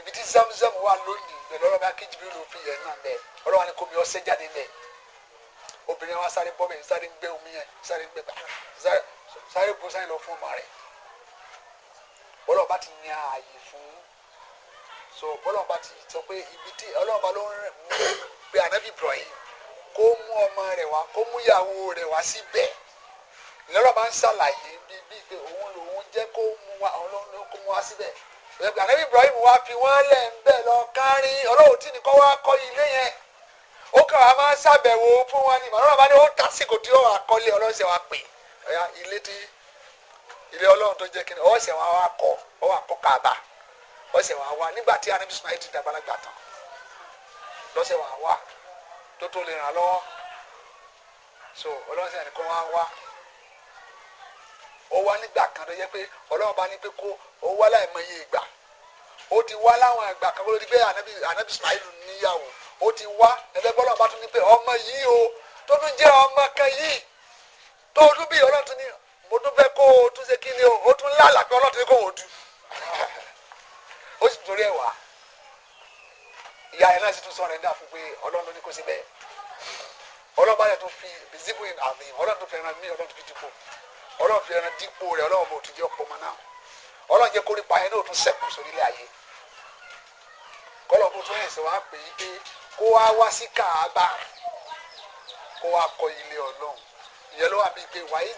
ibi tí zamzam wà lónìí bẹ́ẹ̀ lọ́rọ̀ bá kéjì bí lóòfin yẹn náà bẹ́ẹ̀ ọlọ́wà ni kò mi ọsẹ jáde bẹ́ẹ̀ obìnrin wa sáré bọ́ bẹ́ẹ̀ sáré gbé omi yẹn sáré gbé gbà sáré bó sáré lọ fún ọmọ rẹ̀ ọlọ́ọ̀bá ti yan ààyè fún so ọlọ́ọ̀bá ti sọ pé ibi tí ọlọ́ọ̀bá ló ń pe anabi Ibrahim kó mú ọmọ rẹ̀ wá kó mú ìyàwó rẹ̀ wá síbẹ̀ ìlọ́ọ̀bá ń ṣàlàyé bíi bíi pé òun lòun jẹ́ kó mú wa òun kó mú wa síbẹ̀ ànábì Ibrahim wá fi wọ́n lẹ̀ ń bẹ̀ lọ kárín ọlọ́run tí nìkan wá kọ́ ilé yẹn ó kàn wá máa ń ṣàbẹ̀wò fún wọn ni màdúrà bá ní ó tásìkò tí ó wà kọ́lé ọlọ́run ṣe pè ọ̀yà ilé tí ilé ọlọ́run tó jẹ́ kí ni ọ̀ṣẹ̀ wá wá kọ́ ọ wà kọ́ kàbà ọ̀ṣẹ̀ wá wá nígbà tí ànábì Ismail ti dàgbàlagbà tán lọ́ṣẹ̀ wá wá tó tó lè ràn lọ́wọ́ so ọlọ́run ṣe wá wá ó wá nígbà kan tó yẹ pé ọlọ́run bá ní pé kó ó wá láìmọye ìgbà ó ti wá láwọn ìgbà kan lórí pé anabi anabi ismailu níyàwó ó ti wá ẹgbẹ́ gbọ́dọ̀ bá tún ní pé ọmọ yìí o tó tún jẹ́ ọmọ kan yìí tó o tún bí ọlọ́run tún ní mo tún fẹ́ kó o tún ṣe kí ni o ó tún lálà pé ọlọ́run tún ní kó o dùn ó sì torí ẹ̀ wá ìyá ẹ̀ náà sì tún sọ rẹ̀ ní pé ọlọ́run ní kó sí bẹ́ẹ̀ ọlọ́run bá yẹ tó fi bizibu àmì ọlọ́run tó mí ọlọ́run tó fi ọlọpụ fi ẹran dípò rẹ̀ ọlọ́run bò tún jẹ́ ọ̀pọ̀ ọmọ náà ọlọ́run jẹ́ kórìí pa ẹ̀ náà tún sẹ́kù sórílẹ̀ ayé kọ́lọ̀ bó tún pè é pé kó wá wá sí Káàbà kó wá ilé ìyẹn ló wà bíi pé wàá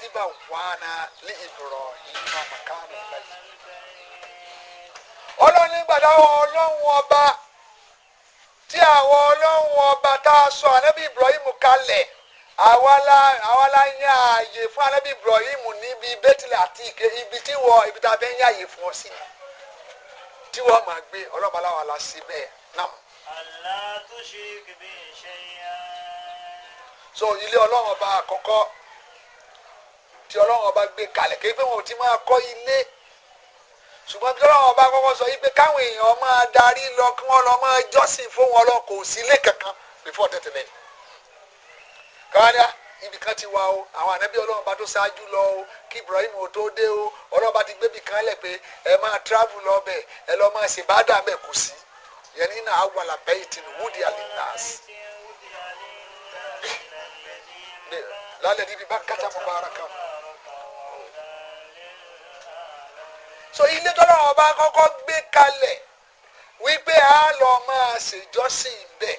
ọba tí àwọn ọlọrun ọba tá a sọ ànábì Ibrahim àwa la yan ààyè fún anábì Ibrahim níbi bẹ́tìlẹ̀ àti ìké ibi tí wọ́n ibi tá a bẹ́ ń yàyè fún ọ sí ni tí wọ́n máa gbé ọlọ́ba láwa la sí bẹ́ẹ̀ náà. Allah tushrik bi shay'an. so ilé ọlọ́run ọba àkọ́kọ́ tí ọlọ́run ọba gbé kalẹ̀ kéé pé wọn ò ti máa kọ́ ilé ṣùgbọ́n bí ọlọ́run ọba kọ́kọ́ sọ yìí pé káwọn èèyàn máa darí lọ kí wọ́n lọ máa jọ́sìn fún wọn lọ kò sí ilé kankan before tẹ̀tẹ̀lẹ́yìn káwádà ibìkan ti wà o àwọn ànábì ọlọ́run bá tó ṣáájú lọ o kí Ibrahim ò tó dé o ọlọ́run bá ti gbé bìkan lẹ̀ pé ẹ máa travel lọ bẹ̀ ẹ lọ máa ṣe bá dà bẹ̀ kù sí yẹn nínú àwọn àlàbẹ̀ ìtìlú wúdi àlìnàs. lálẹ́ níbi bá kátà mọ́ bára kan. so ilé tó lọ́wọ́ bá kọ́kọ́ gbé kalẹ̀ wípé a lọ máa ṣèjọ́sìn bẹ́ẹ̀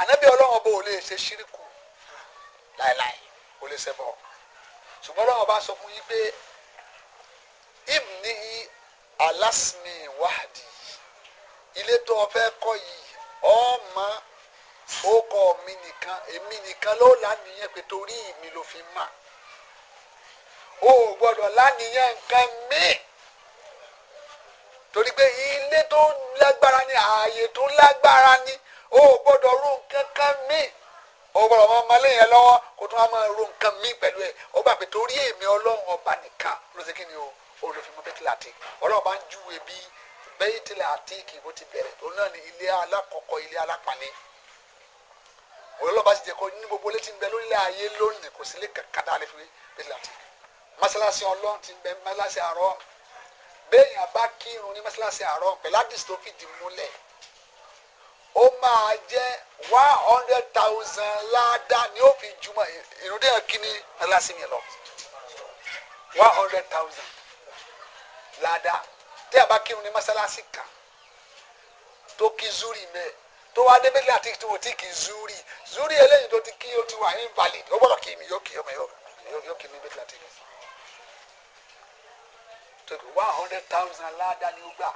ànábì ọlọ́run ọba ò lè ṣe ṣíríkù láéláé ò lè ṣẹbọ ṣùgbọ́n ọlọ́run ọba sọ fún yín pé im ní alásìmí wáàdì ilé tó o fẹ́ kọ́ yìí ọmọ orúkọ mi nìkan èmi nìkan ló lánìyàn pé torí mi ló fi mà o ò gbọ́dọ̀ lánìyàn nǹkan míì torí pé ilé tó lágbára ni ààyè tó lágbára ni o gbọ́dọ̀ ru nǹkan kan o gbọ́dọ̀ máa ma léyìn ẹ lọ́wọ́ kó tún wá máa ru nǹkan mí pẹ̀lú ẹ ó gbà pé torí èmi ọlọ́run ọba nìkan ló ni o olùfimọ́ bẹ́tìlá àti ọlọ́run bá ń júwe bí bẹ́tìlá àti kìbó ti bẹ̀rẹ̀ tó náà ní ilé alákọ̀ọ́kọ́ ilé alápàlẹ́ ọlọ́run bá sì jẹ́ kó ní gbogbo létí ń bẹ lórílẹ̀ ayé lónìí kò sí lè kàkàdá àlẹ́ fi bẹ́tìlá àti mọ́sálásí ọlọ́run ti bẹ mọ́sálásí àárọ̀ béèyàn bá kírun ní mọ́sálásí àárọ̀ pẹ̀lú àdìs tó fìdí múlẹ̀ ó máa jẹ́ one hundred thousand láàdá ni ó fi jùmọ̀ ìrúdé yẹn kí ni ẹlásì lọ one hundred thousand láàdá tí a bá kírun ní mọ́sálásí kan tó kí zuri mẹ́ẹ̀ tó wá dé bẹ́ẹ̀ láti tó ti kí zuri zuri eléyìí tó ti kí ó ti wà invalid ó gbọ́dọ̀ kí mi yóò kí ọmọ yóò kí mi bẹ́ẹ̀ láti kí one hundred thousand láàdá ni ó gbà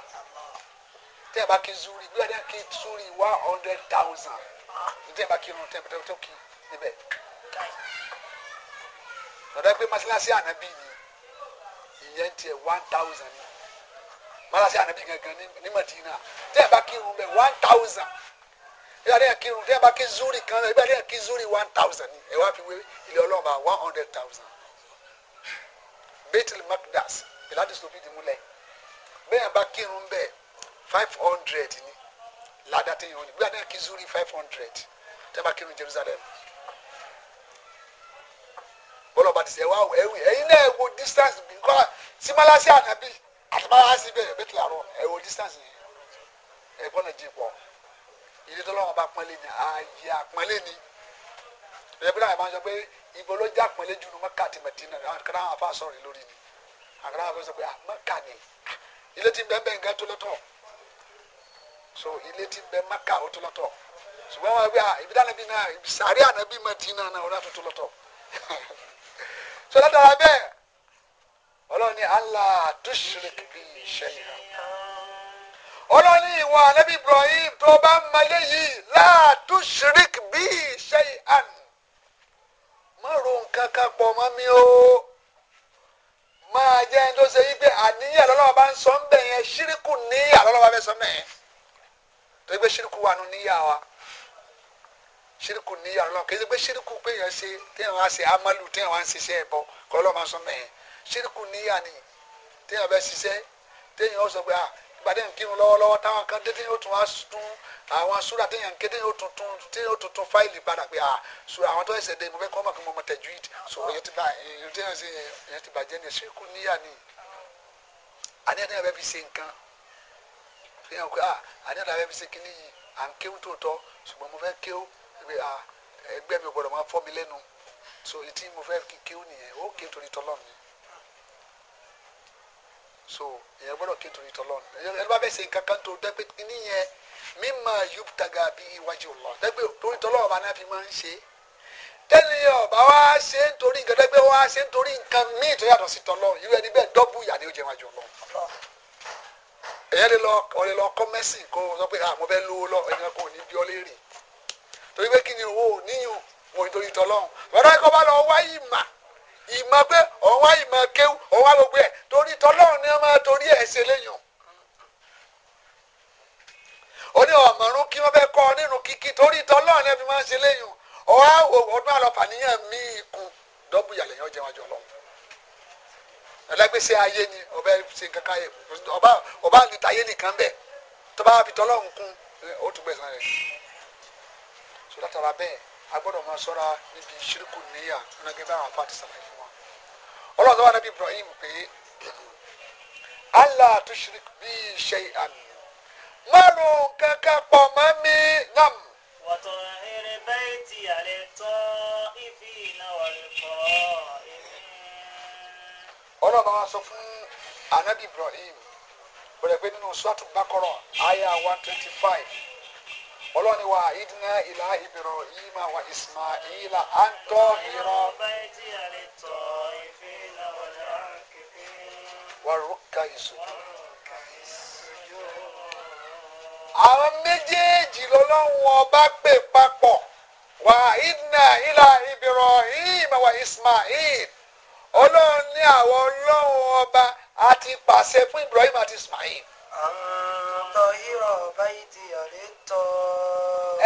tẹ́ ẹ bá kí zuri bí wọ́n dẹ́ kí zuri one hundred thousand tẹ́ ẹ bá kí irun tẹ́ ẹ bá tó kí níbẹ̀. lọ́dọ̀ pé masalasi ànábì ni ìyẹn tiẹ̀ one thousand ni masalasi ànábì gangan ní Madina tẹ́ ẹ bá kí irun bẹ̀ one thousand bí wọ́n dẹ́ kí irun tẹ́ ẹ bá kí zuri kan bí wọ́n dẹ́ kí zuri one thousand ni ẹ wá fi wé ilé ọlọ́ọ̀bà one hundred thousand Bethel Makdas ìlàdí sọ́fìdì múlẹ̀ bẹ́ẹ̀ bá kírun bẹ́ẹ̀ five hundred ni ládàá tẹ yẹn wọn gbé àdá kizuri five hundred tẹ bá kírun Jerusalem bọ́lá ọba ti sẹ́ wá ẹ̀wì ẹ̀yin náà ẹ̀ wo distance nǹkan simalasi ànábì àtàmálasi bẹ́ẹ̀ bẹ́ẹ̀ tìlà rọ ẹ̀ wo distance yẹn ẹ̀ gbọ́dọ̀ jí pọ̀ ilé tó lọ́wọ́ bá pọ́nlé ni ààyè àpọ́nlé ni ẹ̀ bí wọ́n máa ń sọ pé ibo ló já pọ́nlé jù ní Mẹ́kà àti Mẹ́dínà àwọn kan náà wà fà sọ̀rọ̀ lórí ni àwọn kan náà wà fà sọ pé ah, Mẹ́kà ni ah, ilé tí bẹ́ẹ̀ bẹ́ẹ̀ nǹkan tó lọ́tọ̀ so ilé ti bẹ maka o tó lọ́tọ̀ ṣùgbọ́n wọn bí i ibi dáná bí na sàárẹ̀ ànábì Mẹdínà náà wọn tó tó lọ́tọ̀ so látara bẹ́ẹ̀ ọlọ́run ní Allah tushrik bí shay'a ọlọ́run ní ìwọ ànábì Ibrahim tó bá ń mọ eléyìí bi tushrik bí shay'an má ro nǹkan kan pọ̀ mọ́ mi o máa jẹ́ ẹni tó ṣe yí pé àníyàn lọ́lọ́wọ́ bá ń sọ ń bẹ̀ yẹn ṣíríkù ní àlọ́lọ́wọ́ bá fẹ́ torí pé ṣírìkù wà nù níyà wa ṣírìkù níyà lọ kì í ṣe pé ṣírìkù pé yẹn ṣe téèyàn wá ṣe amalu téèyàn wá ń ṣiṣẹ́ ẹbọ kọ́ lọ́ọ́ máa sọ mẹ́yìn ṣírìkù níyà ni téèyàn bẹ́ ṣiṣẹ́ téèyàn ó sọ pé ah ìbàdàn ń kírun lọ́wọ́lọ́wọ́ táwọn kan dé téèyàn ó tún wá tún àwọn súra téèyàn ké téèyàn ó tún tún téèyàn ó tún tún fáìlì padà pé ah sùúrà àwọn tó ẹsẹ̀ dé mo fẹ́ kọ́ mọ̀ mo mọ̀ tẹ̀jú ìdí so èyí ti bá èyí ti bàjẹ́ ni ṣírìkù níyà ni àdéhùn téèyàn bẹ́ fi ṣe nǹkan fi hàn pé ah àní àdàbẹ́ mi ṣe kíní yìí à ń kéwù tó tọ́ mo fẹ́ kéwù pé ah ẹgbẹ́ mi ò gbọ́dọ̀ máa mi lẹ́nu so etí mo fẹ́ kí kéwù nìyẹn ó kéwù torí tọ́lọ́ mi so ìyẹn gbọ́dọ̀ kéwù torí tọ́lọ́ mi ẹni bá bẹ́ẹ̀ ṣe nǹkan kan tó dẹ́pẹ́ kíní yẹn mímọ yóò tàgà bí iwájú lọ dẹ́pẹ́ torí tọ́lọ́ ọba náà fi máa ń ṣe tẹ́lẹ̀ yẹn ọba wa ṣe ń torí nǹkan dẹ́pẹ́ wa ṣe ń torí nǹkan míì tó yàtọ̀ sí tọ́lọ́ irú ẹni bẹ́ẹ̀ dọ́bù ìyá ó jẹ́ wájú lọ èyàn lè lọ ọ̀rẹ́ lọ kọ́ mẹ́sìn kó sọ pé àmọ́ ah, bẹ́ẹ̀ lówó lọ èyàn kò ní bí ọ léèrè torí pé kí ni owó níyùn mo ní torí tọlọ́run bàbá kọ́ bá lọ wá ìmà ìmọ̀ pé òun wá ìmọ̀ kéwù òun wá gbogbo ẹ̀ torí tọlọ́run ni wọ́n máa torí ẹ̀ ṣe léyàn ó ní ọ̀mọ̀rún kí wọ́n fẹ́ kọ́ ọ nínú kíkí torí tọlọ́run ni wọ́n fi máa ṣe léyàn ọ̀hún ọdún àlọ́fà níyàn mí ikùn dọ́bù yàlẹ́yàn jẹ́wájú ọlọ́run ẹlẹgbẹsẹ ayé ni ọba ṣe nǹkan ká yẹ ọba ọba àlùtà ayé nìkan bẹ tọba àbítọ Ọlọ́run kún tún gbẹ̀san rẹ̀ so látara bẹ́ẹ̀ a gbọ́dọ̀ máa ṣọ́ra níbi ṣírìkù níyà ọlọgẹ bá àwọn afáàtì sàlàyé fún wa Ọlọ́run tó níbi Ibrahim pé Allah tushrik bí ṣe àmì márùn kankan pọ̀ mọ́ mi nam. wàtò ìrìn bẹ́ẹ̀ ti àlẹ́ tán ìfì náà wà kọ́ ọlọ́ba wa sọ fún anabi ibrahim bẹ̀rẹ̀ pé nínú sọ́ọ̀tù bákọ́rọ̀ àyà one twenty five ọlọ́ni wa idina ilà ibrahim wa ismaila antọ́ irọ́ wàrúkà ìṣù. àwọn méjèèjì lọ́lọ́run ọba pè papọ̀ wa idina ilà ibrahim wa ismaila ọlọ́run ní àwọn ọlọ́run ọba àti pàṣẹ fún Ibrahim àti Ismail. àǹtọ̀ yíyọ ọba yìí di ọ̀rẹ́ tọ́.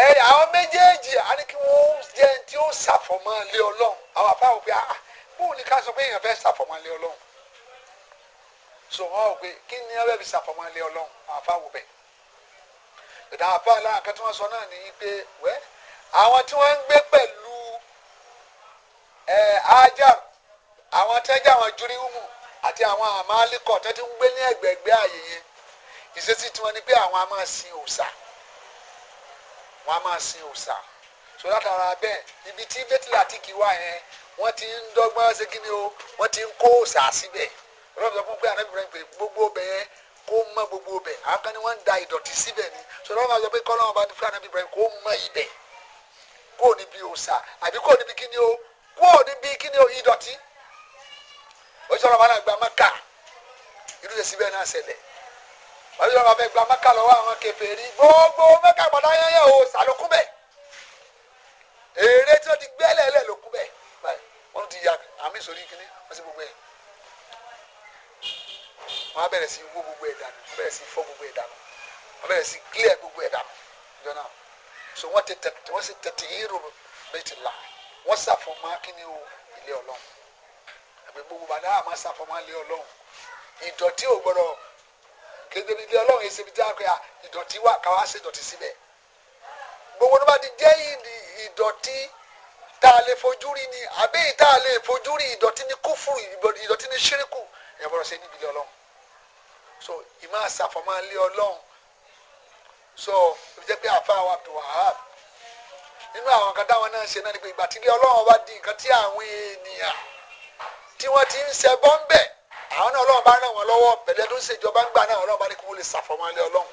ẹ àwọn méjèèjì á ní kí wọ́n jẹ́ tí ó ṣàfọ̀mọ́ lé ọlọ́run àwọn àfáwọn pé ah, ah bóun ni ká sọ pé èèyàn fẹ́ ṣàfọ̀mọ́ lé ọlọ́run so wọn ò pé kí ni ẹ bẹ fi ṣàfọ̀mọ́ lé ọlọ́run àwọn àfáwọn bẹ́ẹ̀ ìdá àbá lára nǹkan tí wọ́n sọ náà nìyí pé wẹ́ àwọn tí wọ́n ń gbé pẹ̀lú ẹ̀ ájàrú àwọn tẹ́jọ́ àwọn júríwùmù àti àwọn àmàlíkọ̀ tó ti ń gbé ní ẹ̀gbẹ̀gbẹ́ àyè yẹn ìṣesí tiwọn ni pé àwọn a máa sin wọn a máa sin òòṣà so látara ibi tí bẹ́tìlá ti kì wá wọ́n ti ń dọ́gbọ́n ṣe ni o wọ́n ti ń kó òòṣà síbẹ̀ gbogbo kó mọ gbogbo wọ́n da ìdọ̀tí síbẹ̀ ni so pé bá ti fún kó mọ kó àbí kó kí ni o o ìdọ̀tí ó sọ̀rọ̀ bá náà gba mẹ́kà irú yẹn síbẹ̀ náà ṣẹlẹ̀ wọ́n sọ̀rọ̀ gba mẹ́kà lọ́wọ́ àwọn kèfèrí gbogbo mẹ́kà gbọ́dọ̀ ayẹyẹ o sàlókún bẹ́ẹ̀ èrè tí wọ́n ti gbẹ́lẹ̀ lẹ̀ lókun bẹ́ẹ̀ wọ́n ti ya àmì sórí kíní wọ́n sì gbogbo ẹ̀ wọ́n á sí wó gbogbo ẹ̀ dànù wọ́n sí gbogbo dànù sí so wọn ti sì ti o ilé àbí gbogbo bàdá àmọ́ sàfọ́mọ́ lé ọlọ́run ìdọ̀tí ò gbọ́dọ̀ kéde bíi ọlọ́run èsì bíi dáhùn pé ìdọ̀tí wà káwá sí ìdọ̀tí síbẹ̀ gbogbo tó bá ti jẹ́ ìdọ̀tí tá a lè fojú rí ni àbí tá a lè fojú rí ìdọ̀tí ni kúfùrù ìdọ̀tí ni ṣíríkù ẹ̀ bọ́dọ̀ sí níbi ilé ọlọ́run so ìmọ̀ àsàfọ̀mọ́ ọlọ́run so ìfi jẹ́ pé àfa wa Abdul Wahab nínú àwọn kan táwọn náà ṣe náà ni pé ìgbà tí ilé ọlọ́run bá di nǹkan tí àwọn ènìyàn tí wọ́n ti ń ṣẹbọ ń bẹ̀ àwọn náà ọlọ́run bá ràn wọ́n lọ́wọ́ pẹ̀lẹ́ tó ń ṣèjọba ń gbà náà ọlọ́run bá ní kí wọ́n lè ṣàfọ̀mọ́lẹ̀ ọlọ́run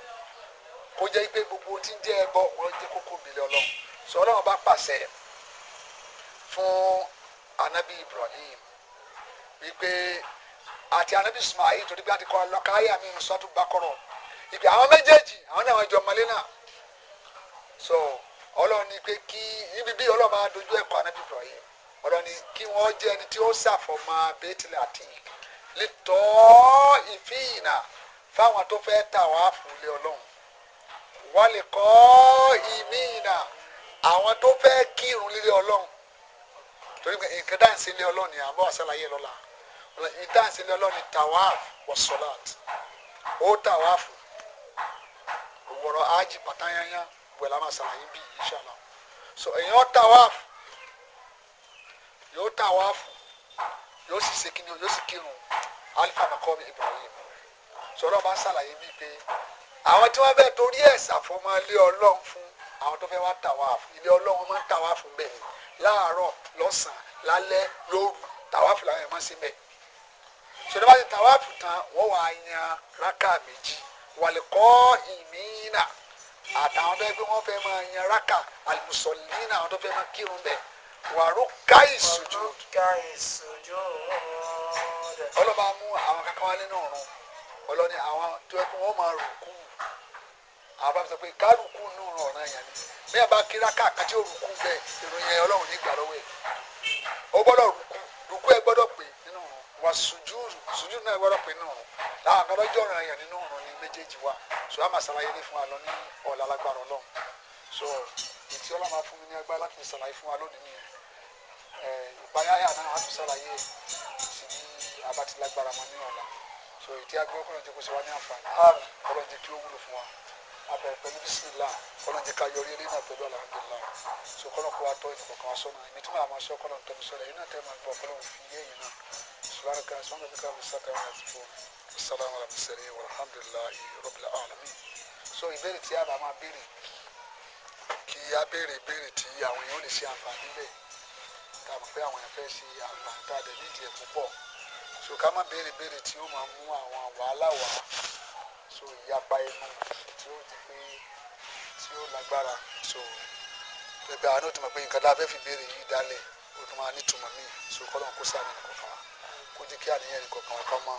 kó jẹ́ pé gbogbo tí ń jẹ́ ẹbọ wọ́n jẹ́ kókó bìlẹ̀ ọlọ́run sọ ọlọ́run bá pàṣẹ fún anabi Ibrahim wípé àti anabi Ismail torí pé a ti kọ́ ọlọ́kàáyà mi nù sọ́tún bákọ́rọ̀ ìgbà àwọn méjèèjì àwọn náà wọ́n jọ ọmọlé náà so ọlọ́run ni pé kí níbi bí ọlọ́run máa dojú ẹ̀kọ́ anabi Ibrahim ọ̀rọ̀ ni kí wọ́n jẹ́ ẹni tí ó ṣàfọ̀mọ́ bẹ́tìlẹ̀ àti lítọ́ ìfihìnà fáwọn tó fẹ́ tà wá fúnlé ọlọ́run wọ́n lè kọ́ ìmíìnà àwọn tó fẹ́ kírun lílé ọlọ́run torí pé nǹkan dáǹsì ilé ọlọ́run ni à ń bọ̀ àṣàlàyé lọ́la dáǹsì ilé ọlọ́run ni tawaf wa salat ó tawaf òwòrán ájì pàtàyányá wẹ̀ la máa ṣàlàyé inshallah so èèyàn tawaf yóò tà wá fún yóò sì ṣe kíni yóò sì kírun alifa makọ Ibrahim sọ̀rọ̀ bá ṣàlàyé mi pé àwọn tí wọ́n bẹ̀ torí ẹ̀ ṣàfọmọ ilé Ọlọ́run fún àwọn tó fẹ́ wá tà wá fún ilé Ọlọ́run máa ń tà wá fún bẹ́ẹ̀ láàárọ̀ lọ́sàn-án lálẹ́ lóru tà wá fún làwọn ẹ̀ máa ń ṣe bẹ́ẹ̀ ti tà wá tán wọ́n wà á yan rákà méjì wàlẹ̀kọ́ ìmínà àtàwọn tó yẹ pé wọ́n máa yan rákà àlùmùsọ̀lì náà àwọn tó fẹ́ máa kírun bẹ́ẹ̀ wàrúkà ìsùjú. ọlọ́ba mú àwọn kankan wá nínú ọ̀run ọlọ́ni àwọn tó ẹ kó wọ́n máa rùkú àwọn bá mi sọ pé kárùkù nù ọ̀ràn yẹn ni bẹ́ẹ̀ bá kíráká àti òrùkù bẹ́ẹ̀ ìròyìn ẹ̀ ọlọ́run ní ìgbà lọ́wọ́ ẹ̀ ó gbọ́dọ̀ rùkú rùkú ẹ̀ gbọ́dọ̀ pé nínú ọ̀run wà sùjú sùjú náà gbọ́dọ̀ pé nínú ọ̀run láwọn akọ́dọ̀ jọ ọ̀ràn yẹn nínú ọ̀run ní méjèèjì wa sọ àmà sàlàyé ní fún wa lọ ní ọ̀là alágbára ọlọ́run so tí ọlọ́run máa fún mi ní agbára láti ṣàlàyé fún wa lónìí nìyẹn ìparí àyà náà á tún ṣàlàyé sí bí a bá ti lágbára ní ọ̀la so ìdí agbẹ́ ọkùnrin jẹ́ kó ṣe wá ní àǹfààní ààrùn ọlọ́run jẹ́ kí ó wúlò fún wa abẹ̀rẹ̀ pẹ̀lú bísímìlá ọlọ́run jẹ́ ká yọrí eré náà pẹ̀lú alhamdulilá so kọ́lọ́n kó wa tọ́ ìdìbò kan sọ́nà èmi tí màá máa sọ kọ́lọ́n tọ́ mi sọ́nà èyí náà tẹ́ máa gbọ́ kọ́lọ́n fi yé èyí náà sùlára kan sọ́nà bí káwọn sàkà wọn àti fún sàlámù alhamdulilayi rabbil alamin so ìbéèrè a bá máa kí a béèrè béèrè tí àwọn èèyàn lè ṣe àǹfààní bẹ́ẹ̀ tá a mọ̀ pé àwọn èèyàn fẹ́ ṣe àǹfààní tá a dẹ̀ nídìí ẹ̀ púpọ̀ so ká má béèrè béèrè tí ó máa mú àwọn wàhálà wá so ìyapa ẹnu tí ó di pé tí ó lágbára so ẹgbẹ́ àwọn náà ti mọ̀ pé nǹkan tá a fẹ́ fi béèrè yìí dálẹ̀ ó tún máa nítumọ̀ míì so kọ́lọ́n kó sáré nìkọ̀kan kó jẹ́ kí àníyàn nìkọ̀kan ọ̀kan mọ́.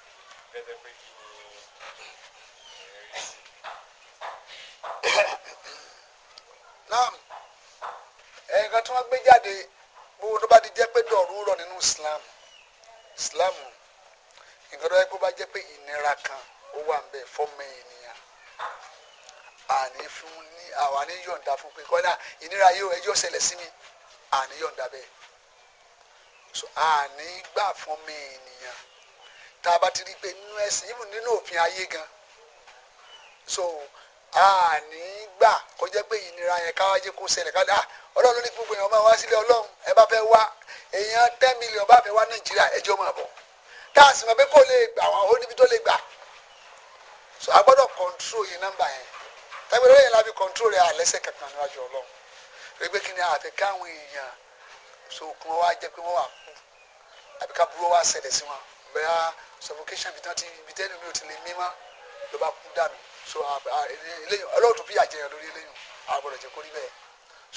better Naam ẹ̀ẹ̀kan tí wọ́n gbé jáde gbogbo tó bá ti jẹ́ pé dọ̀rú rọ̀ nínú Islam Islam nǹkan tó yẹ kan ó wà ń bẹ̀ fọ́mọ ènìyàn àní fún ní àwọn fún pé kọ́lá ìnira yóò ṣẹlẹ̀ sí mi bẹ́ẹ̀ àní gbà fọ́mọ ènìyàn tá a bá ti rí i pé nínú ẹ̀sìn even nínú òfin ayé gan so a ní gbà kó jẹ́ pé ìnira yẹn ká wájú kó ṣẹlẹ̀ ká dá ah, ọlọ́run ní gbogbo èèyàn máa wá sílẹ̀ ọlọ́run ẹ bá fẹ́ wá èèyàn ten million bá fẹ́ wá nàìjíríà ẹjọ́ máa bọ̀ tá a sì mọ̀ pé kò lè gbà àwọn oníbi tó lè gbà so a gbọ́dọ̀ control yìí nọ́mbà yẹn tẹ́gbẹ́ lóye la control rẹ̀ àlẹ́sẹ̀ kankan níwájú ọlọ́run rẹ̀ pé kí ni àfi káwọn èèyàn so kí wọ́n wá jẹ́ pé wọ́n wà kú àbí ká burú wá ṣẹlẹ̀ sí wọn bẹ́ẹ̀ suffocation bi tẹ́ni bi tẹ́ni mi ò ti lè mí mọ́ ló bá kú dànù so eléyìí ọlọ́run tó bí àjẹyàn lórí eléyìí àgbọ̀dọ̀ jẹ́ kó rí bẹ́ẹ̀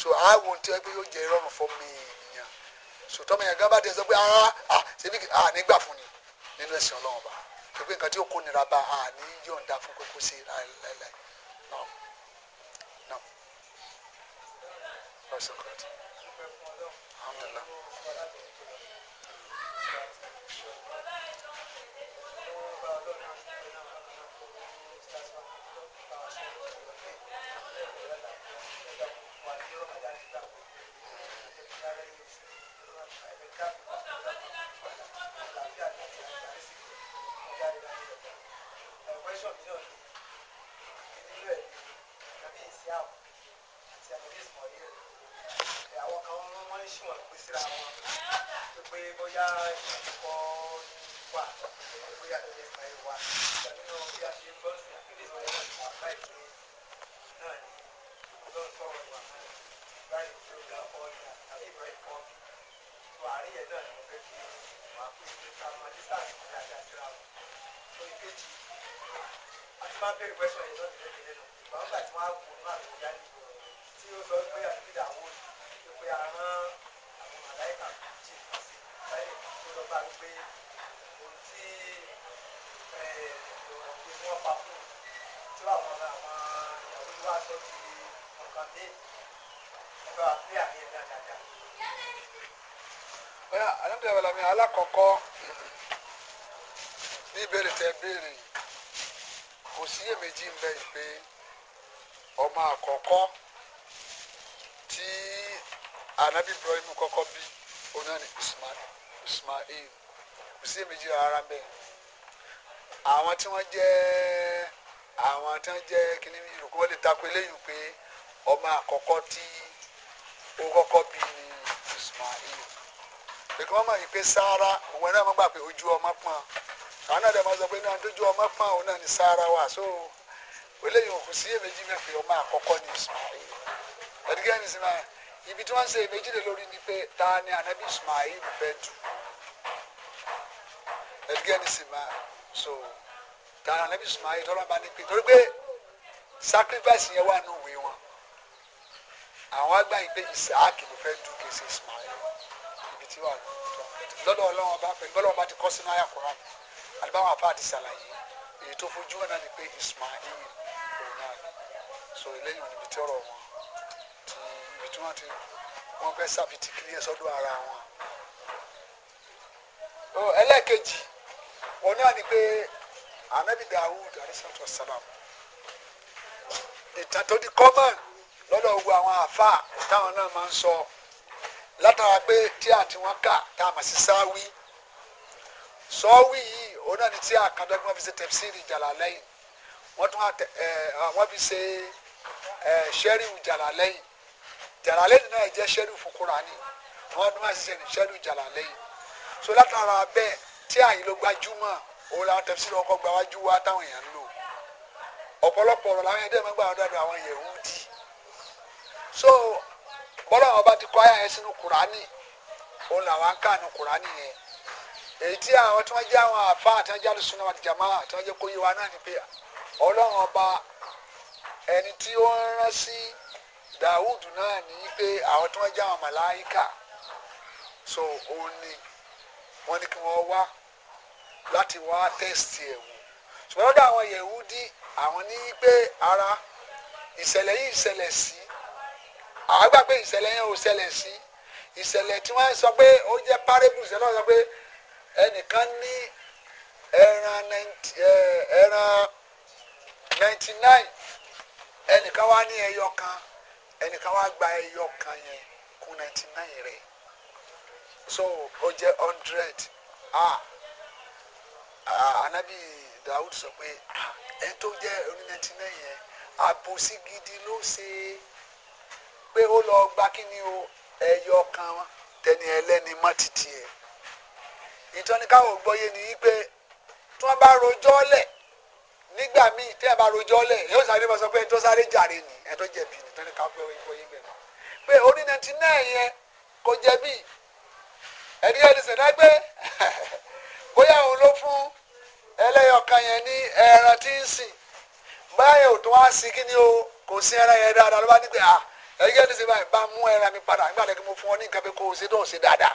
so àwọn ohun tí wọ́n pé yóò jẹ́ ìrọ̀rùn fún mi ìyàn so tọ́mọ yẹn gán bá tẹ sọ pé ara ah, ah, à ṣebí à nígbà fún ni nínú ẹ̀sìn ọlọ́run ọba tó pé nǹkan tí ó kó nira bá a ní yọ̀ǹda fún kókó sí láìláìláì náà náà lọ́sọ̀kọ̀tì alhamdulilayi. Gracias. béèrè question yìí lọ́dún lóde lẹ́nu ìgbà tẹ béèrè yìí. kò siye meji ń bẹ yìí pé ọmọ àkọ́kọ́ tí anabi Ibrahim kọ́kọ́ bí ọ̀nà ni Ismail kò sí rárá ń bẹ àwọn tí wọ́n jẹ́ àwọn tí wọ́n jẹ́ kíní ìrùkú wọ́n lè takò eléyìí pé ọmọ àkọ́kọ́ tí ó kọ́kọ́ bí ni Ismail pé kí wọ́n mọ̀ yìí pé sáárá òun àwọn náà dẹ̀ máa sọ pé náà dójú ọmọ pọ́n òun náà ní sára wa so eléyìí òkú sí èméjì mẹ́fẹ́ ọmọ àkọ́kọ́ ní Ismail ẹ̀dígẹ́ ní sinmi ibi tí wọ́n ń ṣe èméjì ni pe ta anabi Ismail fẹ́ dù ẹ̀dígẹ́ ní sinmi so ta anabi Ismail tọ́lọ́ bá ní pé torí pé sacrifice yẹn wà nù wí wọn àwọn àgbà yìí pé Isaac ló fẹ́ dù kí n ṣe Ismail ibi tí wà lọ́dọ̀ ọlọ́wọ́n bá pẹ̀lú bọ́lọ́wọ́n bá ti kọ́ sínú àyàkùrọ̀ àná àdìbáwọn àfáà ti ṣàlàyé èyí tó fojú hàn náà ni pé Ismail òun náà ni so eléyìí ò níbi tí ọ̀rọ̀ wọn ti ibi tí wọ́n ti wọ́n fẹ́ sàbìtì kí ní sọ́dọ̀ ara wọn. ẹlẹ́ẹ̀kejì òun náà ni pé anabi Dawud alayhi salam ìtàn tó di kọ́mọ̀n lọ́dọ̀ gbogbo àwọn àfáà táwọn náà máa ń sọ látara pé tí àti wọn kà tá a mà sí sáwí yìí òun náà ni tí àkàndẹ́gbọ́n fi ṣe tẹ̀síìrì Jalalayn wọ́n tún wọ́n se ṣe ṣẹ́ríù Jalalayn Jalalayn náà jẹ́ ṣẹ́ríù fún Kùránì wọ́n tún wọ́n ṣe ṣẹ́ríù Jalalayn so látara tia tí àyè ló gbajúmọ̀ òun làwọn tẹ̀síìrì ọkọ̀ gba wájú wa táwọn èèyàn ń lò ọ̀pọ̀lọpọ̀ ọ̀rọ̀ làwọn ẹ̀dẹ́ mẹ́gbàá ọ̀dọ̀ àwọn Yẹhudi so bọ́lá ọba ti kọ́ ayé sínú Kùránì òun làwọn ń kà ní Kùránì yẹn èyí tí àwọn tí wọ́n jẹ́ àwọn àfa àtàjẹ́ àlùsùn náà àtìjàmá àtàjẹ́ kóyè wa náà ni pé ọlọ́run ọba ẹni tí ó rán sí dàwùdù náà ní pé àwọn tí wọ́n jẹ́ àwọn màláìka so òun ni wọ́n ní kí wọ́n wá láti wá tẹ́sítì ẹ̀ wò ṣùgbọ́n lọ́dọ̀ àwọn yẹ̀wúdí àwọn ní pé ara ìṣẹ̀lẹ̀ yìí ìṣẹ̀lẹ̀ sí àwọn gbà pé ìṣẹ̀lẹ̀ yẹn ò ṣẹlẹ̀ sí ìṣẹ̀lẹ̀ tí wọ́n sọ pé ó jẹ́ párébù ìṣẹ̀lẹ̀ náà sọ pé ɛne kan ne ɛra 99 ɛne kan wa ne ɛyɔ kan gba ɛyɔ kan yɛ ku 99 rɛ so o 100 a anabi dawud sɔ pe ɛto jɛ 99 yɛ aposi gidi lo se pe o lɔ gba kini o ɛyɔ kan tɛni ɛlɛni ma titi yɛ. ìtọ́ni káwọn gbọ́yé ni wípé tí wọ́n bá rojọ́ lẹ̀ nígbà míì tí ẹ bá rojọ́ lẹ̀ yóò sáré bá sọ pé tó sáré jàre ni ẹ tó jẹ̀bi ni tọ́ni káwọn gbọ́yé gbẹ̀ náà pé orí ninety nine yẹn kò jẹ̀bi ẹni ẹni sẹ̀dá bóyá òun ló fún ẹlẹ́yọ̀kan yẹn ní ẹran tí ń sìn báyọ̀ tó wá sí kí ni o kò sí ẹran yẹn dáadáa ló bá ní pé ah ẹ̀yẹ́ ẹni sẹ̀ bá mú ẹran mi padà nígbà tó kí mo fún ọ ní nǹkan pé kò ṣe tó ṣe dáadáa.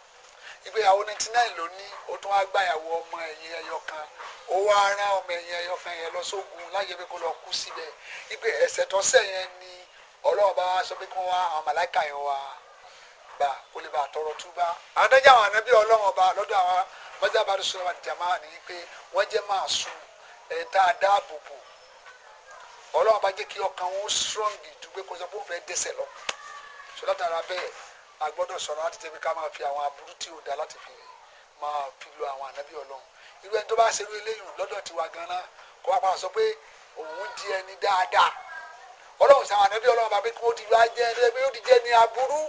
ìgbéyàwó ninety nine ló ní ó tún wá gbàyàwó ọmọ ẹ̀yìn ẹyọ kan ó wá rán ọmọ ẹ̀yìn ẹyọ kan yẹn lọ sógun láyé pé kó lọ kú síbẹ̀ ìgbé ẹ̀ṣẹ̀ tó ṣẹ̀ yẹn ni ọlọ́run bá sọ pé kí wọ́n wá àwọn màláìka yẹn wá gbà kó lè bá tọrọ túbá àwọn àwọn ànábì ọlọ́run ọba lọ́dọ̀ àwọn mọ́tàbárí sọ́lá jàmáà ní pé wọ́n jẹ́ máa sùn ẹ̀ tá ọlọ́run bá jẹ́ kí ọkàn wọn strong ju kó sọ pé ó fẹ́ dẹ́ṣẹ̀ lọ sọ́dọ̀ tààrà bẹ́ẹ̀ a gbọ́dọ̀ sọ̀rọ̀ láti tẹbi ká máa fi àwọn aburú tí ò dá láti fi máa fi lo àwọn ànábì Ọlọ́run irú ẹni tó bá ṣerú eléyìí lọ́dọ̀ tiwa ganan kó wá padà sọ pé òun di ẹni dáadáa Ọlọ́run sàwọn ànábì Ọlọ́run bàbá kí wọn ti wá jẹ ẹni pé yóò ti jẹ ní aburú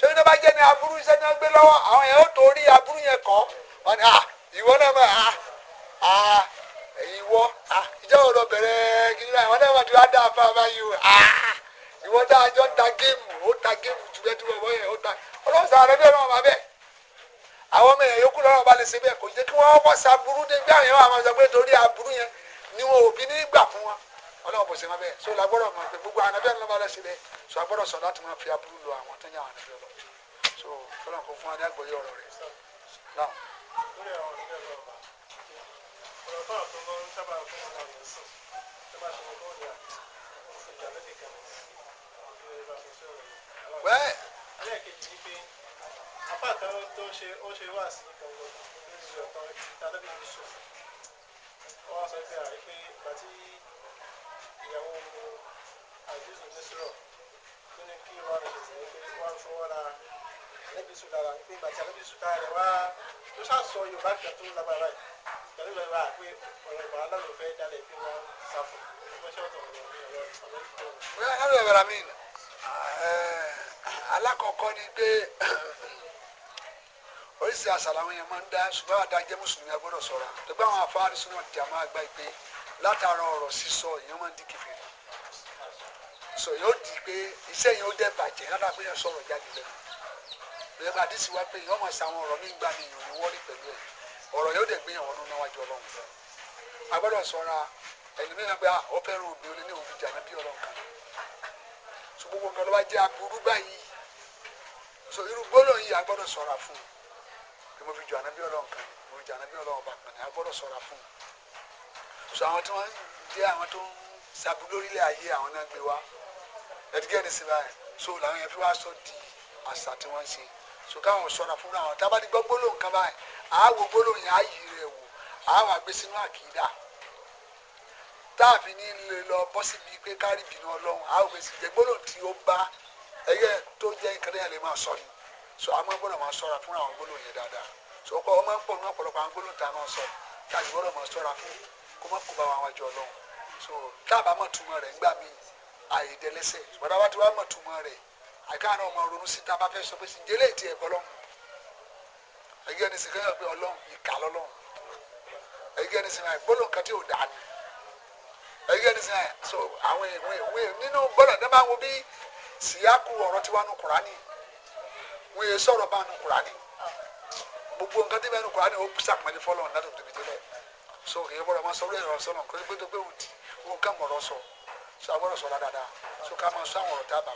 tẹbi tó bá jẹ ní aburú iṣẹ́ ní wọn gbé lọ́wọ́ àwọn yẹn ó torí aburú yẹn kọ wọn ni ah ìwọ náà mọ ah ah ìwọ ah ìjẹ́wọ́ lọ bẹ̀rẹ̀ kí ni wọn náà wọn ti wá dá afárá báyìí o ah ìwọ dáa jọ ń ta géèmù ó ta géèmù jùlọ tí wọ́n yẹ ó gbà ọlọ́run sàrẹ́ bí ọlọ́run bá bẹ́ẹ̀ àwọn ọmọ èèyàn yòókù lọ́rọ̀ bá lè ṣe bẹ́ẹ̀ kò jẹ́ kí wọ́n wọ́n sa burú dé bí àwọn èèyàn àwọn sọ pé torí aburú yẹn ni wọn ò bí ní gbà fún wọn ọlọ́run kò ṣe wọn bẹ́ẹ̀ so làgbọ́dọ̀ mọ̀ pé gbogbo àwọn ẹgbẹ́ ńlọ́ba lẹ́sìn bẹ́ẹ̀ so àgbọ́dọ̀ sọ láti máa fi aburú lọ àwọn tó ń yà wọn ẹgbẹ́ lọ so ọlọ́run kò fún wa ní àgbọ́yé ọ̀rọ̀ rẹ̀ Thank you wẹ́ẹ̀. ẹlẹ́ẹ̀kejì ni pé apá kan tó ń ṣe ó ń ṣe wá sí gbọ̀ngàn lóṣù ọ̀kan tàbí ìṣù wọ́n sọ pé àrí pé ìgbà tí ìyàwó àjùzù nísúrọ̀ tó ní kí wọ́n ṣe sí pé wọ́n fọwọ́ ra àlẹ́bíṣù lára pé ìgbà tí àlẹ́bíṣù lára rẹ̀ wá tó ṣàṣọ Yorùbá kan tó lágbára yìí pẹ̀lú ìlú wa pé ọ̀rọ̀ ìgbà aláwọ̀ fẹ́ dálẹ̀ pé wọ́n sáfù ọgbọ́n ṣọ́ọ̀tọ̀ ọ̀rọ̀ ọ̀rọ̀ alákọ̀ọ́kọ́ ni pé oríṣi àṣàlà àwọn èèyàn máa ń dá ṣùgbọ́n àdájẹ́ mùsùlùmí agbọ́dọ̀ sọ̀ra lọ́gbà àwọn afárí súnà tí a máa gbá pé látara ọ̀rọ̀ sísọ èèyàn máa ń di kèfèrí sọ yóò di pé iṣẹ́ yẹn ó dẹ́ bàjẹ́ látara pé yẹn sọ̀rọ̀ jáde lẹ́nu bẹ́ẹ̀ bá àdìsí wa pé yọ́n máa sa àwọn ọ̀rọ̀ mí gbà mí yòó ní wọ́ọ̀lì pẹ̀lú ẹ̀ ọ̀rọ̀ yóò dẹ̀ gbé yẹn wọnú níwájú ọlọ́run agbọ́dọ̀ sọ̀ra ẹ̀lẹ́mìíràn pé ah, ó fẹ́ràn obìnrin ní òbí jà náà bí ọlọ́run kan gbogbo nǹkan ló bá jẹ́ aburú báyìí so irú gbólóhùn yìí a gbọ́dọ̀ ṣọ́ra fún kí mo fi jọ ànábí ọlọ́run kan mo fi jọ ànábí ọlọ́run bá kan a gbọ́dọ̀ ṣọ́ra fún so àwọn tí wọ́n jẹ́ àwọn tó ń sabu lórílẹ̀ ayé àwọn náà gbé wa ẹ̀dígẹ́ ní sinmi báyìí so làwọn yẹn fi wá sọ di àṣà tí wọ́n ń ṣe so káwọn ṣọ́ra fún àwọn tábàdí gbọ́ gbólóhùn kan báyìí àá wo gbólóhùn yẹn táàfin ní lè lọ bọ́ síbi pé kárí bínú ọlọ́run a ò fèsì gbọ́dọ̀ tí ó bá ẹyẹ tó jẹ́ nǹkan yẹn lè máa sọ ni so àwọn gbọ́dọ̀ máa sọ́ra fún àwọn gbọ́dọ̀ yẹn dáadáa so ọkọ ọmọ ń pọ̀ ní ọ̀pọ̀lọpọ̀ àwọn gbọ́dọ̀ tá a máa sọ káàdì gbọ́dọ̀ máa sọ́ra fún kó má kó bá wọn àjọ ọlọ́run so táàbà mọ̀ túmọ̀ rẹ̀ ńgbà míì àyè dẹ́lẹ́sẹ̀ ni sì kẹ́yọ̀ pé ìkà lọ́lọ́hùn ẹgbẹ́ ni sì máa gbọ́dọ̀ nǹkan tí ò dáa ni ẹyẹ so àwọn ìwé ìwé nínú bọ́lá ní bá wọn bí síyáku ọ̀rọ̀ tiwa nu Kùránì wọn yẹ sọ̀rọ̀ bá nu Kùránì gbogbo nǹkan tí bẹ́ẹ̀ nu so kì í bọ́lá máa sọ lóyè ọ̀rọ̀ sọ̀rọ̀ kó gbé so agbọ́dọ̀ sọ̀rọ̀ dáadáa so ká máa sọ àwọn ọ̀rọ̀ tá a bá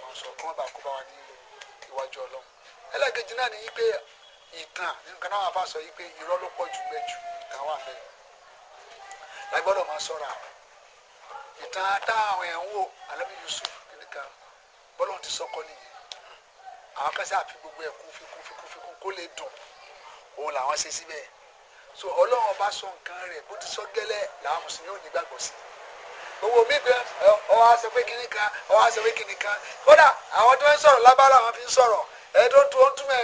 náà ni yí pé ìtàn nǹkan náà wà fà sọ yí pé irọ́ ló pọ̀ jù bẹ́ẹ̀ jù wà bẹ́ẹ̀ lágbọ́dọ̀ máa sọ̀rọ̀ àwọn ìtàntàn àwọn ẹ̀ ń Yusuf kìnìkan bọ́lọ̀ ti sọ́kọ́ nìyẹn àwọn kan sáà gbogbo ẹ̀ kún fi kún kó lè dùn òun làwọn ṣe síbẹ̀ so ọlọ́run ọba sọ nǹkan rẹ̀ bó ti sọ gẹ́lẹ́ làwọn mùsùlùmí ò ní gbàgbọ́ sí gbogbo mi gbẹ ọwọ́ aṣọ pé kinní kan aṣọ pé kinní kódà àwọn tó ń sọ̀rọ̀ lábára àwọn fi ń sọ̀rọ̀ ẹ̀ tó ń tún ó ń túmọ̀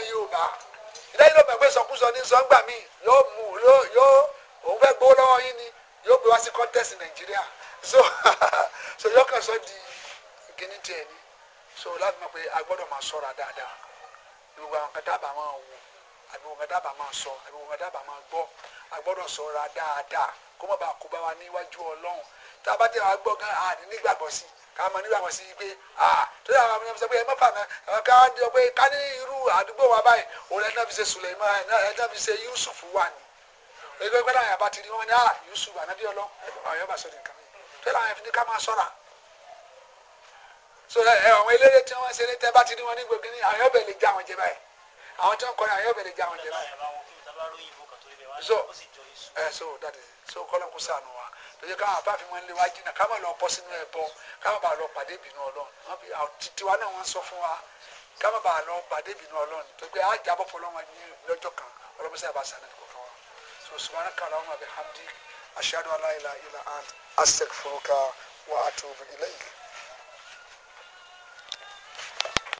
lẹ́yìn ló mọ̀ sọkúsọ ní sọ́ngbà míì yóò mú yóò òun fẹ́ gbowó lọ́wọ́ yín ni yóò gbé wá sí kọ́ńtẹ́sì nàìjíríà so so yọ kan sọ di gini tiẹ ni so láti mọ̀ pé a gbọ́dọ̀ máa ṣọ́ra dáadáa gbogbo àwọn kan dábàá máa wò àbí wọn kan dábàá máa sọ àbí wọn kan dábàá máa gbọ́ a gbọ́dọ̀ ṣọ́ra dáadáa kó má bàa kó bá wa níwájú Ọlọ́run tá a bá tẹ àwọn gbọ́ gan a nígbàgbọ́ sí ká máa nígbàgbọ́ sí pé a tó yà wọn sọ pé ẹ má fà mí àwọn ká ń jọ pé ká ní irú àdúgbò wa báyìí òun ẹ̀ náà fi ṣe Suleiman ẹ̀ náà fi ṣe Yusuf wà ní ẹgbẹ́ gbọ́dọ̀ àyàbá ti ní wọn ní a Yusuf ànábì Ọlọ́run àwọn yóò bá sọ tó làwọn ẹ̀fìn ká máa sọ́ra so ẹ àwọn eléré tí wọ́n ń ṣeré tẹ́ bá ti ní wọn ní gbogbo ní àwọn ọbẹ̀ lè já wọn jẹ báyìí àwọn tí wọ́n kọrin àwọn ọbẹ̀ lè já wọn jẹ báyìí so ẹ so that is so kọ́lọ́ kó sànù wa lóye káwọn àbáfi wọn lé wájú náà káwọn lọ bọ́ sínú ẹbọ káwọn bá lọ pàdé ìbínú Ọlọ́run tiwa náà wọ́n sọ fún wa káwọn bá lọ pàdé ìbínú Ọlọ́run tó gbé àjàbọ̀ fọlọ́wọn ní lọ́jọ́ kan ọlọ́mọṣẹ́ àbáṣà náà kò fún wa so subhanaka Allahumma bihamdik ashhadu an la ilaha illa ant astaghfiruka wa atubu ilayk.